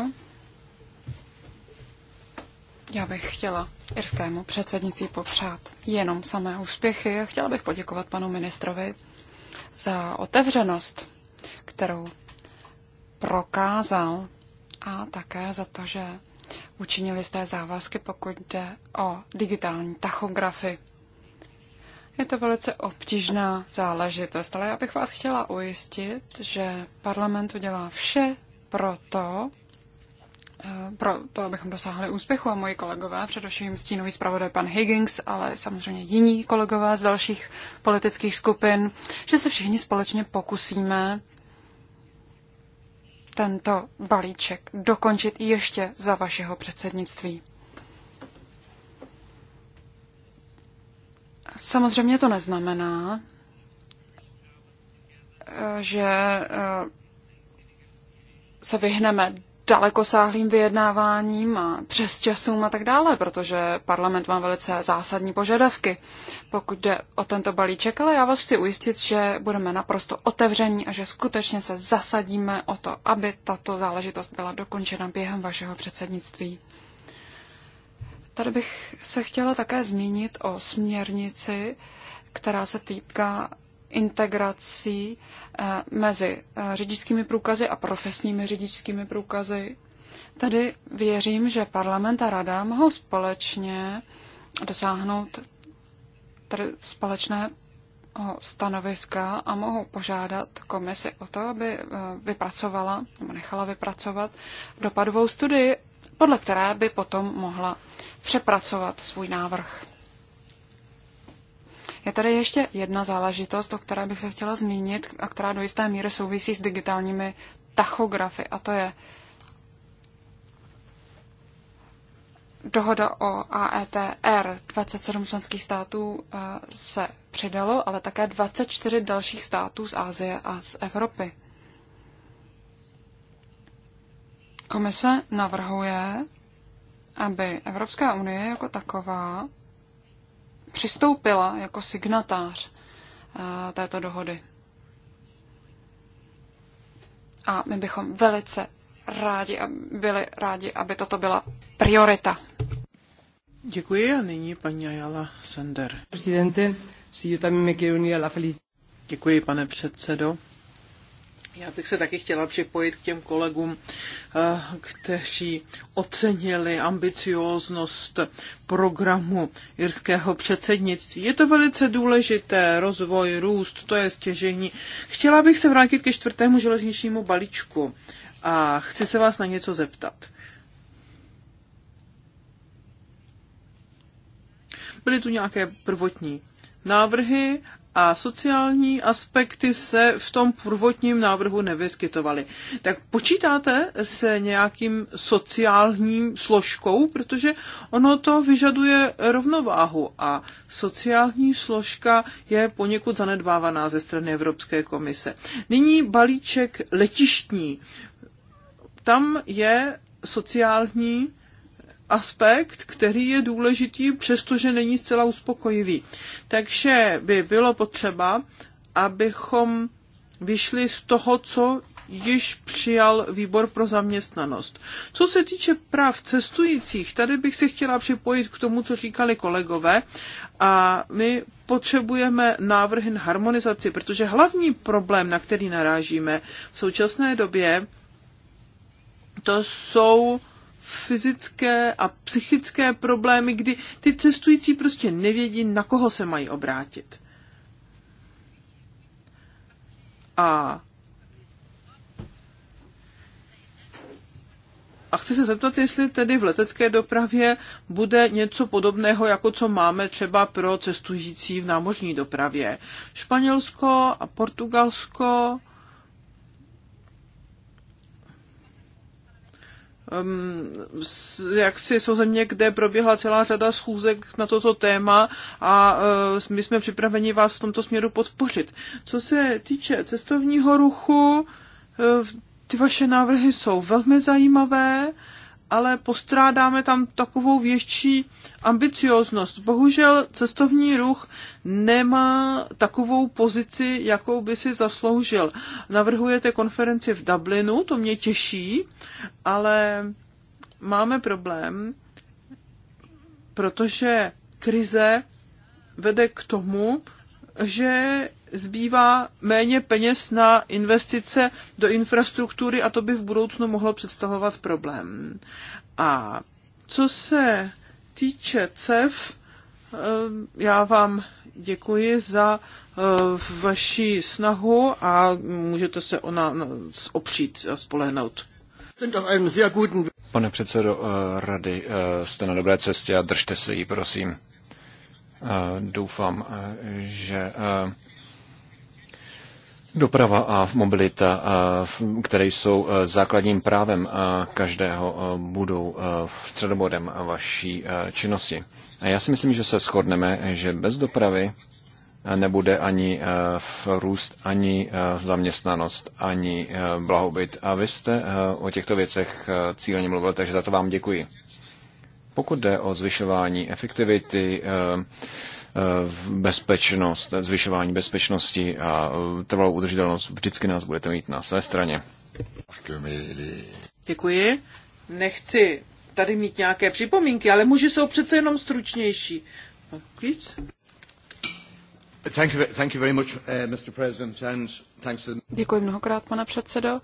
Já bych chtěla irskému předsednictví popřát jenom samé úspěchy a chtěla bych poděkovat panu ministrovi za otevřenost, kterou prokázal a také za to, že učinili jste závazky, pokud jde o digitální tachografy je to velice obtížná záležitost, ale já bych vás chtěla ujistit, že parlament udělá vše pro to, eh, pro to, abychom dosáhli úspěchu a moji kolegové, především stínový zpravodaj pan Higgins, ale samozřejmě jiní kolegové z dalších politických skupin, že se všichni společně pokusíme tento balíček dokončit ještě za vašeho předsednictví. Samozřejmě to neznamená, eh, že eh, se vyhneme dalekosáhlým vyjednáváním a přes časům a tak dále, protože parlament má velice zásadní požadavky, pokud jde o tento balíček, ale já vás chci ujistit, že budeme naprosto otevření a že skutečně se zasadíme o to, aby tato záležitost byla dokončena během vašeho předsednictví. Tady bych se chtěla také zmínit o směrnici, která se týká integrací eh, mezi eh, řidičskými průkazy a profesními řidičskými průkazy. Tady věřím, že parlament a rada mohou společně dosáhnout tady společné stanoviska a mohou požádat komisi o to, aby eh, vypracovala nebo nechala vypracovat dopadovou studii podle které by potom mohla přepracovat svůj návrh. Je tady ještě jedna záležitost, o které bych se chtěla zmínit a která do jisté míry souvisí s digitálními tachografy, a to je dohoda o AETR. E 27 členských států eh, se přidalo, ale také 24 dalších států z Asie a z Evropy. Komise navrhuje, aby Evropská unie jako taková přistoupila jako signatář eh, této dohody. A my bychom velice rádi, byli rádi, aby toto byla priorita. Děkuji a nyní paní Ayala Sender. Presidente, si yo también me quiero unir a la Děkuji, pane předsedo. Já bych se taky chtěla připojit k těm kolegům, eh, kteří ocenili ambicióznost programu jirského předsednictví. Je to velice důležité, rozvoj, růst, to je stěžení. Chtěla bych se vrátit ke čtvrtému železničnímu balíčku a chci se vás na něco zeptat. Byly tu nějaké prvotní návrhy a sociální aspekty se v tom prvotním návrhu nevyskytovaly. Tak počítáte se nějakým sociálním složkou, protože ono to vyžaduje rovnováhu a sociální složka je poněkud zanedbávaná ze strany Evropské komise. Nyní balíček letištní. Tam je sociální aspekt, který je důležitý, přestože není zcela uspokojivý. Takže by bylo potřeba, abychom vyšli z toho, co již přijal výbor pro zaměstnanost. Co se týče práv cestujících, tady bych se chtěla připojit k tomu, co říkali kolegové a my potřebujeme návrhy na harmonizaci, protože hlavní problém, na který narážíme v současné době, to jsou fyzické a psychické problémy, kdy ty cestující prostě nevědí, na koho se mají obrátit. A A chci se zeptat, jestli tedy v letecké dopravě bude něco podobného, jako co máme třeba pro cestující v námořní dopravě. Španělsko a Portugalsko Ehm, jaksi jsou země, kde proběhla celá řada schůzek na toto téma a eh, my jsme připraveni vás v tomto směru podpořit. Co se týče cestovního ruchu, eh, ty vaše návrhy jsou velmi zajímavé ale postrádáme tam takovou větší ambicioznost. Bohužel cestovní ruch nemá takovou pozici, jakou by si zasloužil. Navrhujete konferenci v Dublinu, to mě těší, ale máme problém, protože krize vede k tomu, že zbývá méně peněz na investice do infrastruktury a to by v budoucnu mohlo představovat problém. A co se týče CEF, eh, já vám děkuji za eh, vaši snahu a můžete se ona opřít a spolehnout. Pane předsedo eh, rady, jste na dobré cestě a držte se jí, prosím. Doufám, že Doprava a mobilita, které jsou e, základním právem každého, e, budou e, středobodem vaší činnosti. A já si myslím, že se shodneme, že bez dopravy nebude ani v růst, ani v zaměstnanost, ani blahobyt. A vy jste o těchto věcech cíleně mluvil, takže za to vám děkuji. Pokud jde o zvyšování efektivity, bezpečnost, zvyšování bezpečnosti a uh, trvalou udržitelnost vždycky nás budete mít na své straně. Děkuji. Nechci tady mít nějaké připomínky, ale muži jsou přece jenom stručnější. Eh, Děkuji mnohokrát, pane předsedo.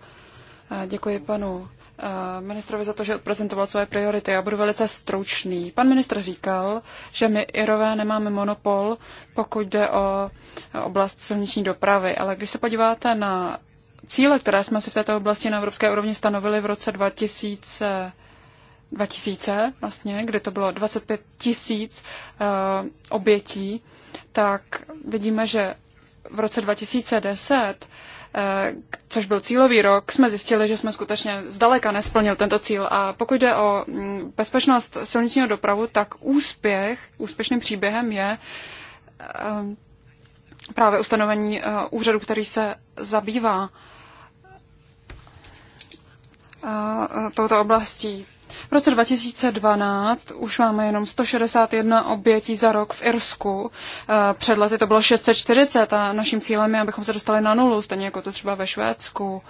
Děkuji panu eh, ministrovi za to, že odprezentoval své priority. Já budu velice stručný. Pan ministr říkal, že my Irové nemáme monopol, pokud jde o eh, oblast silniční dopravy, ale když se podíváte na cíle, které jsme si v této oblasti na evropské úrovni stanovili v roce 2000, 2000 vlastně, kdy to bylo 25 tisíc eh, obětí, tak vidíme, že v roce 2010 Eh, což byl cílový rok, jsme zjistili, že jsme skutečně zdaleka nesplnil tento cíl. A pokud jde o mm, bezpečnost silničního dopravu, tak úspěch, úspěšným příběhem je eh, právě ustanovení eh, úřadu, který se zabývá touto oblastí. V roce 2012 už máme jenom 161 obětí za rok v Irsku. Eh, před lety to bylo 640 a naším cílem je, abychom se dostali na nulu, stejně jako to třeba ve Švédsku.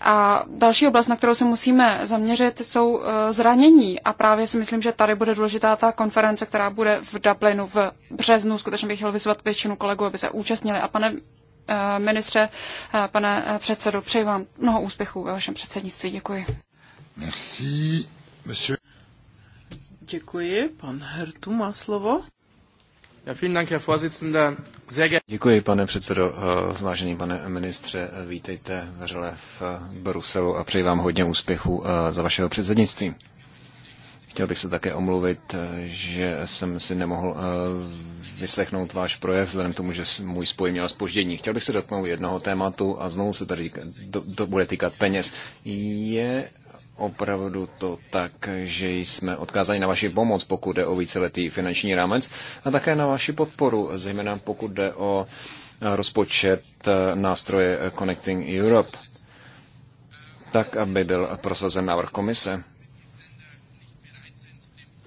A další oblast, na kterou se musíme zaměřit, jsou eh, zranění. A právě si myslím, že tady bude důležitá ta konference, která bude v Dublinu v březnu. Skutečně bych chtěl vyzvat většinu kolegů, aby se účastnili. A pane eh, ministře, pane předsedo, přeji vám mnoho úspěchů ve vašem předsednictví. Děkuji. Merci, monsieur. Děkuji, pan Hertu má slovo. Děkuji, pane předsedo. Eh, vážený pane ministře, eh, vítejte veřele v eh, Bruselu a přeji vám hodně úspěchu za vašeho předsednictví. Chtěl bych se také omluvit, že jsem si nemohl vyslechnout váš projev, vzhledem k tomu, že můj spoj měl spoždění. Chtěl bych se dotknout jednoho tématu a znovu se tady to, to bude týkat peněz. Je opravdu to tak, že jsme odkázáni na vaši pomoc, pokud jde o víceletý finanční rámec a také na vaši podporu, zejména pokud jde o rozpočet eh, nástroje eh, Connecting Europe, tak, aby byl prosazen návrh komise.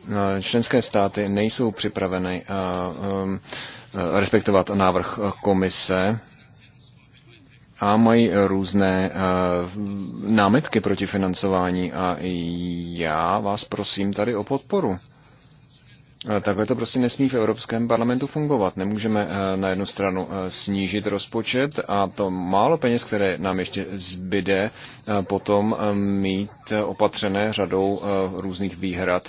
Eh, členské státy nejsou připraveny respektovat návrh komise a mají různé eh, námitky proti financování a já vás prosím tady o podporu. Eh, takhle to prostě nesmí v Evropském parlamentu fungovat. Nemůžeme eh, na jednu stranu snížit rozpočet a to málo peněz, které nám ještě zbyde, potom mít opatřené řadou různých výhrad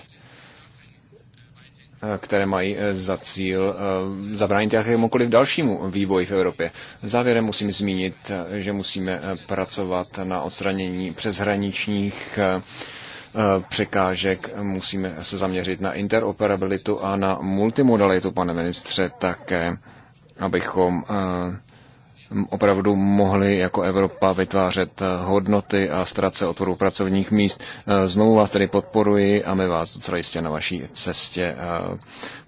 které mají eh, za cíl eh, zabránit jakémukoliv dalšímu vývoji v Evropě. Závěrem musím zmínit, eh, že musíme pracovat na odstranění přeshraničních překážek. Musíme se zaměřit na interoperabilitu a na multimodalitu, pane ministře, také, abychom opravdu mohli jako Evropa vytvářet eh, hodnoty a strat se otvoru pracovních míst. Eh, znovu vás tedy podporuji a my vás docela jistě na vaší cestě eh,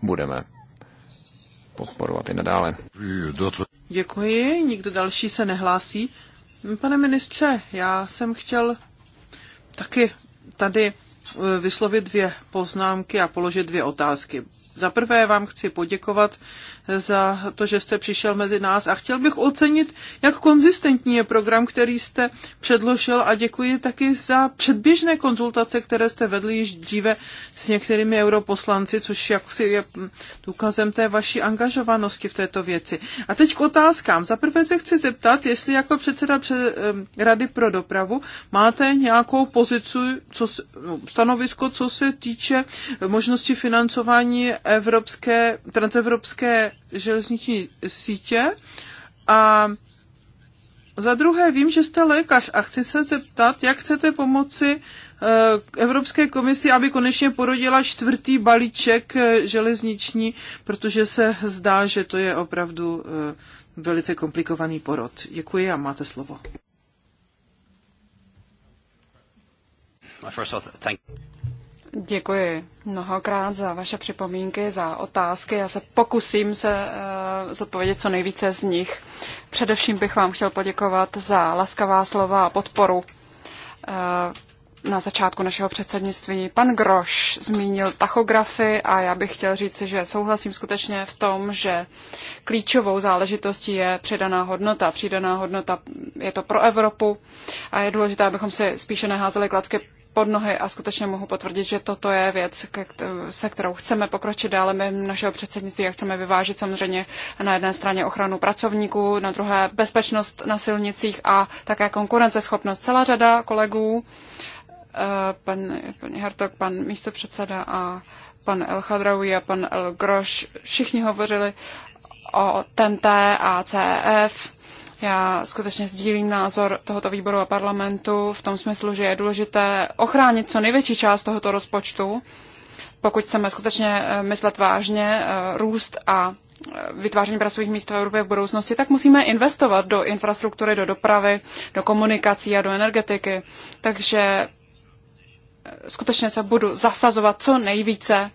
budeme podporovat i nadále. Děkuji, nikdo další se nehlásí. Pane ministře, já jsem chtěl taky tady vyslovit dvě poznámky a položit dvě otázky. Za prvé vám chci poděkovat za to, že jste přišel mezi nás a chtěl bych ocenit, jak konzistentní je program, který jste předložil a děkuji taky za předběžné konzultace, které jste vedli již dříve s některými europoslanci, což jaksi je důkazem té vaší angažovanosti v této věci. A teď k otázkám. Za prvé se chci zeptat, jestli jako předseda před, Rady pro dopravu máte nějakou pozici, co, no, stanovisko, co se týče možnosti financování evropské, transevropské železniční sítě. A za druhé vím, že jste lékař a chci se zeptat, jak chcete pomoci eh, Evropské komisi, aby konečně porodila čtvrtý balíček eh, železniční, protože se zdá, že to je opravdu eh, velice komplikovaný porod. Děkuji a máte slovo. Děkuji mnohokrát za vaše připomínky, za otázky. Já se pokusím se uh, zodpovědět co nejvíce z nich. Především bych vám chtěl poděkovat za laskavá slova a podporu. Uh, na začátku našeho předsednictví pan Groš zmínil tachografy a já bych chtěl říci, že souhlasím skutečně v tom, že klíčovou záležitostí je přidaná hodnota. Přidaná hodnota je to pro Evropu a je důležité, abychom si spíše neházeli klacky pod nohy a skutečně mohu potvrdit, že toto je věc, se kterou chceme pokročit dále My našeho předsednictví a chceme vyvážit samozřejmě na jedné straně ochranu pracovníků, na druhé bezpečnost na silnicích a také konkurenceschopnost. Celá řada kolegů, eh, pan, pan Hertog, pan místopředseda a pan El Chadraoui a pan El Groš, všichni hovořili o TNT a CEF. Já skutečně sdílím názor tohoto výboru a parlamentu v tom smyslu, že je důležité ochránit co největší část tohoto rozpočtu, pokud chceme skutečně eh, myslet vážně eh, růst a eh, vytváření pracovních míst v Evropě v budoucnosti, tak musíme investovat do infrastruktury, do dopravy, do komunikací a do energetiky. Takže skutečně se budu zasazovat co nejvíce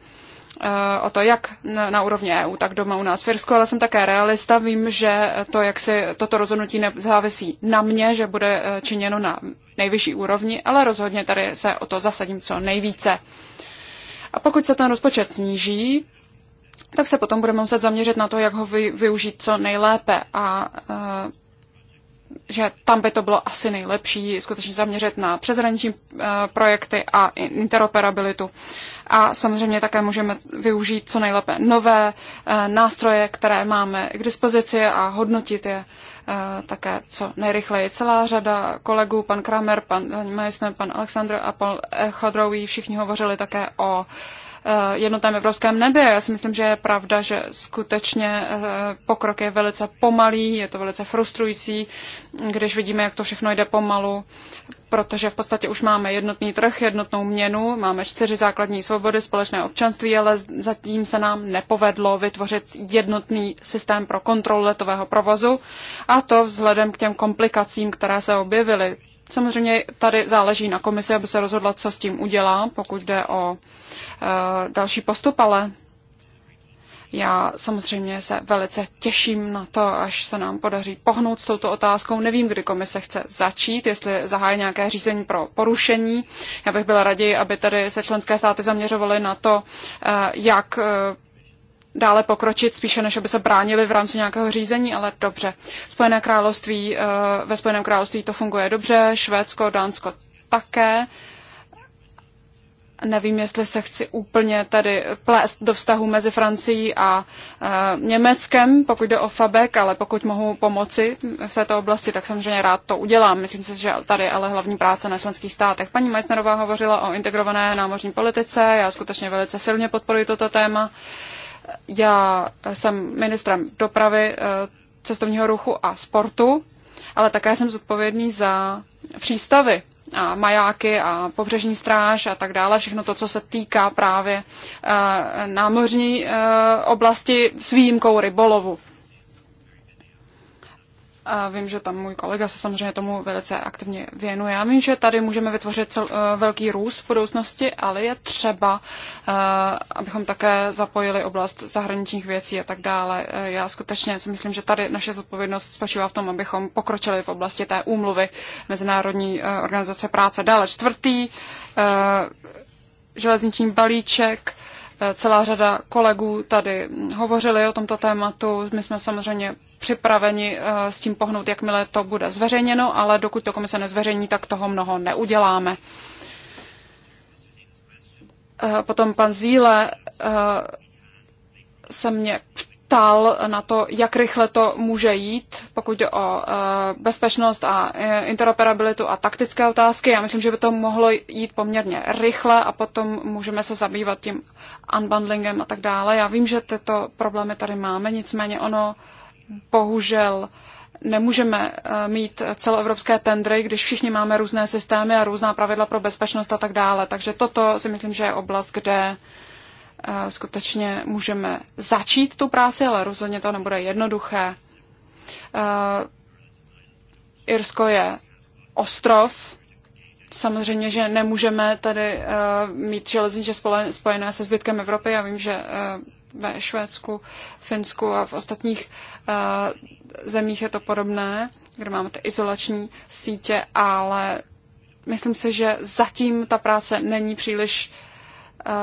o to, jak na, na úrovni EU, tak doma u nás v Irsku, ale jsem také realista. Vím, že to, jak si toto rozhodnutí nezávisí na mě, že bude eh, činěno na nejvyšší úrovni, ale rozhodně tady se o to zasadím co nejvíce. A pokud se ten rozpočet sníží, tak se potom budeme muset zaměřit na to, jak ho vy, využít co nejlépe. A eh, že tam by to bylo asi nejlepší skutečně zaměřit na přezraniční eh, projekty a interoperabilitu. A samozřejmě také můžeme využít co nejlépe nové eh, nástroje, které máme k dispozici a hodnotit je eh, také co nejrychleji. Celá řada kolegů, pan Kramer, pan Meissner, pan Alexandr a pan Chodrový, všichni hovořili také o Eh, jednotném evropském nebi. Já si myslím, že je pravda, že skutečně eh, pokrok je velice pomalý, je to velice frustrující, když vidíme, jak to všechno jde pomalu, protože v podstatě už máme jednotný trh, jednotnou měnu, máme čtyři základní svobody, společné občanství, ale zatím se nám nepovedlo vytvořit jednotný systém pro kontrolu letového provozu a to vzhledem k těm komplikacím, které se objevily. Samozřejmě tady záleží na komisi, aby se rozhodla, co s tím udělá, pokud jde o Eh, další postup, ale já samozřejmě se velice těším na to, až se nám podaří pohnout s touto otázkou. Nevím, kdy komise chce začít, jestli zahájí nějaké řízení pro porušení. Já bych byla raději, aby tady se členské státy zaměřovaly na to, eh, jak eh, dále pokročit, spíše než aby se bránili v rámci nějakého řízení, ale dobře. Spojené království, ve Spojeném království to funguje dobře, Švédsko, Dánsko také. Nevím, jestli se chci úplně tady plést do vztahu mezi Francií a e, Německem, pokud jde o Fabek, ale pokud mohu pomoci v této oblasti, tak samozřejmě rád to udělám. Myslím si, že tady ale hlavní práce na členských státech. Paní Meissnerová hovořila o integrované námořní politice, já skutečně velice silně podporuji toto téma. Já jsem ministrem dopravy, e, cestovního ruchu a sportu, ale také jsem zodpovědný za přístavy a majáky a pobřežní stráž a tak dále, všechno to, co se týká právě eh, námořní eh, oblasti s výjimkou rybolovu. A vím, že tam můj kolega se samozřejmě tomu velice aktivně věnuje. Já vím, že tady můžeme vytvořit cel, eh, velký růst v budoucnosti, ale je třeba, eh, abychom také zapojili oblast zahraničních věcí a tak dále. Eh, já skutečně si myslím, že tady naše zodpovědnost spočívá v tom, abychom pokročili v oblasti té úmluvy Mezinárodní organizace práce. Dále čtvrtý železniční balíček Eh, celá řada kolegů tady hovořili o tomto tématu. My jsme samozřejmě připraveni eh, s tím pohnout, jakmile to bude zveřejněno, ale dokud to komise nezveřejní, tak toho mnoho neuděláme. Eh, potom pan Zíle se mě ptal na to, jak rychle to může jít, pokud jde o eh, bezpečnost a eh, interoperabilitu a taktické otázky. Já myslím, že by to mohlo jít poměrně rychle a potom můžeme se zabývat tím unbundlingem a tak dále. Já vím, že tyto problémy tady máme, nicméně ono bohužel nemůžeme eh, mít celoevropské tendry, když všichni máme různé systémy a různá pravidla pro bezpečnost a tak dále. Takže toto si myslím, že je oblast, kde skutečně můžeme začít tu práci, ale rozhodně to nebude jednoduché. Irsko je ostrov, Samozřejmě, že nemůžeme tady uh, mít železniče spojené se zbytkem Evropy. Já vím, že uh, ve Švédsku, Finsku a v ostatních uh, zemích je to podobné, kde máme ty izolační sítě, ale myslím si, že zatím ta práce není příliš uh,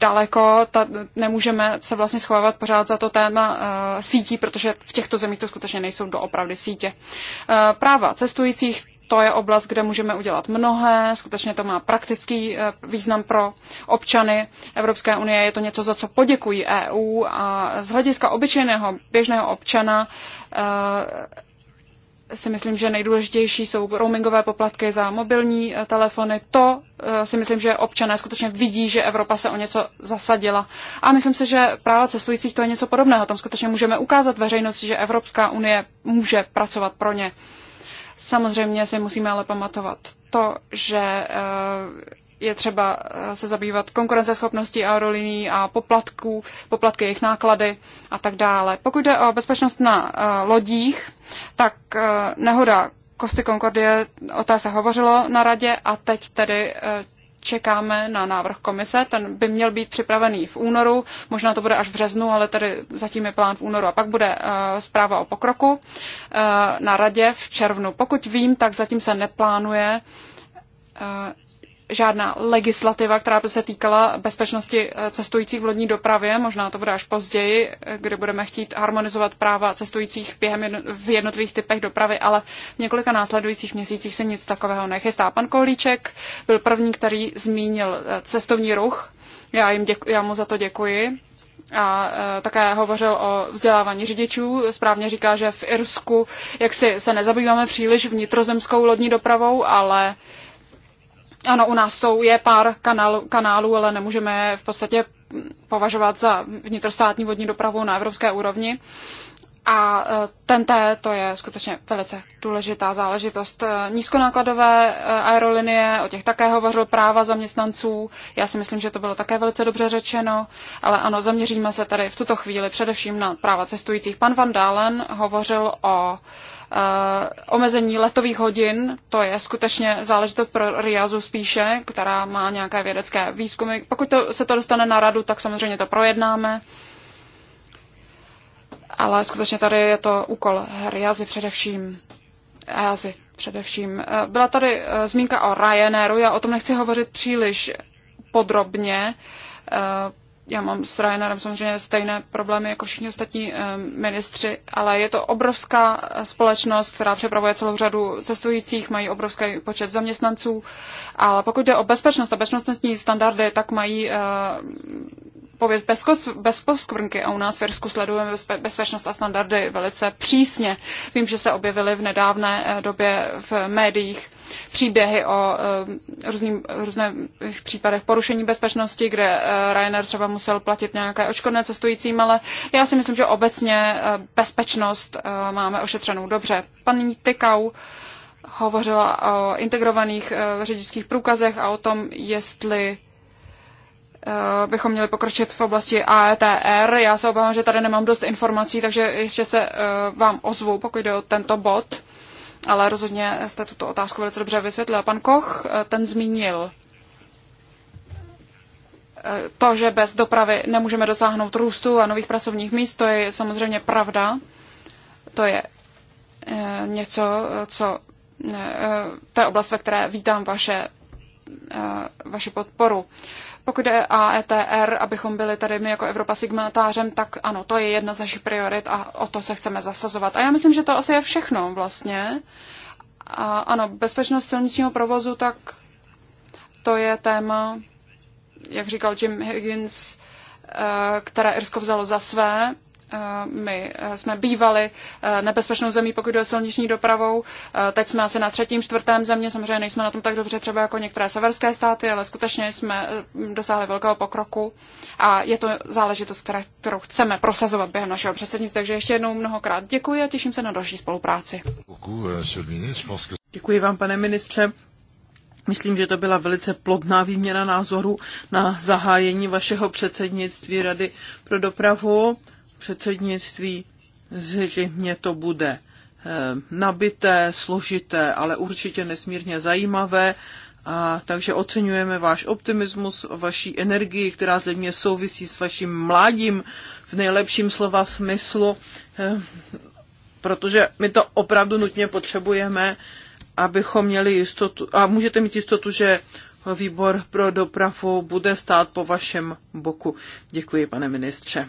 daleko, ta, nemůžeme se vlastně schovávat pořád za to téma uh, sítí, protože v těchto zemích to skutečně nejsou doopravdy sítě. Uh, práva cestujících, to je oblast, kde můžeme udělat mnohé, skutečně to má praktický eh, význam pro občany Evropské unie, je to něco, za co poděkují EU a z hlediska obyčejného běžného občana uh, si myslím, že nejdůležitější jsou roamingové poplatky za mobilní eh, telefony. To eh, si myslím, že občané skutečně vidí, že Evropa se o něco zasadila. A myslím si, že práva cestujících to je něco podobného. Tam skutečně můžeme ukázat veřejnosti, že Evropská unie může pracovat pro ně. Samozřejmě si musíme ale pamatovat to, že eh, je třeba eh, se zabývat konkurenceschopností aerolinií a poplatků, poplatky jejich náklady a tak dále. Pokud jde o bezpečnost na eh, lodích, tak eh, nehoda Kosty Concordie, o té se hovořilo na radě a teď tedy čekáme na návrh komise. Ten by měl být připravený v únoru, možná to bude až v březnu, ale tady zatím je plán v únoru. A pak bude uh, zpráva o pokroku uh, na radě v červnu. Pokud vím, tak zatím se neplánuje uh, žádná legislativa, která by se týkala bezpečnosti eh, cestujících v lodní dopravě. Možná to bude až později, eh, kdy budeme chtít harmonizovat práva cestujících během jedno, v jednotlivých typech dopravy, ale v několika následujících měsících se nic takového nechystá. Pan Kolíček byl první, který zmínil eh, cestovní ruch. Já, jim děku, já mu za to děkuji. A e, také hovořil o vzdělávání řidičů. Správně říká, že v Irsku jaksi se nezabýváme příliš vnitrozemskou lodní dopravou, ale ano, u nás jsou, je pár kanál, kanálů, ale nemůžeme v podstatě považovat za vnitrostátní vodní dopravu na evropské úrovni. A e, ten T, to je skutečně velice důležitá záležitost. E, nízkonákladové e, aerolinie, o těch také hovořil práva zaměstnanců. Já si myslím, že to bylo také velice dobře řečeno, ale ano, zaměříme se tady v tuto chvíli především na práva cestujících. Pan Van Dalen hovořil o uh, Eh, omezení letových hodin, to je skutečně záležitost pro Riazu spíše, která má nějaké vědecké výzkumy. Pokud to, se to dostane na radu, tak samozřejmě to projednáme. Ale skutečně tady je to úkol Riazy především. Riazy především. Eh, byla tady eh, zmínka o Ryanairu, já o tom nechci hovořit příliš podrobně, já mám s Ryanairem samozřejmě stejné problémy jako všichni ostatní eh, ministři, ale je to obrovská eh, společnost, která přepravuje celou řadu cestujících, mají obrovský počet zaměstnanců, ale pokud jde o bezpečnost a bezpečnostní standardy, tak mají eh, pověst bez, bez poskvrnky a u nás v Irsku sledujeme bezpečnost a standardy velice přísně. Vím, že se objevily v nedávné eh, době v médiích příběhy o eh, různým, různých případech porušení bezpečnosti, kde eh, Ryanair třeba musel platit nějaké očkodné cestujícím, ale já si myslím, že obecně bezpečnost máme ošetřenou dobře. Paní Tykau hovořila o integrovaných řidičských průkazech a o tom, jestli Eh, bychom měli pokročit v oblasti AETR. Já se obávám, že tady nemám dost informací, takže ještě se eh, vám ozvu, pokud jde o tento bod. Ale rozhodně jste tuto otázku velice dobře vysvětlil. Pan Koch eh, ten zmínil to, že bez dopravy nemůžeme dosáhnout růstu a nových pracovních míst, to je samozřejmě pravda. To je něco, co to je oblast, ve které vítám vaše, vaši podporu. Pokud je AETR, abychom byli tady my jako Evropa signatářem, tak ano, to je jedna z našich priorit a o to se chceme zasazovat. A já myslím, že to asi je všechno vlastně. A ano, bezpečnost silničního provozu, tak to je téma, jak říkal Jim Higgins, eh, které Irsko vzalo za své. Eh, my eh, jsme bývali eh, nebezpečnou zemí, pokud jde o silniční dopravou. Teď jsme asi na třetím, čtvrtém země, samozřejmě nejsme na tom tak dobře třeba jako některé severské státy, ale skutečně jsme dosáhli velkého pokroku a je to záležitost, kterou chceme prosazovat během našeho předsednictví. Takže ještě jednou mnohokrát děkuji a těším se na další spolupráci. Euh, děkuji vám, pane ministře. Myslím, že to byla velice plodná výměna názorů na zahájení vašeho předsednictví Rady pro dopravu předsednictví. Zřejmě to bude eh, nabité, složité, ale určitě nesmírně zajímavé. A, takže oceňujeme váš optimismus, vaší energii, která zřejmě souvisí s vaším mládím v nejlepším slova smyslu, eh, protože my to opravdu nutně potřebujeme, abychom měli jistotu, a můžete mít jistotu, že výbor pro dopravu bude stát po vašem boku. Děkuji, pane ministře.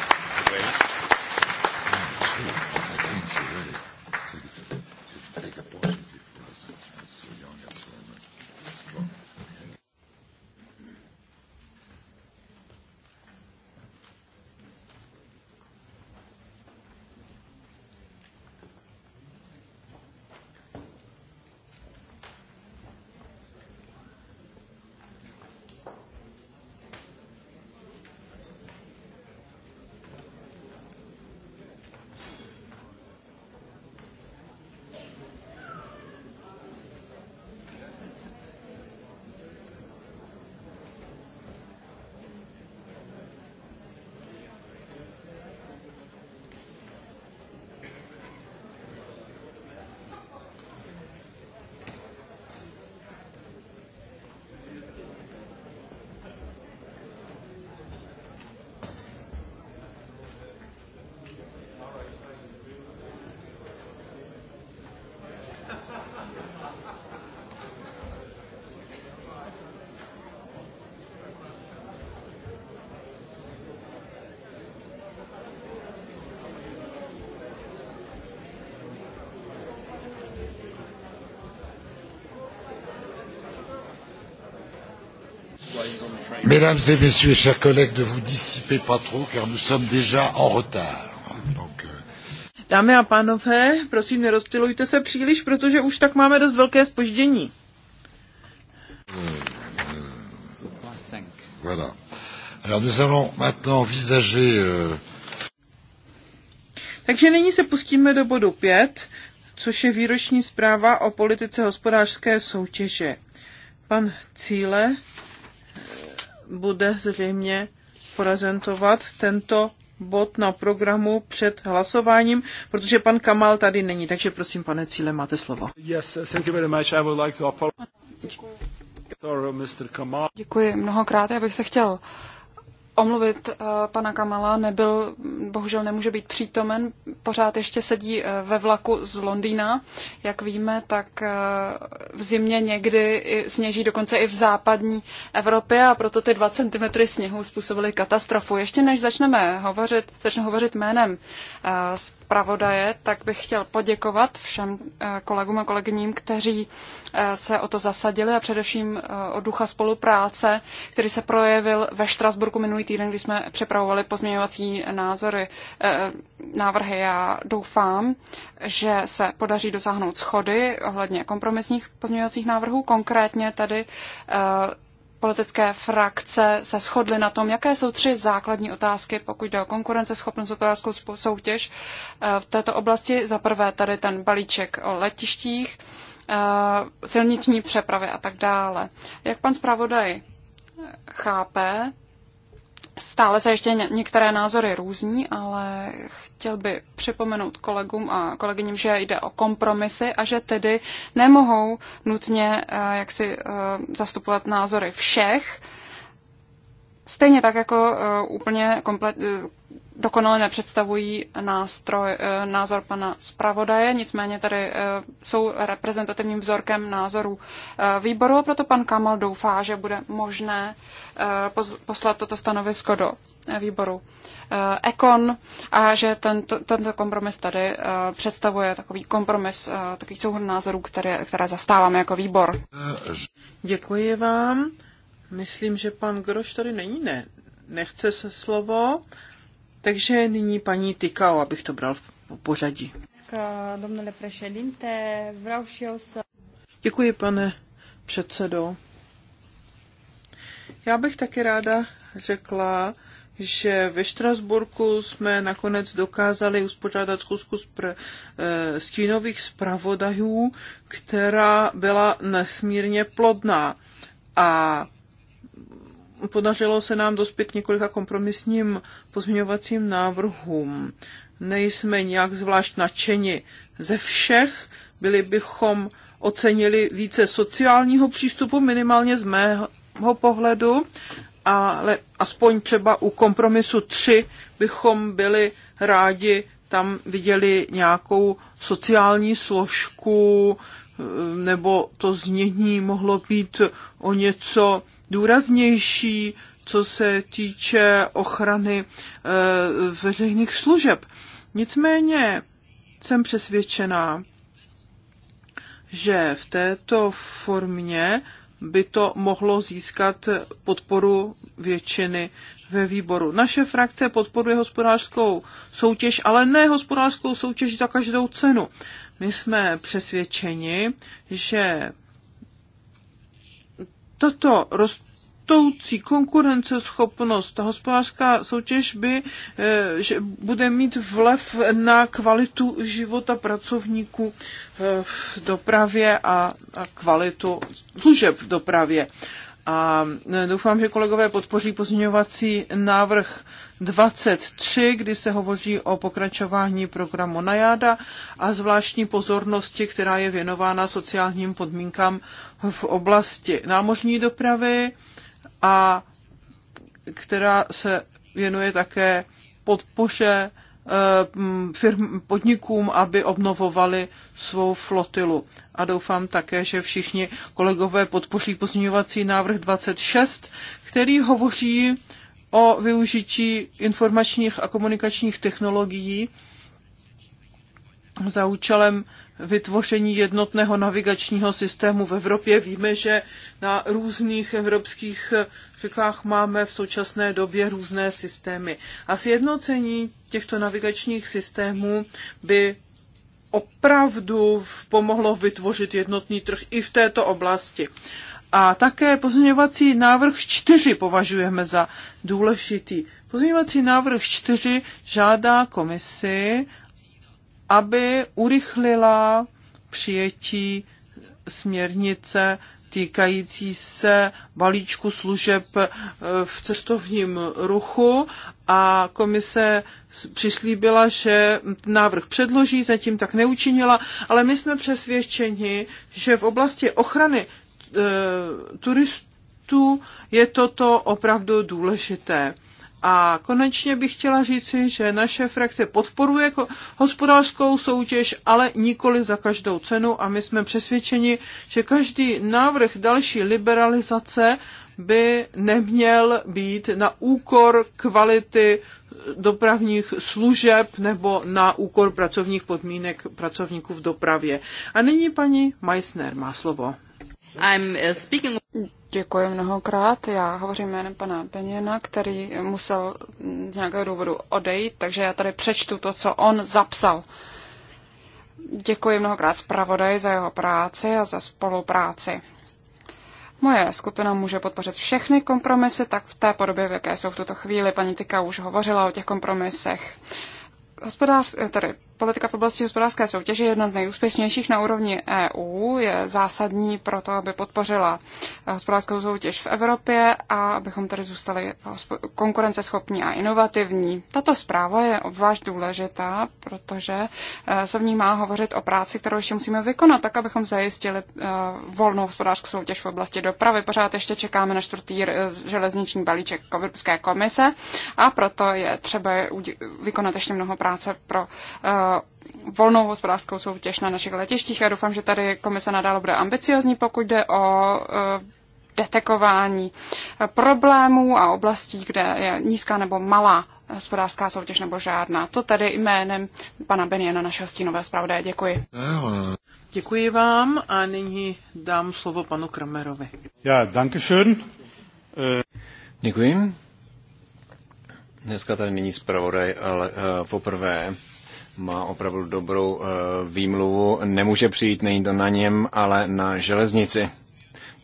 Mesdames et messieurs, chers collègues, ne vous dissipez pas trop, car nous sommes déjà en retard. Euh, Dámy a pánové, prosím, nerozptilujte se příliš, protože už tak máme dost velké spoždění. Voilà. Alors nous allons maintenant envisager... Euh... Takže nyní se pustíme do bodu 5, což je výroční zpráva o politice hospodářské soutěže. Pan Cíle bude zřejmě prezentovat tento bod na programu před hlasováním, protože pan Kamal tady není. Takže prosím, pane Cíle, máte slovo. Děkuji. Děkuji mnohokrát. Já bych se chtěl omluvit eh, pana Kamala, nebyl, bohužel nemůže být přítomen, pořád ještě sedí eh, ve vlaku z Londýna. Jak víme, tak eh, v zimě někdy sněží dokonce i v západní Evropě a proto ty 2 cm sněhu způsobily katastrofu. Ještě než začneme hovořit, začnu hovořit jménem zpravodaje, tak bych chtěl poděkovat všem eh, kolegům a kolegyním, kteří eh, se o to zasadili a především eh, o ducha spolupráce, který se projevil ve Štrasburku minulý týden, kdy jsme připravovali pozměňovací názory, návrhy. Já doufám, že se podaří dosáhnout schody ohledně kompromisních pozměňovacích návrhů, konkrétně tady politické frakce se shodly na tom, jaké jsou tři základní otázky, pokud jde o konkurenceschopnost hospodářskou soutěž. Eh, v této oblasti za prvé tady ten balíček o letištích, eh, silniční přepravy a tak dále. Jak pan zpravodaj chápe, stále se ještě některé názory různí, ale chtěl by připomenout kolegům a kolegyním, že jde o kompromisy a že tedy nemohou nutně eh, jaksi eh, zastupovat názory všech, stejně tak jako eh, úplně komplet, dokonale nepředstavují nástroj, názor pana zpravodaje, nicméně tady jsou reprezentativním vzorkem názorů výboru a proto pan Kamal doufá, že bude možné Eh, poslat toto stanovisko do eh, výboru Ekon eh, a že tento, tento kompromis tady představuje takový kompromis, takový souhrn názorů, které, které zastáváme jako výbor. Děkuji vám. Myslím, že pan Groš tady není, ne, nechce se slovo, takže nyní paní Tykao, abych to bral v pořadí. Děkuji, pane předsedo. Já bych taky ráda řekla, že ve Štrasburku jsme nakonec dokázali uspořádat zkusku spr- eh, stínových zpravodajů, která byla nesmírně plodná. A podařilo se nám dospět několika kompromisním pozměňovacím návrhům. Nejsme nějak zvlášť nadšeni ze všech, byli bychom ocenili více sociálního přístupu, minimálně z mé mého pohledu, ale aspoň třeba u kompromisu 3 bychom byli rádi tam viděli nějakou sociální složku, nebo to znění mohlo být o něco důraznější, co se týče ochrany eh, veřejných služeb. Nicméně jsem přesvědčená, že v této formě by to mohlo získat podporu většiny ve výboru. Naše frakce podporuje hospodářskou soutěž, ale ne hospodářskou soutěž za každou cenu. My jsme přesvědčeni, že toto roz, rostoucí konkurenceschopnost, ta hospodářská soutěž by, eh, že bude mít vlev na kvalitu života pracovníků eh, v dopravě a, kvalitu služeb v dopravě. A eh, doufám, že kolegové podpoří pozměňovací návrh 23, kdy se hovoří o pokračování programu Najáda a zvláštní pozornosti, která je věnována sociálním podmínkám v oblasti námořní dopravy a která se věnuje také podpoře eh, firm, podnikům, aby obnovovali svou flotilu. A doufám také, že všichni kolegové podpoří pozměňovací návrh 26, který hovoří o využití informačních a komunikačních technologií za účelem vytvoření jednotného navigačního systému v Evropě. Víme, že na různých evropských řekách máme v současné době různé systémy. A sjednocení těchto navigačních systémů by opravdu pomohlo vytvořit jednotný trh i v této oblasti. A také pozměňovací návrh 4 považujeme za důležitý. Pozměňovací návrh 4 žádá komisi, aby urychlila přijetí směrnice týkající se balíčku služeb eh, v cestovním ruchu a komise přislíbila, že návrh předloží, zatím tak neučinila, ale my jsme přesvědčeni, že v oblasti ochrany e, turistů je toto opravdu důležité. A konečně bych chtěla říci, že naše frakce podporuje hospodářskou soutěž, ale nikoli za každou cenu a my jsme přesvědčeni, že každý návrh další liberalizace by neměl být na úkor kvality dopravních služeb nebo na úkor pracovních podmínek pracovníků v dopravě. A nyní paní Meissner má slovo. I'm uh, speaking... Děkuji mnohokrát. Já hovořím jménem pana Benjena, který musel z nějakého důvodu odejít, takže já tady přečtu to, co on zapsal. Děkuji mnohokrát zpravodaj za jeho práci a za spolupráci. Moje skupina může podpořit všechny kompromisy, tak v té podobě, v jaké jsou v tuto chvíli. Paní Tyka už hovořila o těch kompromisech. Hospodář, tedy Politika v oblasti hospodářské soutěže je jedna z nejúspěšnějších na úrovni EU, je zásadní pro to, aby podpořila eh, hospodářskou soutěž v Evropě a abychom tady zůstali konkurenceschopní a inovativní. Tato zpráva je obvlášť důležitá, protože eh, se v ní má hovořit o práci, kterou ještě musíme vykonat, tak abychom zajistili eh, volnou hospodářskou soutěž v oblasti dopravy. Pořád ještě čekáme na čtvrtý železniční balíček Evropské komise a proto je třeba vykonat ještě mnoho práce pro volnou hospodářskou soutěž na našich letištích. Já doufám, že tady komise nadále bude ambiciozní, pokud jde o eh, detekování eh, problémů a oblastí, kde je nízká nebo malá hospodářská soutěž nebo žádná. To tady jménem pana Beniana, našeho stínového zpravodaje. Děkuji. Děkuji vám a nyní dám slovo panu Kramerovi. Já, danke schön. Děkuji. Dneska tady není zpravodaj, ale uh, poprvé má opravdu dobrou eh, výmluvu. Nemůže přijít, není to na něm, ale na železnici.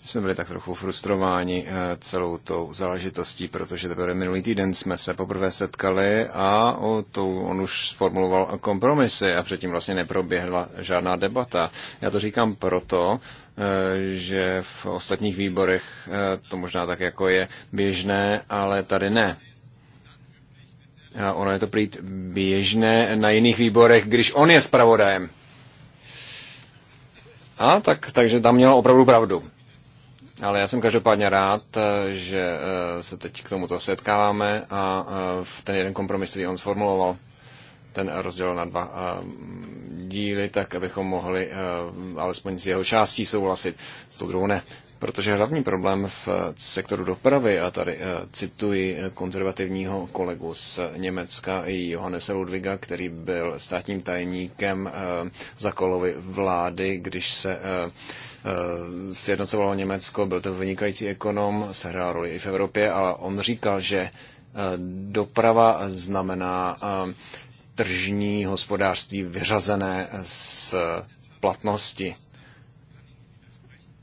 My jsme byli tak trochu frustrováni eh, celou tou záležitostí, protože teprve minulý týden jsme se poprvé setkali a o to on už sformuloval kompromisy a předtím vlastně neproběhla žádná debata. Já to říkám proto, eh, že v ostatních výborech to možná tak jako je běžné, ale tady ne ono je to prý běžné na jiných výborech, když on je zpravodajem. A tak, takže tam měl opravdu pravdu. Ale já jsem každopádně rád, eh, že eh, se teď k tomuto setkáváme a eh, v ten jeden kompromis, který on sformuloval, ten rozdělil na dva díly, tak abychom mohli alespoň s jeho částí souhlasit, s tou druhou ne. Protože hlavní problém v eh, sektoru dopravy, a tady eh, cituji eh, konzervativního kolegu z Německa, Johannese Ludviga, který byl státním tajemníkem za kolovy vlády, když se sjednocovalo Německo, byl to vynikající ekonom, sehrál roli i v Evropě, a on říkal, že doprava znamená tržní hospodářství vyřazené z platnosti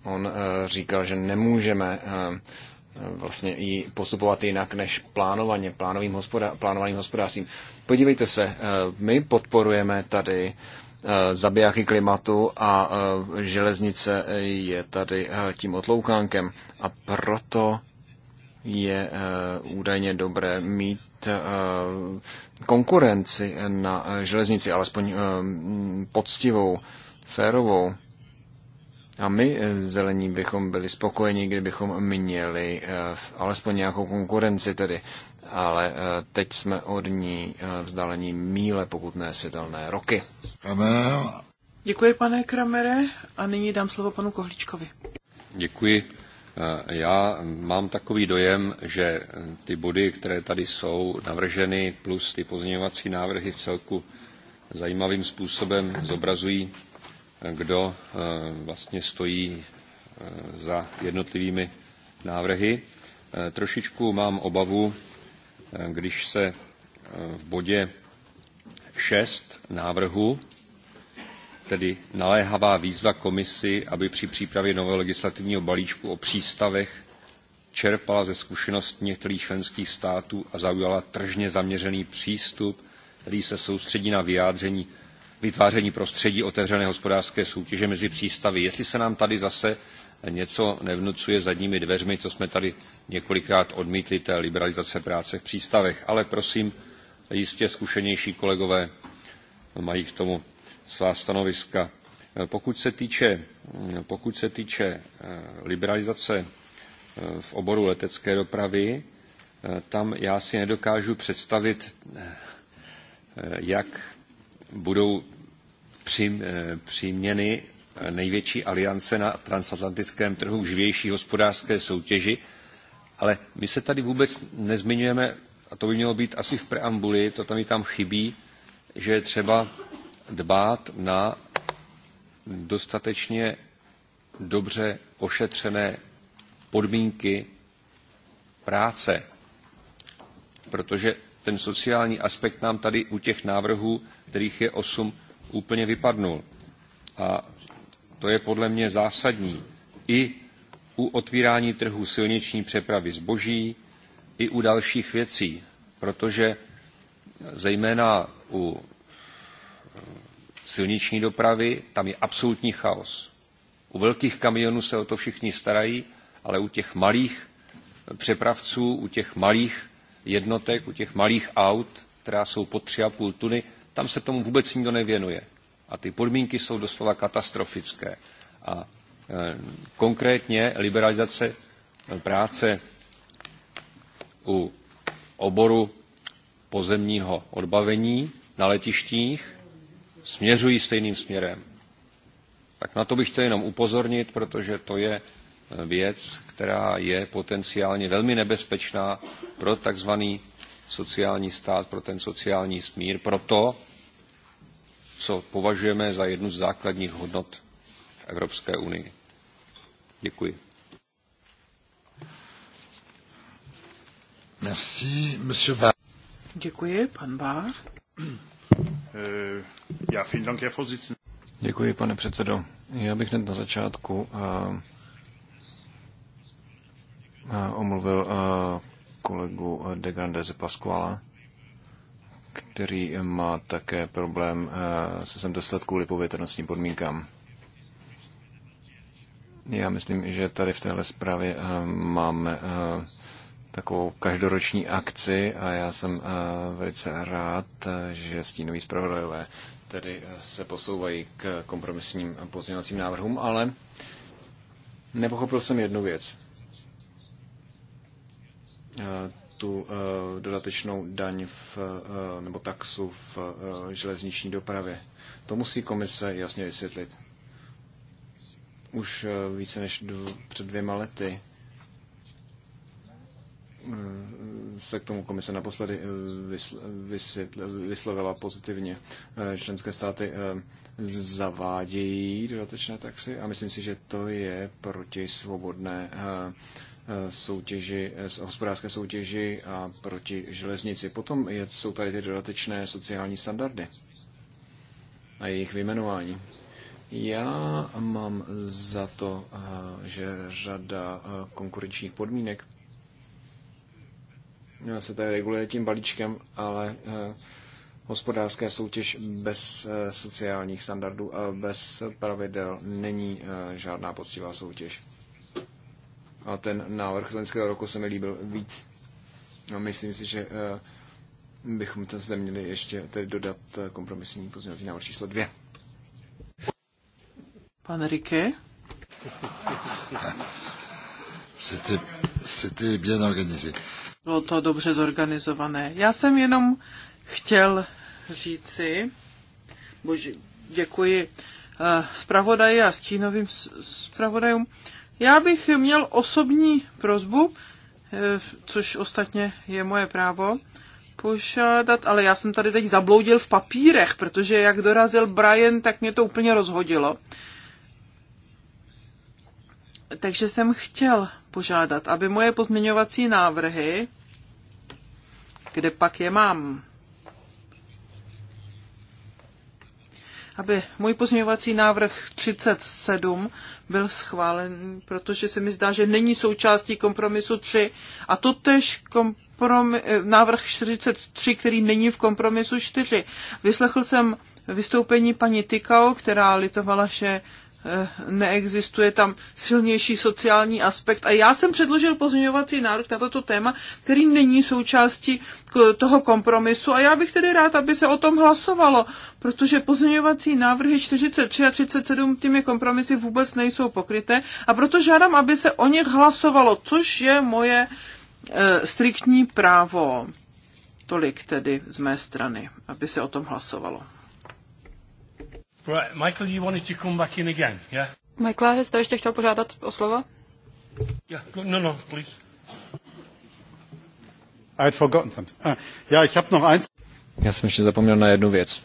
On eh, říkal, že nemůžeme eh, eh, vlastně i postupovat jinak než plánovaně, plánovým, hospoda, plánovaným hospodářstvím. Podívejte se, my podporujeme tady zabijáky klimatu a železnice je tady tím otloukánkem a proto je údajně dobré mít konkurenci na železnici, alespoň poctivou, férovou. A my eh, zelení bychom byli spokojeni, kdybychom měli eh, alespoň nějakou konkurenci tedy. Ale eh, teď jsme od ní vzdálení míle, pokud ne světelné roky. Děkuji, pane Kramere. A nyní dám slovo panu Kohličkovi. Děkuji. Já mám takový dojem, že ty body, které tady jsou navrženy, plus ty pozměňovací návrhy v celku zajímavým způsobem zobrazují kdo eh, vlastně stojí eh, za jednotlivými návrhy. Eh, trošičku mám obavu, když se v bodě 6 návrhu, tedy naléhavá výzva komisi, aby při přípravě nového legislativního balíčku o přístavech čerpala ze zkušeností některých členských států a zaujala tržně zaměřený přístup, který se soustředí na vyjádření vytváření prostředí otevřené hospodářské soutěže mezi přístavy. Jestli se nám tady zase něco nevnucuje zadními dveřmi, co jsme tady několikrát odmítli, té liberalizace práce v přístavech. Ale prosím, jistě zkušenější kolegové mají k tomu svá stanoviska. Pokud se týče, pokud se týče eh, liberalizace eh, v oboru letecké dopravy, eh, tam já si nedokážu představit, jak budou přim, eh, přiměny eh, největší aliance na transatlantickém trhu živější hospodářské soutěži, ale my se tady vůbec nezmiňujeme, a to by mělo být asi v preambuli, to tam i tam chybí, že je třeba dbát na dostatečně dobře ošetřené podmínky práce, protože ten sociální aspekt nám tady u těch návrhů kterých je osm, úplně vypadnul. A to je podle mě zásadní. I u otvírání trhu silniční přepravy zboží, i u dalších věcí, protože zejména u silniční dopravy tam je absolutní chaos. U velkých kamionů se o to všichni starají, ale u těch malých přepravců, u těch malých jednotek, u těch malých aut, která jsou pod půl tuny, tam se tomu vůbec nikdo nevěnuje. A ty podmínky jsou doslova katastrofické. A e, konkrétně liberalizace e, práce u oboru pozemního odbavení na letištích směřují stejným směrem. Tak na to bych chtěl jenom upozornit, protože to je e, věc, která je potenciálně velmi nebezpečná pro takzvaný sociální stát, pro ten sociální smír, proto, co považujeme za jednu z základních hodnot Evropské unii. Děkuji. Merci, monsieur Bar. Děkuji, pan Bar. Eh, já, Dank, Herr Vorsitzender. Děkuji, pane předsedo. Já bych hned na začátku a, eh, a eh, omluvil a, kolegu De Grande ze Pasquala který má také problém eh, se sem dostat kvůli povětrnostním podmínkám. Já myslím, že tady v téhle zprávě eh, máme eh, takovou každoroční akci a já jsem velice rád, že stínoví zpravodajové tedy se posouvají k kompromisním pozměňovacím návrhům, ale nepochopil jsem jednu věc tu eh, dodatečnou daň v, eh, nebo taxu v eh, železniční dopravě. To musí komise jasně vysvětlit. Už více než dv, před dvěma lety se k tomu komise naposledy vyslovila pozitivně. Členské státy zavádějí dodatečné taxy a myslím si, že to je proti svobodné Eh, soutěži, eh, hospodářské soutěži a proti železnici. Potom jsou tady ty dodatečné sociální standardy a jejich vyjmenování. Já mám za to, eh, že řada konkurenčních podmínek se tady reguluje tím balíčkem, ale hospodářská soutěž bez sociálních standardů a bez pravidel není žádná poctivá soutěž. A ten návrh z loňského roku se mi líbil víc. A myslím si, že eh, bychom to zde měli ještě tedy dodat eh, kompromisní pozměňovací návrh číslo dvě. Pan Rike? C'était bien organisé. Bylo to dobře zorganizované. Já jsem jenom chtěl říci, bože, děkuji eh, zpravodaji a stínovým zpravodajům, já bych měl osobní prozbu, eh, což ostatně je moje právo, požádat, ale já jsem tady teď zabloudil v papírech, protože jak dorazil Brian, tak mě to úplně rozhodilo. Takže jsem chtěl požádat, aby moje pozměňovací návrhy, kde pak je mám, aby můj pozměňovací návrh 37 byl schválen, protože se mi zdá, že není součástí kompromisu 3 a to tež komprom- eh, návrh 43, který není v kompromisu 4. Vyslechl jsem vystoupení paní Tykao, která litovala, že Eh, neexistuje tam silnější sociální aspekt. A já jsem předložil pozměňovací návrh na toto téma, který není součástí toho kompromisu. A já bych tedy rád, aby se o tom hlasovalo, protože pozměňovací návrhy 43 a 37 těmi kompromisy vůbec nejsou pokryté. A proto žádám, aby se o nich hlasovalo, což je moje e, striktní právo. Tolik tedy z mé strany, aby se o tom hlasovalo. Right, Michael, you wanted to come back in again, yeah? Michael, jste ještě chtěl požádat o slovo? Yeah, no, no, please. I had forgotten something. Uh, yeah, ich habe noch eins. Já jsem ještě zapomněl na jednu věc.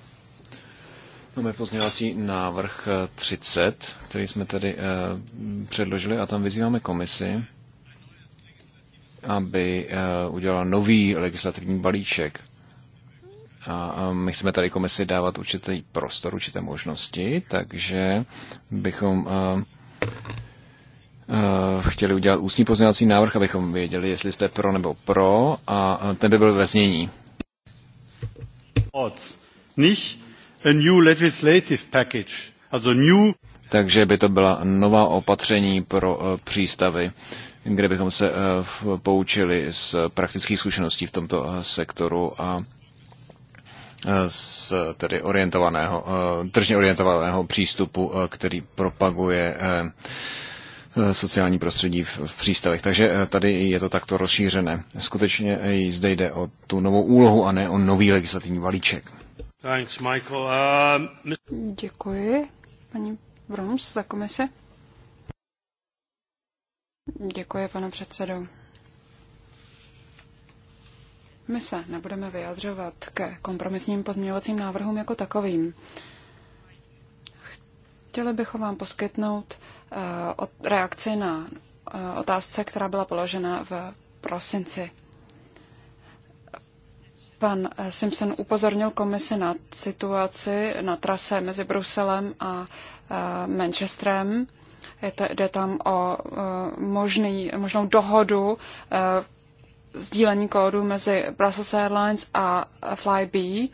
No, Máme pozměňovací návrh 30, eh, který jsme tady uh, předložili a tam vyzýváme komisi, aby uh, udělala nový legislativní balíček. A my chceme tady komisi dávat určitý prostor, určité možnosti, takže bychom chtěli udělat ústní pozměňovací návrh, abychom věděli, jestli jste pro nebo pro, a ten by byl ve znění. a new legislative package, new... Takže by to byla nová opatření pro e, přístavy, kde bychom se e, poučili z praktických zkušeností v tomto e, sektoru a Eh, z eh, tedy orientovaného, eh, tržně orientovaného přístupu, který propaguje sociální prostředí v, v přístavech. Takže tady je to takto rozšířené. Skutečně zde jde o tu novou úlohu a ne o nový legislativní valíček. Thanks, Michael. Uh, my... Děkuji, paní Broms, za komise. Děkuji, pane předsedo. My se nebudeme vyjadřovat ke kompromisním pozměňovacím návrhům jako takovým. Chtěli bychom vám poskytnout eh, reakci na eh, otázce, která byla položena v prosinci. Pan eh, Simpson upozornil komisi na situaci na trase mezi Bruselem a Manchesterem. Jde tam o možný, možnou dohodu sdílení kódu mezi Brussels Airlines a Flybe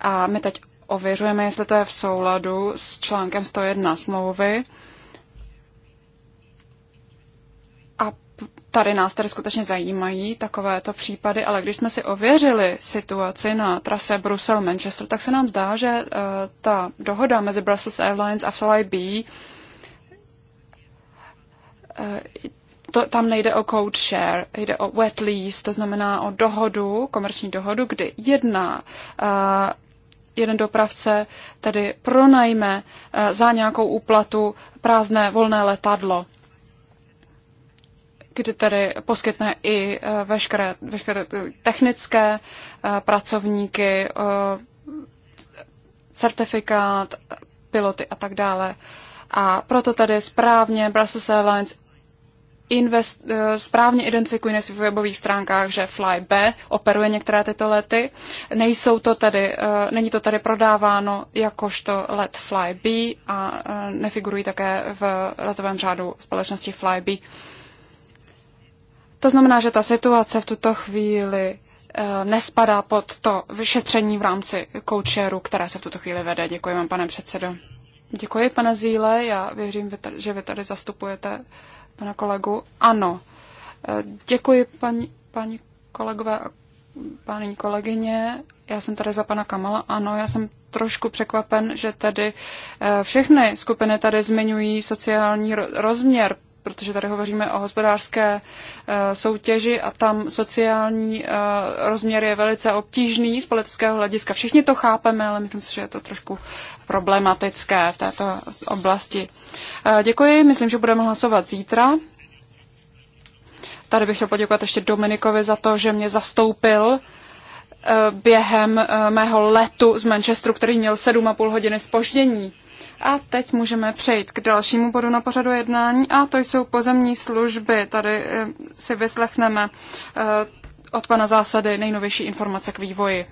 a my teď ověřujeme, jestli to je v souladu s článkem 101 smlouvy. A tady nás tady skutečně zajímají takovéto případy, ale když jsme si ověřili situaci na trase Brusel-Manchester, tak se nám zdá, že uh, ta dohoda mezi Brussels Airlines a Flybe eh, to, tam nejde o code share, jde o wet lease, to znamená o dohodu, komerční dohodu, kdy jedna uh, jeden dopravce tedy pronajme eh, za nějakou úplatu prázdné volné letadlo, kdy tedy poskytne i eh, veškeré, veškeré technické pracovníky, certifikát, piloty a tak dále. A proto tedy správně Brussels Airlines invest, eh, správně identifikují na svých webových stránkách, že FlyB operuje některé tyto lety. Nejsou to tady, eh, není to tady prodáváno jakožto let FlyB a eh, nefigurují také v letovém řádu společnosti FlyB. To znamená, že ta situace v tuto chvíli nespadá pod to vyšetření v rámci koučeru, které se v tuto chvíli vede. Děkuji vám, pane předsedo. Děkuji, pane Zíle. Já věřím, že vy tady zastupujete pana kolegu. Ano. E, děkuji, paní, paní kolegové a paní kolegyně. Já jsem tady za pana Kamala. Ano, já jsem trošku překvapen, že tady e, všechny skupiny tady zmiňují sociální rozměr, protože tady hovoříme o hospodářské e, soutěži a tam sociální rozměr je velice obtížný z politického hlediska. Všichni to chápeme, ale myslím si, že je to trošku problematické v této oblasti. Eh, děkuji, myslím, že budeme hlasovat zítra. Tady bych chtěl poděkovat ještě Dominikovi za to, že mě zastoupil eh, během eh, mého letu z Manchesteru, který měl 7,5 hodiny spoždění. A teď můžeme přejít k dalšímu bodu na pořadu jednání a to jsou pozemní služby. Tady si vyslechneme od pana zásady nejnovější informace k vývoji.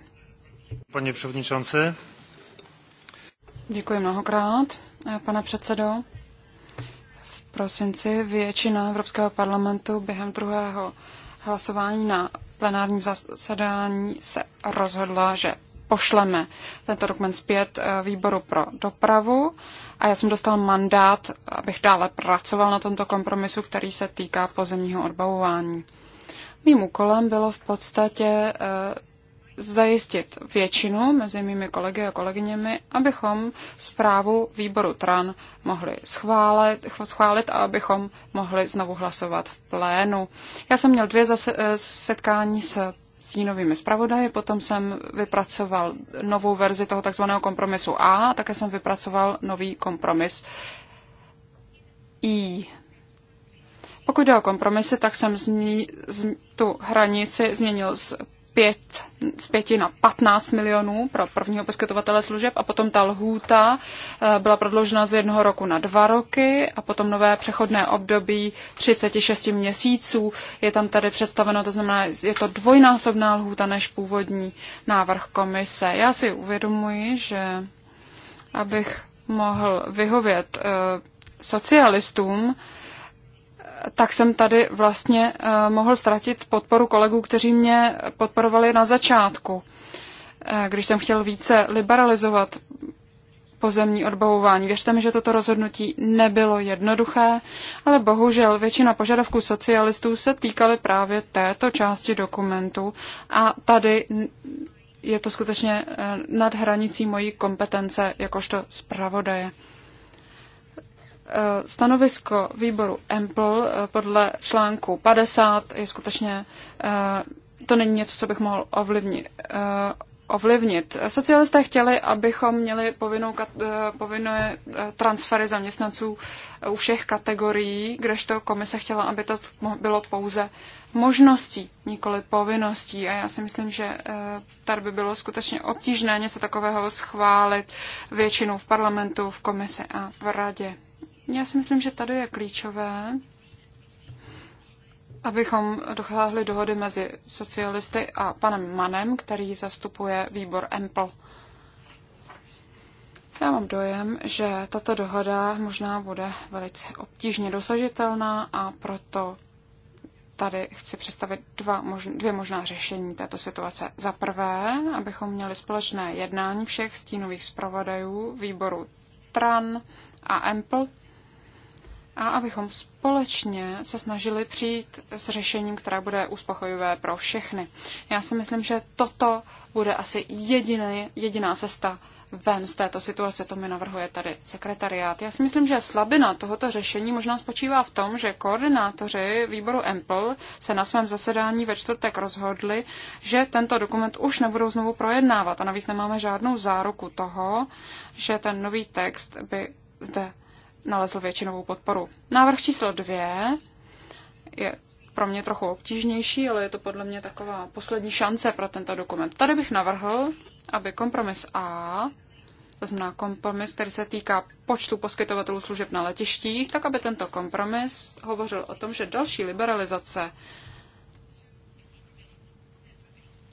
Paní předsedající. Děkuji mnohokrát, pane předsedo prosinci většina Evropského parlamentu během druhého hlasování na plenárním zasedání se rozhodla, že pošleme tento dokument zpět eh, výboru pro dopravu a já jsem dostal mandát, abych dále pracoval na tomto kompromisu, který se týká pozemního odbavování. Mým úkolem bylo v podstatě eh, zajistit většinu mezi mými kolegy a kolegyněmi, abychom zprávu výboru TRAN mohli schválit, schválit a abychom mohli znovu hlasovat v plénu. Já jsem měl dvě zase, eh, setkání s jinovými zpravodaji, potom jsem vypracoval novou verzi toho takzvaného kompromisu A a také jsem vypracoval nový kompromis I. Pokud jde o kompromisy, tak jsem zmi, z, tu hranici změnil z 5, z 5 na 15 milionů pro prvního poskytovatele služeb a potom ta lhůta eh, byla prodloužena z jednoho roku na dva roky a potom nové přechodné období 36 měsíců je tam tady představeno, to znamená, je to dvojnásobná lhůta než původní návrh komise. Já si uvědomuji, že abych mohl vyhovět eh, socialistům, tak jsem tady vlastně eh, mohl ztratit podporu kolegů, kteří mě podporovali na začátku, eh, když jsem chtěl více liberalizovat pozemní odbavování. Věřte mi, že toto rozhodnutí nebylo jednoduché, ale bohužel většina požadavků socialistů se týkaly právě této části dokumentu a tady je to skutečně eh, nad hranicí mojí kompetence jakožto zpravodaje. Eh, stanovisko výboru EMPL eh, podle článku 50 je skutečně, eh, to není něco, co bych mohl ovlivnit. ovlivnit. Socialisté chtěli, abychom měli povinnou, povinné transfery zaměstnanců u všech kategorií, kdežto komise chtěla, aby to bylo pouze možností, nikoli povinností. A já si myslím, že tady by bylo skutečně obtížné něco takového schválit většinou v parlamentu, v komisi a v radě. Já si myslím, že tady je klíčové, abychom dosáhli dohody mezi socialisty a panem Manem, který zastupuje výbor EMPL. Já mám dojem, že tato dohoda možná bude velice obtížně dosažitelná a proto tady chci představit dva, dvě možná řešení této situace. Za prvé, abychom měli společné jednání všech stínových zpravodajů výboru TRAN a EMPL a abychom společně se snažili přijít s řešením, které bude uspokojivé pro všechny. Já si myslím, že toto bude asi jediný, jediná cesta ven z této situace, to mi navrhuje tady sekretariát. Já si myslím, že slabina tohoto řešení možná spočívá v tom, že koordinátoři výboru EMPL se na svém zasedání ve čtvrtek rozhodli, že tento dokument už nebudou znovu projednávat a navíc nemáme žádnou záruku toho, že ten nový text by zde nalezl většinovou podporu. Návrh číslo dvě je pro mě trochu obtížnější, ale je to podle mě taková poslední šance pro tento dokument. Tady bych navrhl, aby kompromis A, to znamená kompromis, který se týká počtu poskytovatelů služeb na letištích, tak aby tento kompromis hovořil o tom, že další liberalizace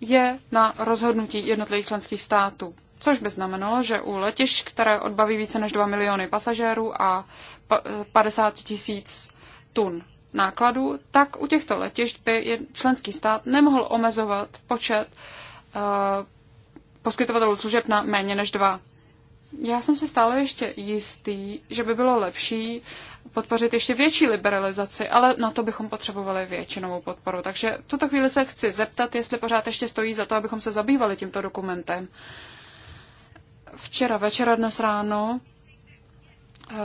je na rozhodnutí jednotlivých členských států což by znamenalo, že u letišť, které odbaví více než 2 miliony pasažérů a 50 tisíc tun nákladů, tak u těchto letišť by členský stát nemohl omezovat počet uh, poskytovatelů služeb na méně než dva. Já jsem si stále ještě jistý, že by bylo lepší podpořit ještě větší liberalizaci, ale na to bychom potřebovali většinovou podporu. Takže v tuto chvíli se chci zeptat, jestli pořád ještě stojí za to, abychom se zabývali tímto dokumentem. Uh, včera večer a dnes ráno eh,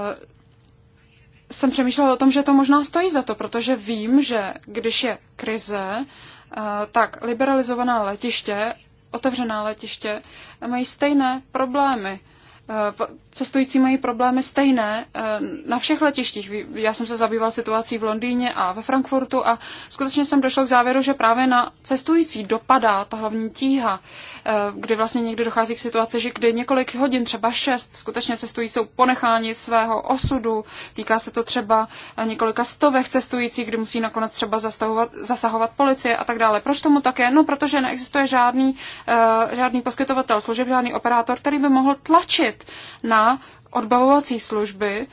jsem přemýšlela o tom, že to možná stojí za to, protože vím, že když je krize, eh, tak liberalizovaná letiště, otevřená letiště mají stejné problémy Eh, cestující mají problémy stejné eh, na všech letištích. Já jsem se zabýval situací v Londýně a ve Frankfurtu a skutečně jsem došel k závěru, že právě na cestující dopadá ta hlavní tíha, eh, kdy vlastně někdy dochází k situaci, že kdy několik hodin, třeba šest, skutečně cestující jsou ponecháni svého osudu. Týká se to třeba několika stovek cestujících, kdy musí nakonec třeba zasahovat policie a tak dále. Proč tomu tak je? No, protože neexistuje žádný, žádný poskytovatel služeb, žádný operátor, který by mohl tlačit zaměřit na odbavovací služby,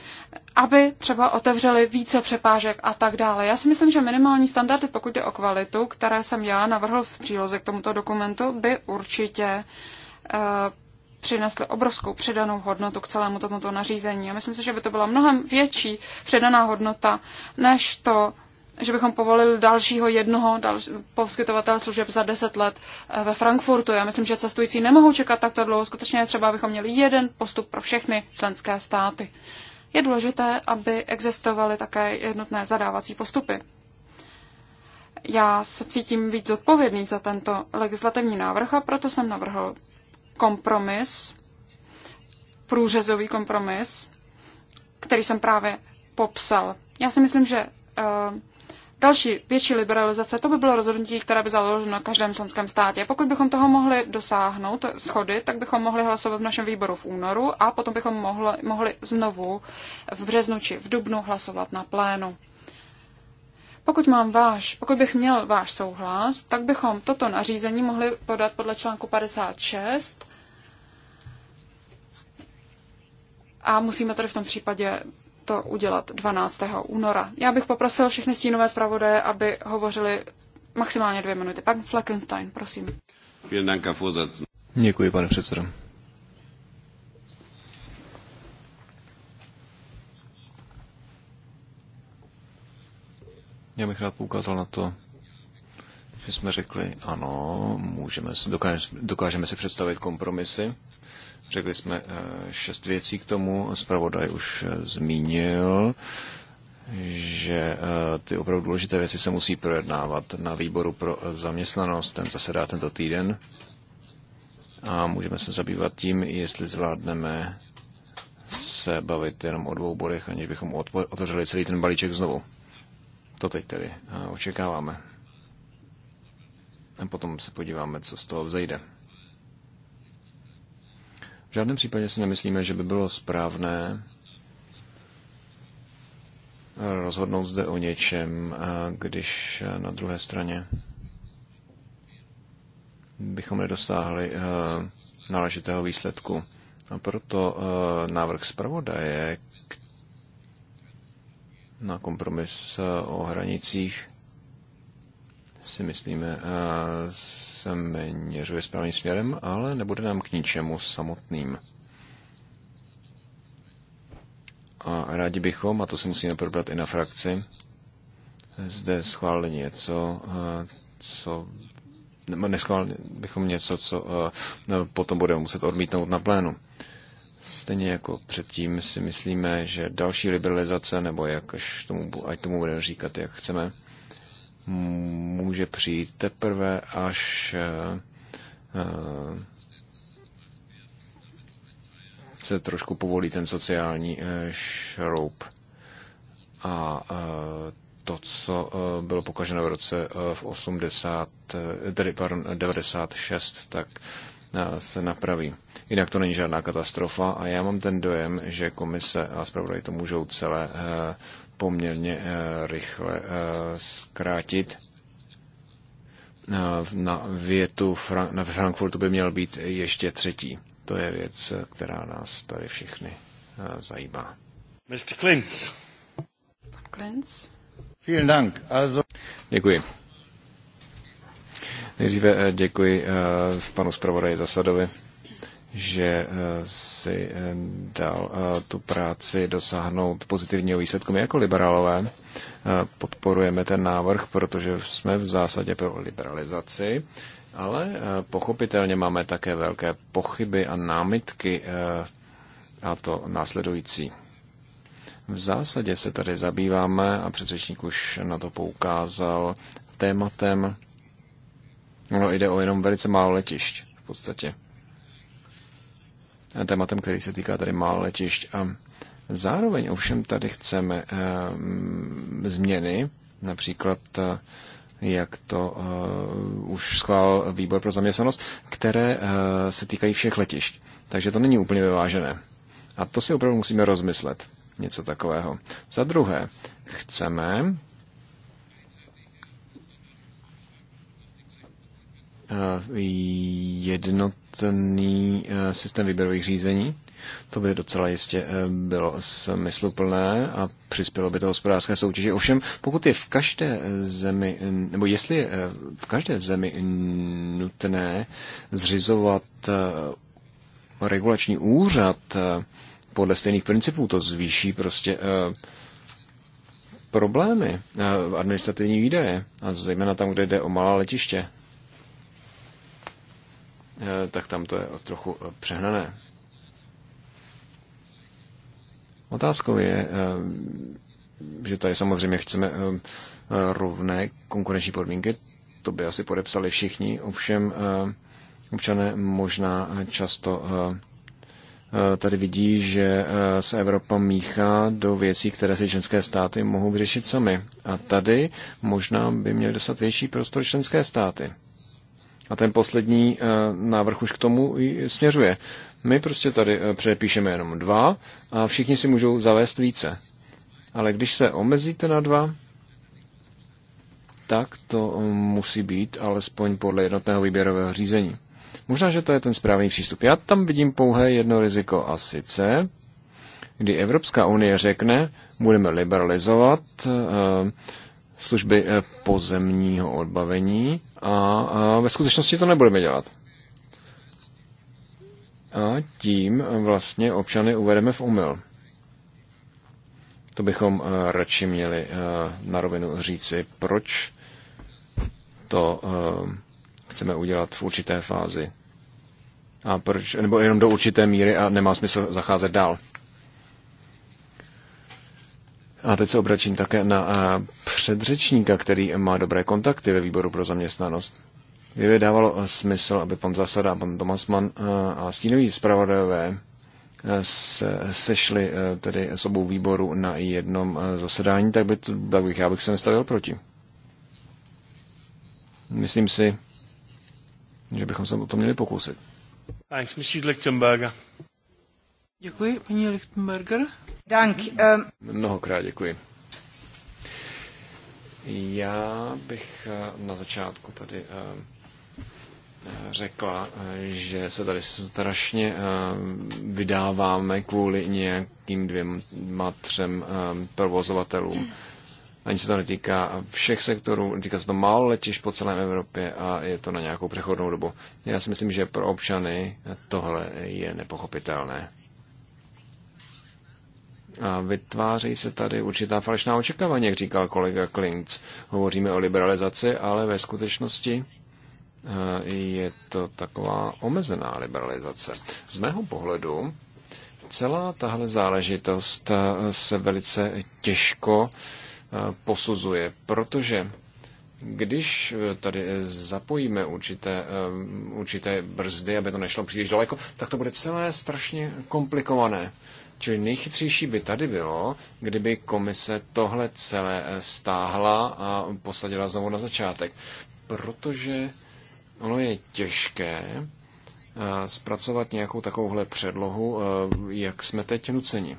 aby třeba otevřeli více přepážek a tak dále. Já si myslím, že minimální standardy, pokud jde o kvalitu, které jsem já navrhl v příloze k tomuto dokumentu, by určitě e, přinesly obrovskou přidanou hodnotu k celému tomuto nařízení. A myslím si, že by to byla mnohem větší přidaná hodnota, než to že bychom povolili dalšího jednoho další, poskytovatele služeb za deset let eh, ve Frankfurtu. Já myslím, že cestující nemohou čekat takto dlouho. Skutečně je třeba, abychom měli jeden postup pro všechny členské státy. Je důležité, aby existovaly také jednotné zadávací postupy. Já se cítím víc odpovědný za tento legislativní návrh a proto jsem navrhl kompromis, průřezový kompromis, který jsem právě popsal. Já si myslím, že uh, další větší liberalizace, to by bylo rozhodnutí, které by založeno na každém členském státě. Pokud bychom toho mohli dosáhnout schody, tak bychom mohli hlasovat v našem výboru v únoru a potom bychom mohli, mohli znovu v březnu či v dubnu hlasovat na plénu. Pokud mám váš, pokud bych měl váš souhlas, tak bychom toto nařízení mohli podat podle článku 56 a musíme tady v tom případě to udělat 12. února. Já bych poprosil všechny stínové zpravodaje, aby hovořili maximálně dvě minuty. Pan Fleckenstein, prosím. Děkuji, pane předsedo. Já bych rád poukázal na to, že jsme řekli, ano, můžeme, dokážeme, dokážeme si představit kompromisy, Řekli jsme eh, šest věcí k tomu. Zpravodaj už eh, zmínil, že eh, ty opravdu důležité věci se musí projednávat na výboru pro zaměstnanost. Ten zasedá tento týden a můžeme se zabývat tím, jestli zvládneme se bavit jenom o dvou bodech, aniž bychom otevřeli celý ten balíček znovu. To teď tedy očekáváme. A potom se podíváme, co z toho vzejde. V žádném případě si nemyslíme, že by bylo správné rozhodnout zde o něčem, eh, když eh, na druhé straně bychom nedosáhli eh, náležitého výsledku. A proto návrh zpravodaje na kompromis o hranicích si myslíme, eh, se měřuje správným směrem, ale nebude nám k ničemu samotným. A rádi bychom, a to si musíme probrat i na frakci, zde schválili něco, eh, co neschválili bychom něco, co eh, no, potom budeme muset odmítnout na plénu. Stejně jako předtím si myslíme, že další liberalizace, nebo jak tomu, ať tomu budeme říkat, jak chceme, může přijít teprve až eh, se trošku povolí ten sociální eh, šroub. A eh, to, co bylo pokaženo v roce v 80, tedy pardon, 96, tak se napraví. Jinak to není žádná katastrofa a já mám ten dojem, že komise a zpravodaj to můžou celé poměrně eh, rychle eh, zkrátit. Eh, na větu na Frankfurtu by měl být ještě třetí. To je věc, která nás tady všechny zajímá. Mr. Klintz. Pan Klintz. Vielen Dank. Also... Děkuji. Nejdříve děkuji panu zpravodaji Zasadovi že eh, si eh, dal eh, tu práci dosáhnout pozitivního výsledku. My jako liberálové podporujeme ten návrh, protože jsme v zásadě pro liberalizaci, ale pochopitelně máme také velké pochyby a námitky a to následující. V zásadě se tady zabýváme, a předřečník už na to poukázal, tématem, no jde o jenom velice málo letišť v podstatě tématem, který se týká tady málo letišť. A zároveň ovšem tady chceme ehm, změny, například eh, jak to uh, už schválil výbor pro zaměstnanost, které uh, se týkají všech letišť. Takže to není úplně vyvážené. A to si opravdu musíme rozmyslet, něco takového. Za druhé, chceme Eh, jednotný eh, systém výběrových řízení. To by docela jistě eh, bylo smysluplné a přispělo by to hospodářské soutěži. Ovšem, pokud je v každé zemi, nebo jestli je v každé zemi nutné zřizovat regulační úřad podle stejných principů, to zvýší prostě problémy, administrativní výdaje, a zejména tam, kde jde o malá letiště. Eh, tak tam to je trochu eh, přehnané. Otázkou je, eh, že tady samozřejmě chceme rovné konkurenční podmínky, to by asi podepsali všichni, ovšem občané možná často tady vidí, že se Evropa míchá do věcí, které si členské státy mohou vyřešit sami. A tady možná by měly dostat větší prostor členské státy. A ten poslední eh, návrh už k tomu směřuje. My prostě tady eh, předepíšeme jenom dva a všichni si můžou zavést více. Ale když se omezíte na dva, tak to eh, musí být alespoň podle jednotného výběrového řízení. Možná, že to je ten správný přístup. Já tam vidím pouhé jedno riziko a sice, kdy Evropská unie řekne, budeme liberalizovat, služby eh, pozemního odbavení a ve skutečnosti to nebudeme dělat. A tím eh, vlastně občany uvedeme v umyl. To bychom eh, radši měli na rovinu říci, proč to chceme udělat v určité fázi. A proč, nebo jenom do určité míry a nemá smysl zacházet dál. A teď se obračím také na eh, předřečníka, který má dobré kontakty ve výboru pro zaměstnanost. Kdyby dávalo eh, smysl, aby pan Zasada pan Tomasman eh, a stínoví zpravodajové se, sešli tedy s obou výboru na jednom zasedání, tak, by to, tak bych, já bych se nestavil proti. Myslím si, že bychom se o to měli pokusit. Thanks, Mrs. Lichtenberger. Děkuji, paní Lichtenberger. Dank. Ehm. Mnohokrát děkuji. Já bych eh, na začátku tady ehm, eh, řekla, eh, že se tady strašně ehm, vydáváme kvůli nějakým dvěma třem provozovatelům. Ani se to netýká všech sektorů, týká se to málo letiš po celé Evropě a je to na nějakou přechodnou dobu. Já si myslím, že pro občany tohle je nepochopitelné. A vytváří se tady určitá falešná očekávání, jak říkal kolega Klinc. Hovoříme o liberalizaci, ale ve skutečnosti eh, je to taková omezená liberalizace. Z mého pohledu celá tahle záležitost eh, se velice těžko eh, posuzuje, protože když tady zapojíme určité, určité brzdy, aby to nešlo příliš daleko, tak to bude celé strašně komplikované. Čili nejchytřejší by tady bylo, kdyby komise tohle celé eh, stáhla a posadila znovu na začátek. Protože ono je těžké eh, zpracovat nějakou takovouhle předlohu, eh, jak jsme teď nuceni.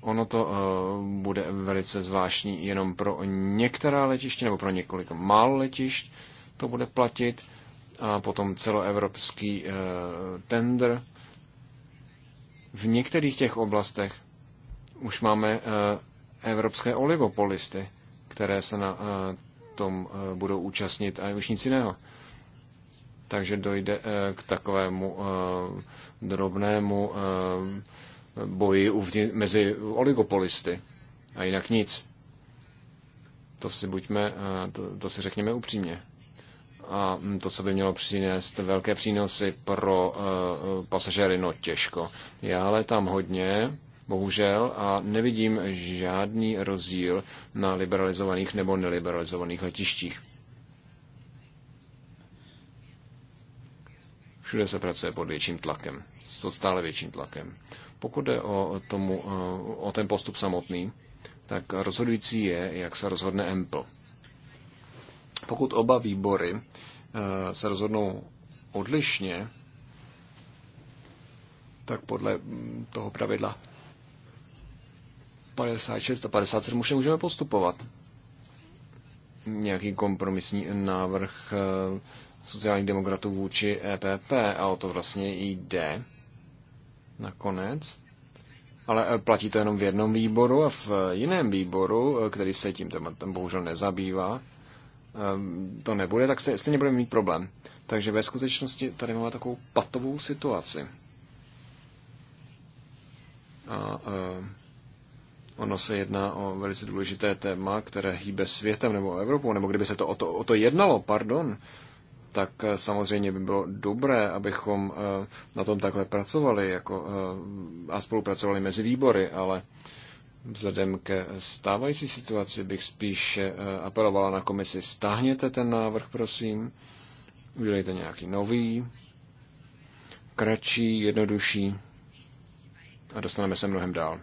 Ono to bude velice zvláštní jenom pro některá letiště nebo pro několik málo letišť to bude platit a potom celoevropský tender v některých těch oblastech už máme eh, evropské oligopolisty, které se na eh, tom eh, budou účastnit a už nic jiného. Takže dojde k takovému drobnému boji mezi oligopolisty a jinak nic. To si buďme, to, to si řekněme upřímně a mm, to, co by mělo přinést velké přínosy pro eh, pasažéry, no těžko. Já tam hodně, bohužel, a nevidím žádný rozdíl na liberalizovaných nebo neliberalizovaných letištích. Všude se pracuje pod větším tlakem, pod stále větším tlakem. Pokud jde o, tomu, eh, o ten postup samotný, tak rozhodující je, jak se rozhodne Ample. Pokud oba výbory eh, se rozhodnou odlišně, tak podle mm, toho pravidla 56 a 57 už můžeme postupovat. Nějaký kompromisní návrh eh, sociálních demokratů vůči EPP a o to vlastně jde nakonec. Ale eh, platí to jenom v jednom výboru a v jiném výboru, který se tím tématem bohužel nezabývá, Ehm, to nebude, tak se stejně budeme mít problém. Takže ve skutečnosti tady máme takovou patovou situaci. A uh, ono se jedná o velice důležité téma, které hýbe světem nebo Evropou, nebo kdyby se to o to, o to jednalo, pardon, tak eh, samozřejmě by bylo dobré, abychom eh, na tom takhle pracovali jako, eh, a spolupracovali mezi výbory, ale Vzhledem ke stávající situaci bych spíš eh, apelovala na komisi, stáhněte ten návrh, prosím, udělejte nějaký nový, kratší, jednodušší a dostaneme se mnohem dál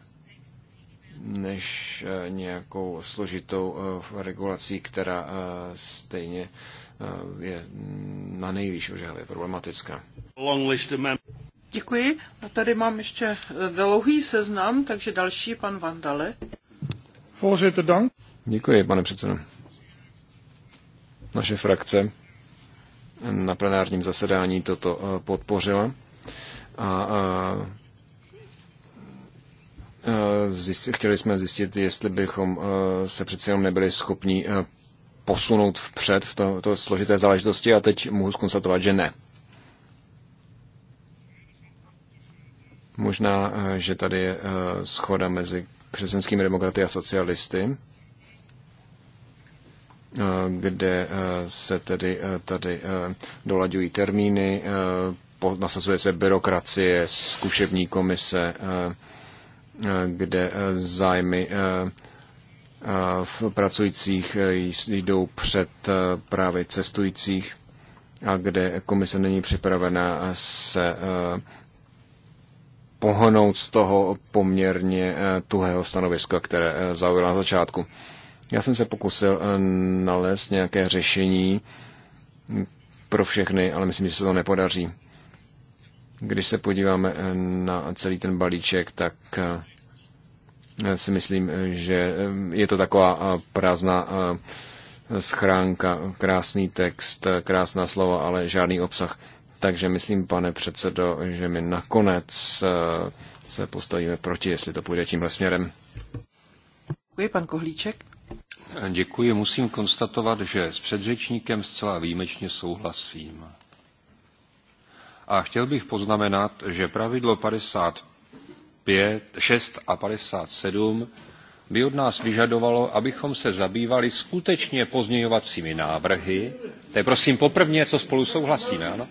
než eh, nějakou složitou eh, regulací, která stejně je na nejvýš ožehavě problematická. Děkuji. A tady mám ještě eh, dlouhý seznam, takže další pan Vandale. Voorzitter, dank. Děkuji, pane předsedo. Naše frakce na plenárním zasedání toto eh, podpořila. A, a eh, zjistit, chtěli jsme zjistit, jestli bychom se přece jenom nebyli schopni posunout vpřed v to, to složité záležitosti a teď mohu skonstatovat, že ne. Možná, eh, že tady je eh, schoda mezi křesťanskými demokraty a socialisty, eh, kde se tedy tady dolaďují termíny, nasazuje se byrokracie, zkušební komise, kde zájmy v pracujících jdou před právě cestujících a kde komise není připravena se pohnout z toho poměrně eh, tuhého stanoviska, které eh, zaujala na začátku. Já jsem se pokusil eh, nalézt nějaké řešení hm, pro všechny, ale myslím, že se to nepodaří. Když se podíváme na celý ten balíček, tak si myslím, že je to taková prázdná schránka, krásný text, krásná slova, ale žádný obsah. Takže myslím, pane předsedo, že my nakonec eh, se postavíme proti, jestli to půjde tímhle směrem. Děkuji, pan Kohlíček. Děkuji. Musím konstatovat, že s předřečníkem zcela výjimečně souhlasím. A chtěl bych poznamenat, že pravidlo 55, 6 a 57 by od nás vyžadovalo, abychom se zabývali skutečně pozměňovacími návrhy. To je prosím poprvně, co spolu souhlasíme, ano?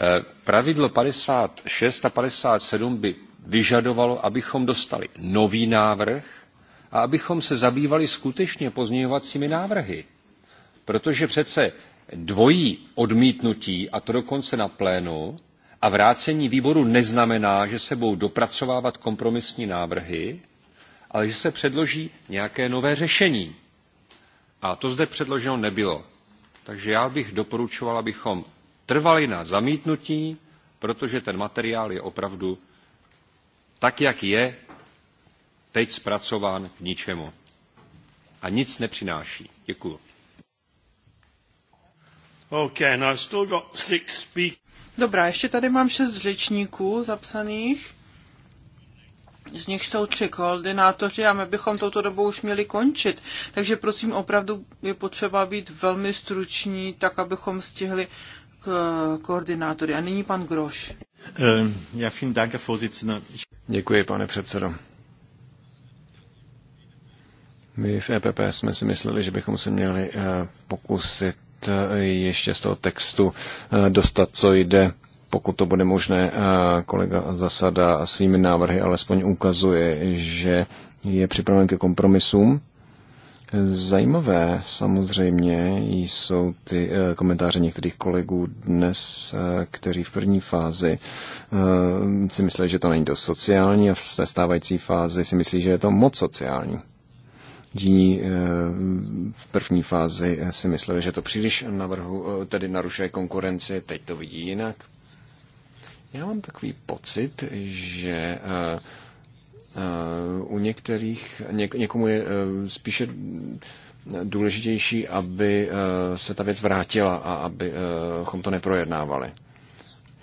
Eh, pravidlo 56 a 57 by vyžadovalo, abychom dostali nový návrh a abychom se zabývali skutečně pozměňovacími návrhy. Protože přece dvojí odmítnutí, a to dokonce na plénu, a vrácení výboru neznamená, že se budou dopracovávat kompromisní návrhy, ale že se předloží nějaké nové řešení. A to zde předloženo nebylo. Takže já bych doporučoval, abychom trvali na zamítnutí, protože ten materiál je opravdu tak, jak je teď zpracován k ničemu. A nic nepřináší. Děkuju. Okay, now I've still got six speak- Dobrá, ještě tady mám šest řečníků zapsaných. Z nich jsou tři koordinátoři a my bychom touto dobou už měli končit. Takže prosím, opravdu je potřeba být velmi struční, tak abychom stihli koordinátory. A nyní pan Groš. Eh, Já vielen Dank, Děkuji, pane předsedo. My v EPP jsme si mysleli, že bychom se měli eh, pokusit eh, ještě z toho textu dostat, co jde pokud to bude možné, kolega Zasada svými návrhy alespoň ukazuje, že je připraven ke kompromisům Zajímavé samozřejmě jsou ty eh, komentáře některých kolegů dnes, eh, kteří v první fázi eh, si myslí, že to není dost sociální a v stávající fázi si myslí, že je to moc sociální. Jiní v první fázi si mysleli, že to příliš navrhu, tedy narušuje konkurenci, teď to vidí jinak. Já mám takový pocit, že uh, Eh, u některých, něk, někomu je eh, spíše důležitější, aby eh, se ta věc vrátila a abychom to neprojednávali.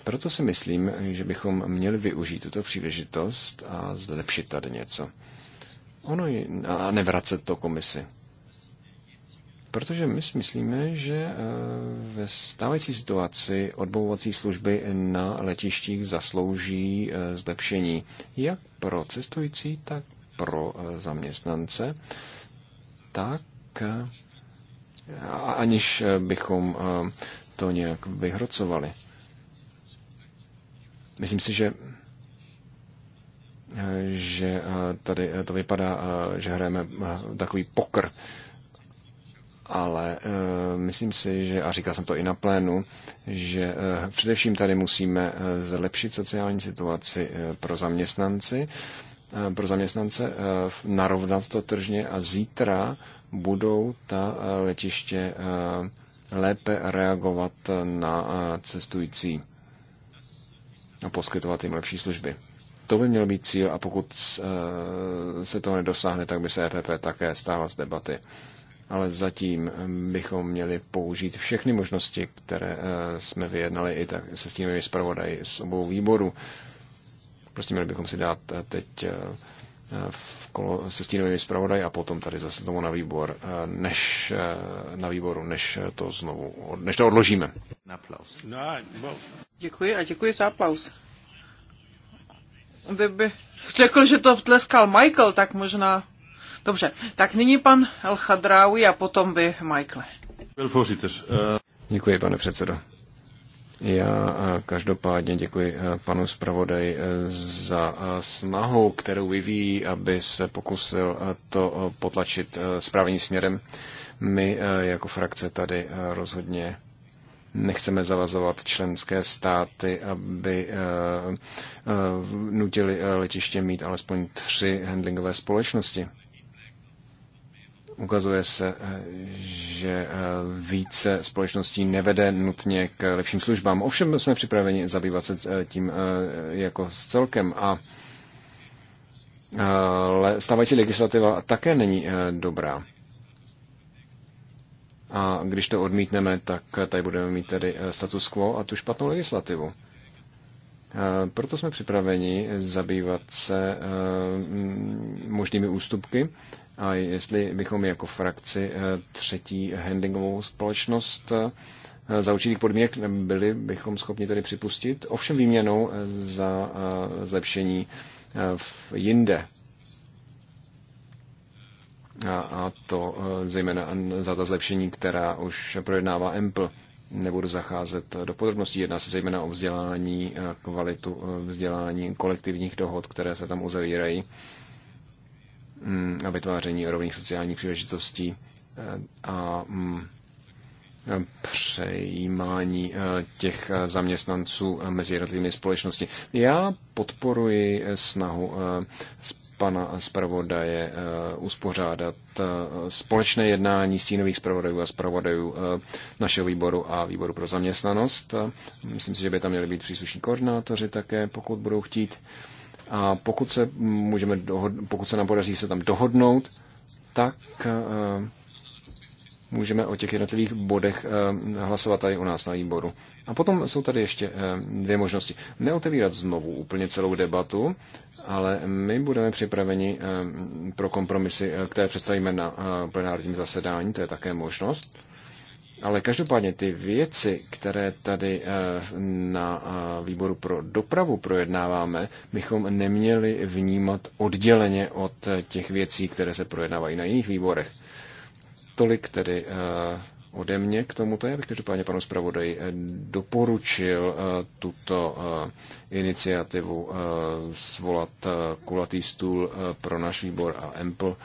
Proto si myslím, že bychom měli využít tuto příležitost a zlepšit tady něco. Ono je, a nevracet to komisi. Protože my si myslíme, že eh, ve stávající situaci odbouvací služby na letištích zaslouží eh, zlepšení jak pro cestující, tak pro eh, zaměstnance, tak aniž bychom to nějak vyhrocovali. Myslím si, že že tady to vypadá, že hrajeme takový pokr ale e, myslím si, že, a říkal jsem to i na plénu, že e, především tady musíme e, zlepšit sociální situaci e, pro zaměstnanci, e, pro zaměstnance, e, narovnat to tržně a zítra budou ta e, letiště e, lépe reagovat na e, cestující a poskytovat jim lepší služby. To by měl být cíl a pokud se toho nedosáhne, tak by se EPP také stáhla z debaty ale zatím ehm, bychom měli použít všechny možnosti, které eh, jsme vyjednali i tak se stínovými zpravodaji z obou výborů. Prostě měli bychom si dát eh, teď eh, v kolo se stínovými zpravodaji a potom tady zase tomu na výbor, než na výboru, než to znovu, než to odložíme. No, no. Děkuji a děkuji za aplaus. Kdyby řekl, že to vtleskal Michael, tak možná Dobře, tak nyní pan El Chadraoui a potom vy, Michael. Eh. Děkuji, pane předsedo. Já eh, každopádně děkuji eh, panu zpravodaj za snahu, kterou vyvíjí, aby se pokusil to potlačit správným směrem. My jako frakce tady rozhodně nechceme zavazovat členské státy, aby nutili letiště mít alespoň tři handlingové společnosti. Ukazuje se, eh, že eh, více společností nevede nutně k lepším službám. Ovšem jsme připraveni zabývat se eh, tím jako s celkem a stávající legislativa také není dobrá. A když to odmítneme, tak tady budeme mít tedy status quo a tu špatnou legislativu. Proto jsme připraveni zabývat se možnými ústupky a jestli bychom jako frakci eh, třetí handlingovou společnost eh, za určitých podmínek byli bychom schopni tedy připustit, ovšem výměnou eh, za zlepšení v jinde. A, a to zejména za ta zlepšení, která už projednává EMPL. Nebudu zacházet do podrobností, jedná se zejména o vzdělání, kvalitu vzdělání kolektivních dohod, které se tam uzavírají Mm, a vytváření rovných sociálních příležitostí eh, a mm, přejímání eh, těch eh, zaměstnanců mezi jednotlivými společnosti. Já podporuji snahu z pana zpravodaje uspořádat společné jednání stínových zpravodajů a zpravodajů našeho výboru a výboru pro zaměstnanost. Myslím si, že by tam měli být příslušní koordinátoři také, pokud budou chtít. A pokud se, můžeme dohod- pokud se nám podaří se tam dohodnout, tak eh, můžeme o těch jednotlivých bodech eh, hlasovat tady u nás na výboru. A potom jsou tady ještě eh, dvě možnosti. Neotevírat znovu úplně celou debatu, ale my budeme připraveni pro kompromisy, které představíme na plenárním zasedání, to je také možnost. Ale každopádně ty věci, které tady eh, na eh, výboru pro dopravu projednáváme, bychom neměli vnímat odděleně od eh, těch věcí, které se projednávají na jiných výborech. Tolik tedy ode mě k tomuto. Já bych každopádně panu zpravodaji doporučil tuto iniciativu svolat kulatý stůl pro náš výbor a EMPL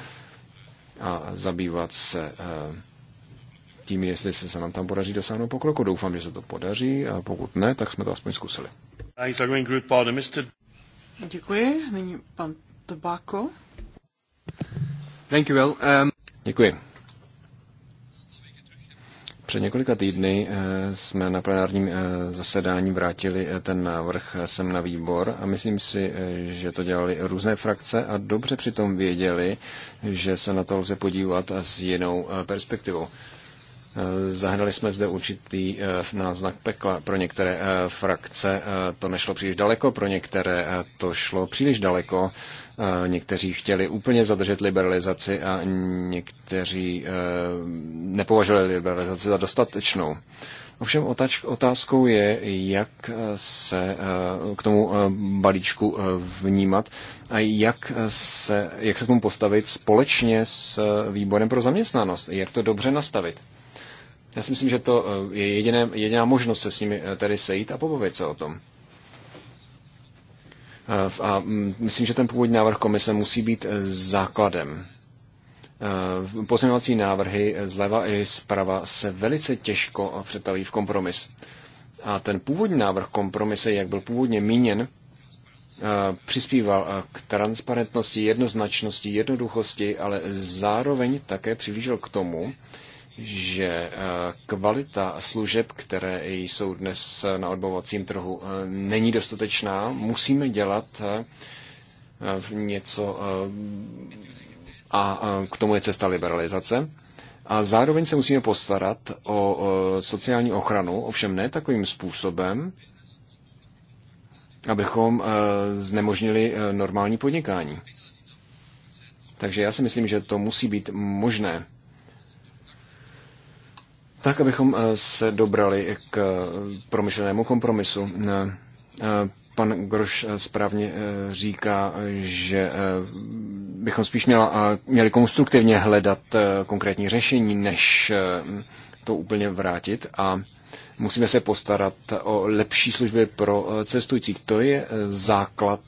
a zabývat se tím, jestli se nám tam podaří dosáhnout pokroku. Doufám, že se to podaří a pokud ne, tak jsme to aspoň zkusili. Děkuji. Nyní pan Tobáko. Thank you, well. um... Děkuji. Před několika týdny eh, jsme na plenárním eh, zasedání vrátili eh, ten návrh sem na výbor a myslím si, že to dělali různé frakce a dobře přitom věděli, že se na to lze podívat s jinou perspektivou. Eh, zahnali jsme zde určitý eh, náznak pekla. Pro některé eh, frakce to nešlo příliš daleko, pro některé to šlo příliš daleko. Někteří chtěli úplně zadržet liberalizaci a někteří nepovažovali liberalizaci za dostatečnou. Ovšem otázkou je, jak se k tomu balíčku vnímat a jak se, jak se k tomu postavit společně s výborem pro zaměstnanost, jak to dobře nastavit. Já si myslím, že to eh, je jediné, jediná možnost se s nimi eh, tady sejít a pobavit se o tom. Eh, a mm, myslím, že ten původní návrh komise musí být základem. Pozměňovací návrhy zleva i zprava se velice těžko přetaví v kompromis. A ten původní návrh kompromise, jak byl původně míněn, přispíval k transparentnosti, jednoznačnosti, jednoduchosti, ale zároveň také přihlížel k tomu, že eh, kvalita služeb, které jsou dnes na odbovacím trhu, eh, není dostatečná. Musíme dělat eh, něco a k tomu je cesta liberalizace. A zároveň se musíme postarat o sociální ochranu, ovšem ne takovým způsobem, abychom znemožnili normální podnikání. Takže já si myslím, že to musí být možné tak abychom eh, se dobrali k eh, promyšlenému kompromisu. Eh, pan Groš správně říká, že bychom spíš měla, měli konstruktivně hledat konkrétní řešení, než to úplně vrátit a musíme se postarat o lepší služby pro cestující. To je základ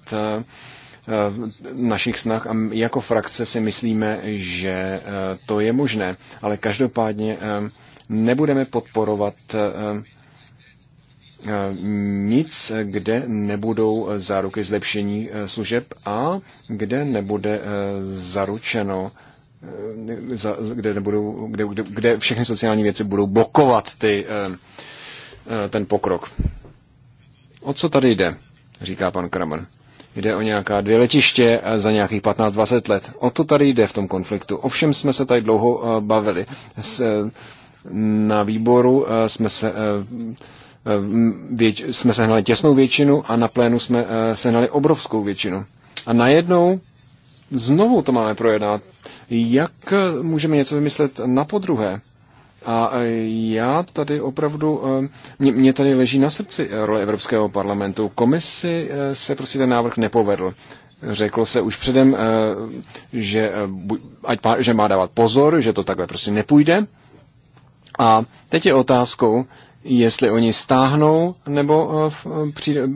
našich snah a jako frakce si myslíme, že to je možné, ale každopádně nebudeme podporovat eh, eh, nic, kde nebudou záruky zlepšení eh, služeb a kde nebude zaručeno, kde, nebudou, kde, kde, kde všechny sociální věci budou blokovat ty, ten pokrok. O co tady jde, říká pan Kramer. Jde o nějaká dvě letiště za nějakých 15-20 let. O to tady jde v tom konfliktu. Ovšem jsme se tady dlouho bavili. S, na výboru eh, jsme se eh, eh, věč, jsme sehnali těsnou většinu a na plénu jsme sehnali obrovskou většinu. A najednou znovu to máme projednat. Jak můžeme něco vymyslet na podruhé? A já tady opravdu, mě, mě tady leží na srdci role Evropského parlamentu. Komisi se prostě ten návrh nepovedl. Řeklo se už předem, že, ať, že má dávat pozor, že to takhle prostě nepůjde a teď je otázkou, jestli oni stáhnou nebo, eh, eh,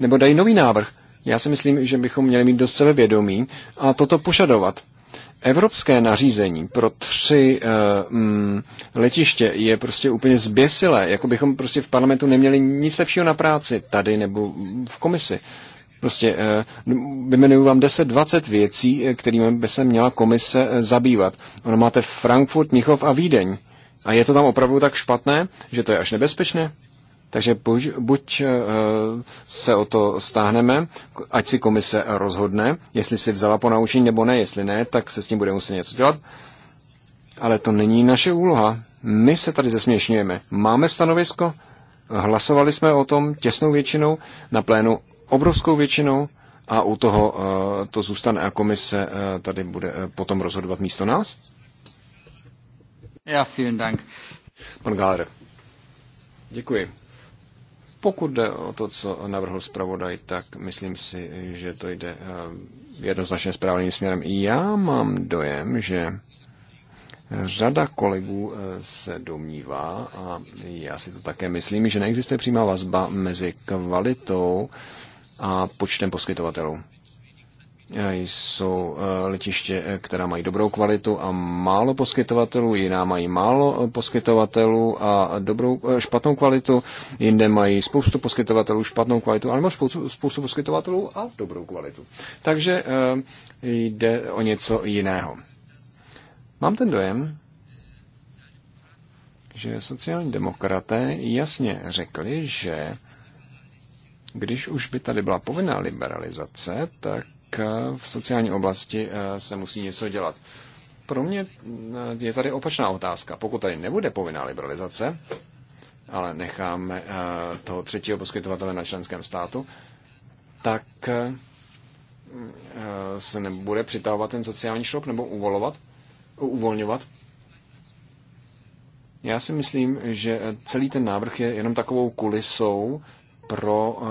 nebo dají nový návrh. Já si myslím, že bychom měli mít dost vědomí a toto požadovat. Evropské nařízení pro tři uh, eh, m, mm, letiště je prostě úplně zběsilé, jako bychom prostě v parlamentu neměli nic lepšího na práci tady nebo v komisi. Prostě uh, vymenuju vám 10-20 věcí, kterými by se měla komise zabývat. Ono máte Frankfurt, Michov a Vídeň. A je to tam opravdu tak špatné, že to je až nebezpečné? Takže buď, buď eh, se o to stáhneme, ať si komise rozhodne, jestli si vzala po naučení nebo ne, jestli ne, tak se s tím bude muset něco dělat. Ale to není naše úloha. My se tady zesměšňujeme. Máme stanovisko, hlasovali jsme o tom těsnou většinou, na plénu obrovskou většinou a u toho eh, to zůstane a komise eh, tady bude potom rozhodovat místo nás. Pan Děkuji. Pokud jde o to, co navrhl zpravodaj, tak myslím si, že to jde eh, jednoznačně správným směrem. Já mám dojem, že řada kolegů eh, se domnívá, a já si to také myslím, že neexistuje přímá vazba mezi kvalitou a počtem poskytovatelů. E, jsou e, letiště, e, která mají dobrou kvalitu a málo poskytovatelů, jiná mají málo poskytovatelů a dobrou, špatnou kvalitu, jinde mají spoustu poskytovatelů, špatnou kvalitu, ale mají spoustu, spoustu poskytovatelů a dobrou kvalitu. Takže jde o něco jiného. Mám ten dojem, že sociální demokraté jasně řekli, že když už by tady byla povinná liberalizace, tak Eh, v sociální oblasti eh, se musí něco dělat. Pro mě eh, je tady opačná otázka. Pokud tady nebude povinná liberalizace, ale necháme toho třetího poskytovatele na členském státu, tak se nebude přitahovat ten sociální šok nebo uvolovat, uvolňovat. Já si myslím, že celý ten návrh je jenom takovou kulisou pro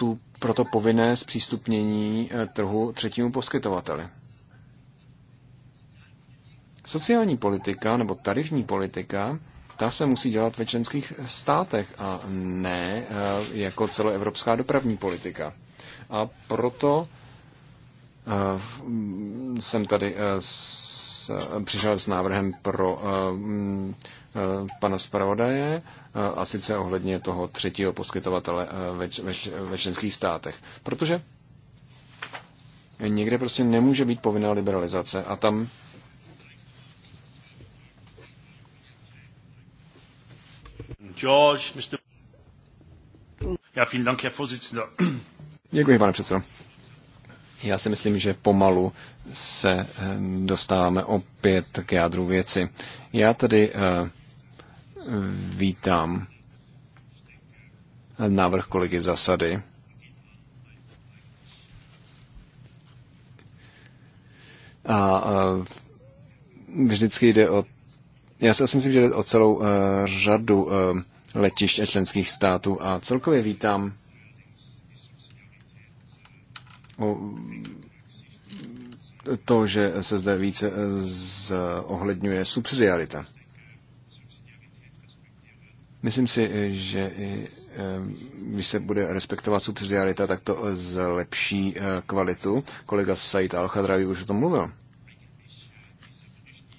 tu proto povinné zpřístupnění eh, trhu třetímu poskytovateli. Sociální politika nebo tarifní politika, ta se musí dělat ve členských státech a ne eh, jako celoevropská dopravní politika. A proto eh, mm, jsem tady s, přišel s návrhem pro mm, pana zpravodaje, a sice ohledně toho třetího poskytovatele eh, ve, ve, ve členských státech. Protože někde prostě nemůže být povinná liberalizace a tam George, Mr. Ja, vielen Dank, Herr Vorsitzender. Děkuji, pane předsedo. Já si myslím, že pomalu se eh, dostáváme opět k jádru věci. Já tedy eh, vítám návrh kolegy Zasady. A, a vždycky jde o. Já si myslím, že jde o celou uh, řadu uh, letišť a členských států a celkově vítám o, to, že se zde více e, zohledňuje subsidiarita. Myslím si, eh, že i eh, eh, když se bude respektovat subsidiarita, tak to zlepší kvalitu. Kolega Said al khadravi už o tom mluvil.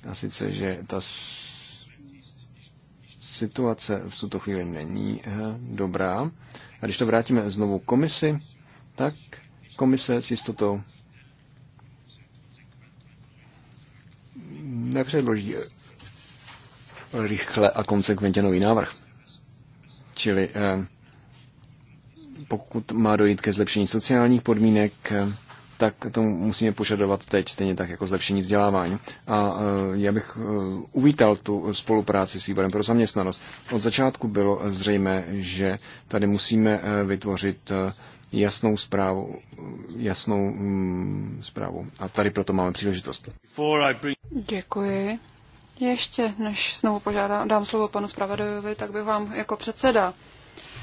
A sice, že ta situace v tuto chvíli není dobrá. A když to vrátíme znovu komisi, tak komise s jistotou nepředloží rychle a konsekventně nový návrh. Čili eh, pokud má dojít ke zlepšení sociálních podmínek, eh, tak to musíme požadovat teď, stejně tak jako zlepšení vzdělávání. A eh, já bych uvítal tu spolupráci s výborem pro zaměstnanost. Od začátku bylo zřejmé, že tady musíme vytvořit jasnou zprávu, jasnou mm, zprávu. A tady proto máme příležitost. Děkuji. Ještě než znovu požádám, dám slovo panu Spravedojovi, tak bych vám jako předseda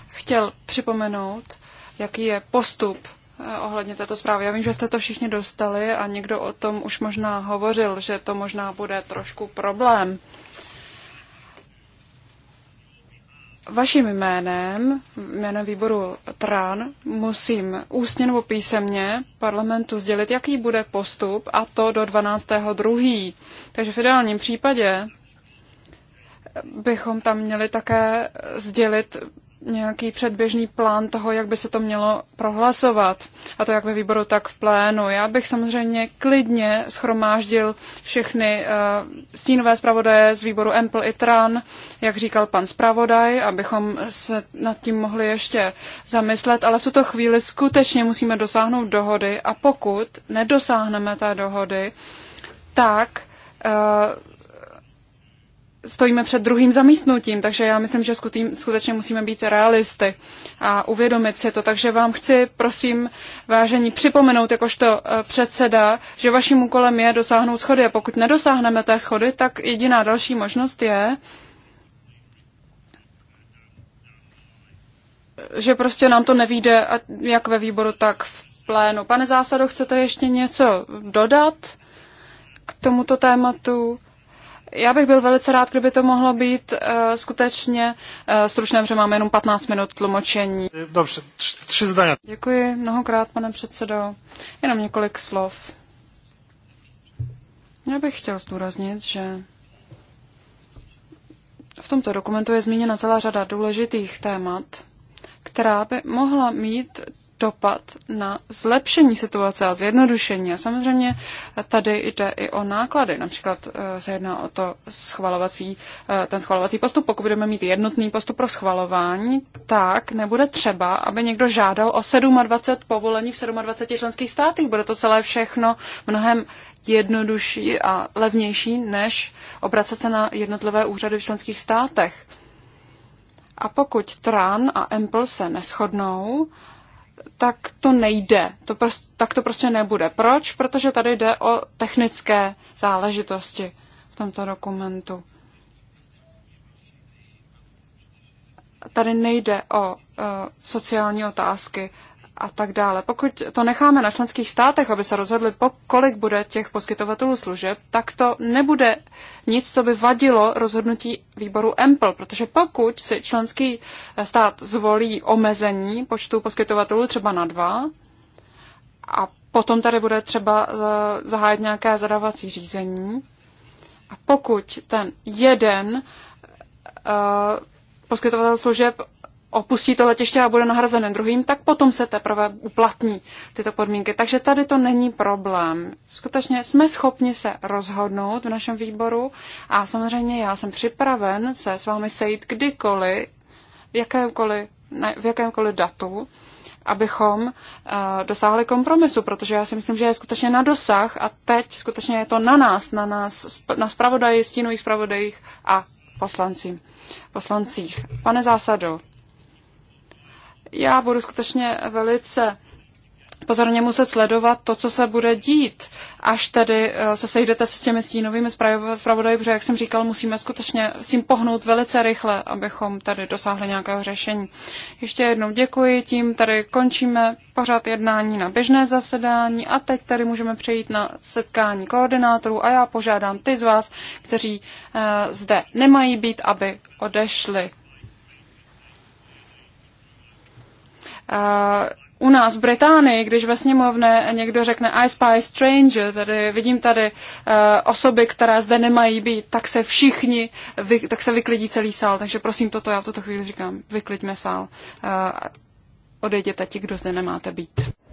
chtěl připomenout, jaký je postup eh, ohledně této zprávy. Já vím, že jste to všichni dostali a někdo o tom už možná hovořil, že to možná bude trošku problém Vaším jménem, jménem výboru TRAN, musím ústně nebo písemně parlamentu sdělit, jaký bude postup, a to do 12.2. Takže v ideálním případě bychom tam měli také sdělit nějaký předběžný plán toho, jak by se to mělo prohlasovat. A to jak ve výboru, tak v plénu. Já bych samozřejmě klidně schromáždil všechny uh, stínové zpravodaje z výboru Ample i Tran, jak říkal pan zpravodaj, abychom se nad tím mohli ještě zamyslet, ale v tuto chvíli skutečně musíme dosáhnout dohody a pokud nedosáhneme té dohody, tak uh, stojíme před druhým zamístnutím, takže já myslím, že skutečně musíme být realisty a uvědomit si to. Takže vám chci, prosím, vážení, připomenout jakožto eh, předseda, že vaším úkolem je dosáhnout schody a pokud nedosáhneme té schody, tak jediná další možnost je, že prostě nám to nevíde jak ve výboru, tak v plénu. Pane zásado, chcete ještě něco dodat k tomuto tématu? Já bych byl velice rád, kdyby to mohlo být uh, skutečně uh, stručné, protože máme jenom 15 minut tlumočení. Dobře, tři zdaně. Děkuji mnohokrát, pane předsedo. Jenom několik slov. Já bych chtěl zdůraznit, že v tomto dokumentu je zmíněna celá řada důležitých témat, která by mohla mít dopad na zlepšení situace a zjednodušení. A samozřejmě tady jde i o náklady. Například eh, se jedná o to schvalovací, eh, ten schvalovací postup. Pokud budeme mít jednotný postup pro schvalování, tak nebude třeba, aby někdo žádal o 27 povolení v 27 členských státech. Bude to celé všechno mnohem jednodušší a levnější, než obracet se na jednotlivé úřady v členských státech. A pokud TRAN a EMPL se neschodnou, tak to nejde. To prost, tak to prostě nebude. Proč? Protože tady jde o technické záležitosti v tomto dokumentu. Tady nejde o uh, sociální otázky a tak dále. Pokud to necháme na členských státech, aby se rozhodli, kolik bude těch poskytovatelů služeb, tak to nebude nic, co by vadilo rozhodnutí výboru EMPL, protože pokud si členský stát zvolí omezení počtu poskytovatelů třeba na dva a potom tady bude třeba eh, zahájit nějaké zadávací řízení a pokud ten jeden uh, poskytovatel služeb opustí to letiště a bude nahrazen druhým, tak potom se teprve uplatní tyto podmínky. Takže tady to není problém. Skutečně jsme schopni se rozhodnout v našem výboru a samozřejmě já jsem připraven se s vámi sejít kdykoliv, v jakémkoliv, ne, v jakémkoliv datu, abychom uh, dosáhli kompromisu, protože já si myslím, že je skutečně na dosah a teď skutečně je to na nás, na nás, na spravodaji, stínových spravodajích a poslanci Poslancích. Pane zásado, já budu skutečně velice pozorně muset sledovat to, co se bude dít, až tedy eh, se sejdete se s těmi stínovými zpravodaji, protože, jak jsem říkal, musíme skutečně s tím pohnout velice rychle, abychom tady dosáhli nějakého řešení. Ještě jednou děkuji, tím tady končíme pořád jednání na běžné zasedání a teď tady můžeme přejít na setkání koordinátorů a já požádám ty z vás, kteří eh, zde nemají být, aby odešli. Eh, u nás v Británii, když ve sněmovně někdo řekne I spy stranger, tedy vidím tady uh, osoby, které zde nemají být, tak se všichni, vy, tak se vyklidí celý sál. Takže prosím toto, já v tuto chvíli říkám, vyklidme sál. Uh, odejděte ti, kdo zde nemáte být.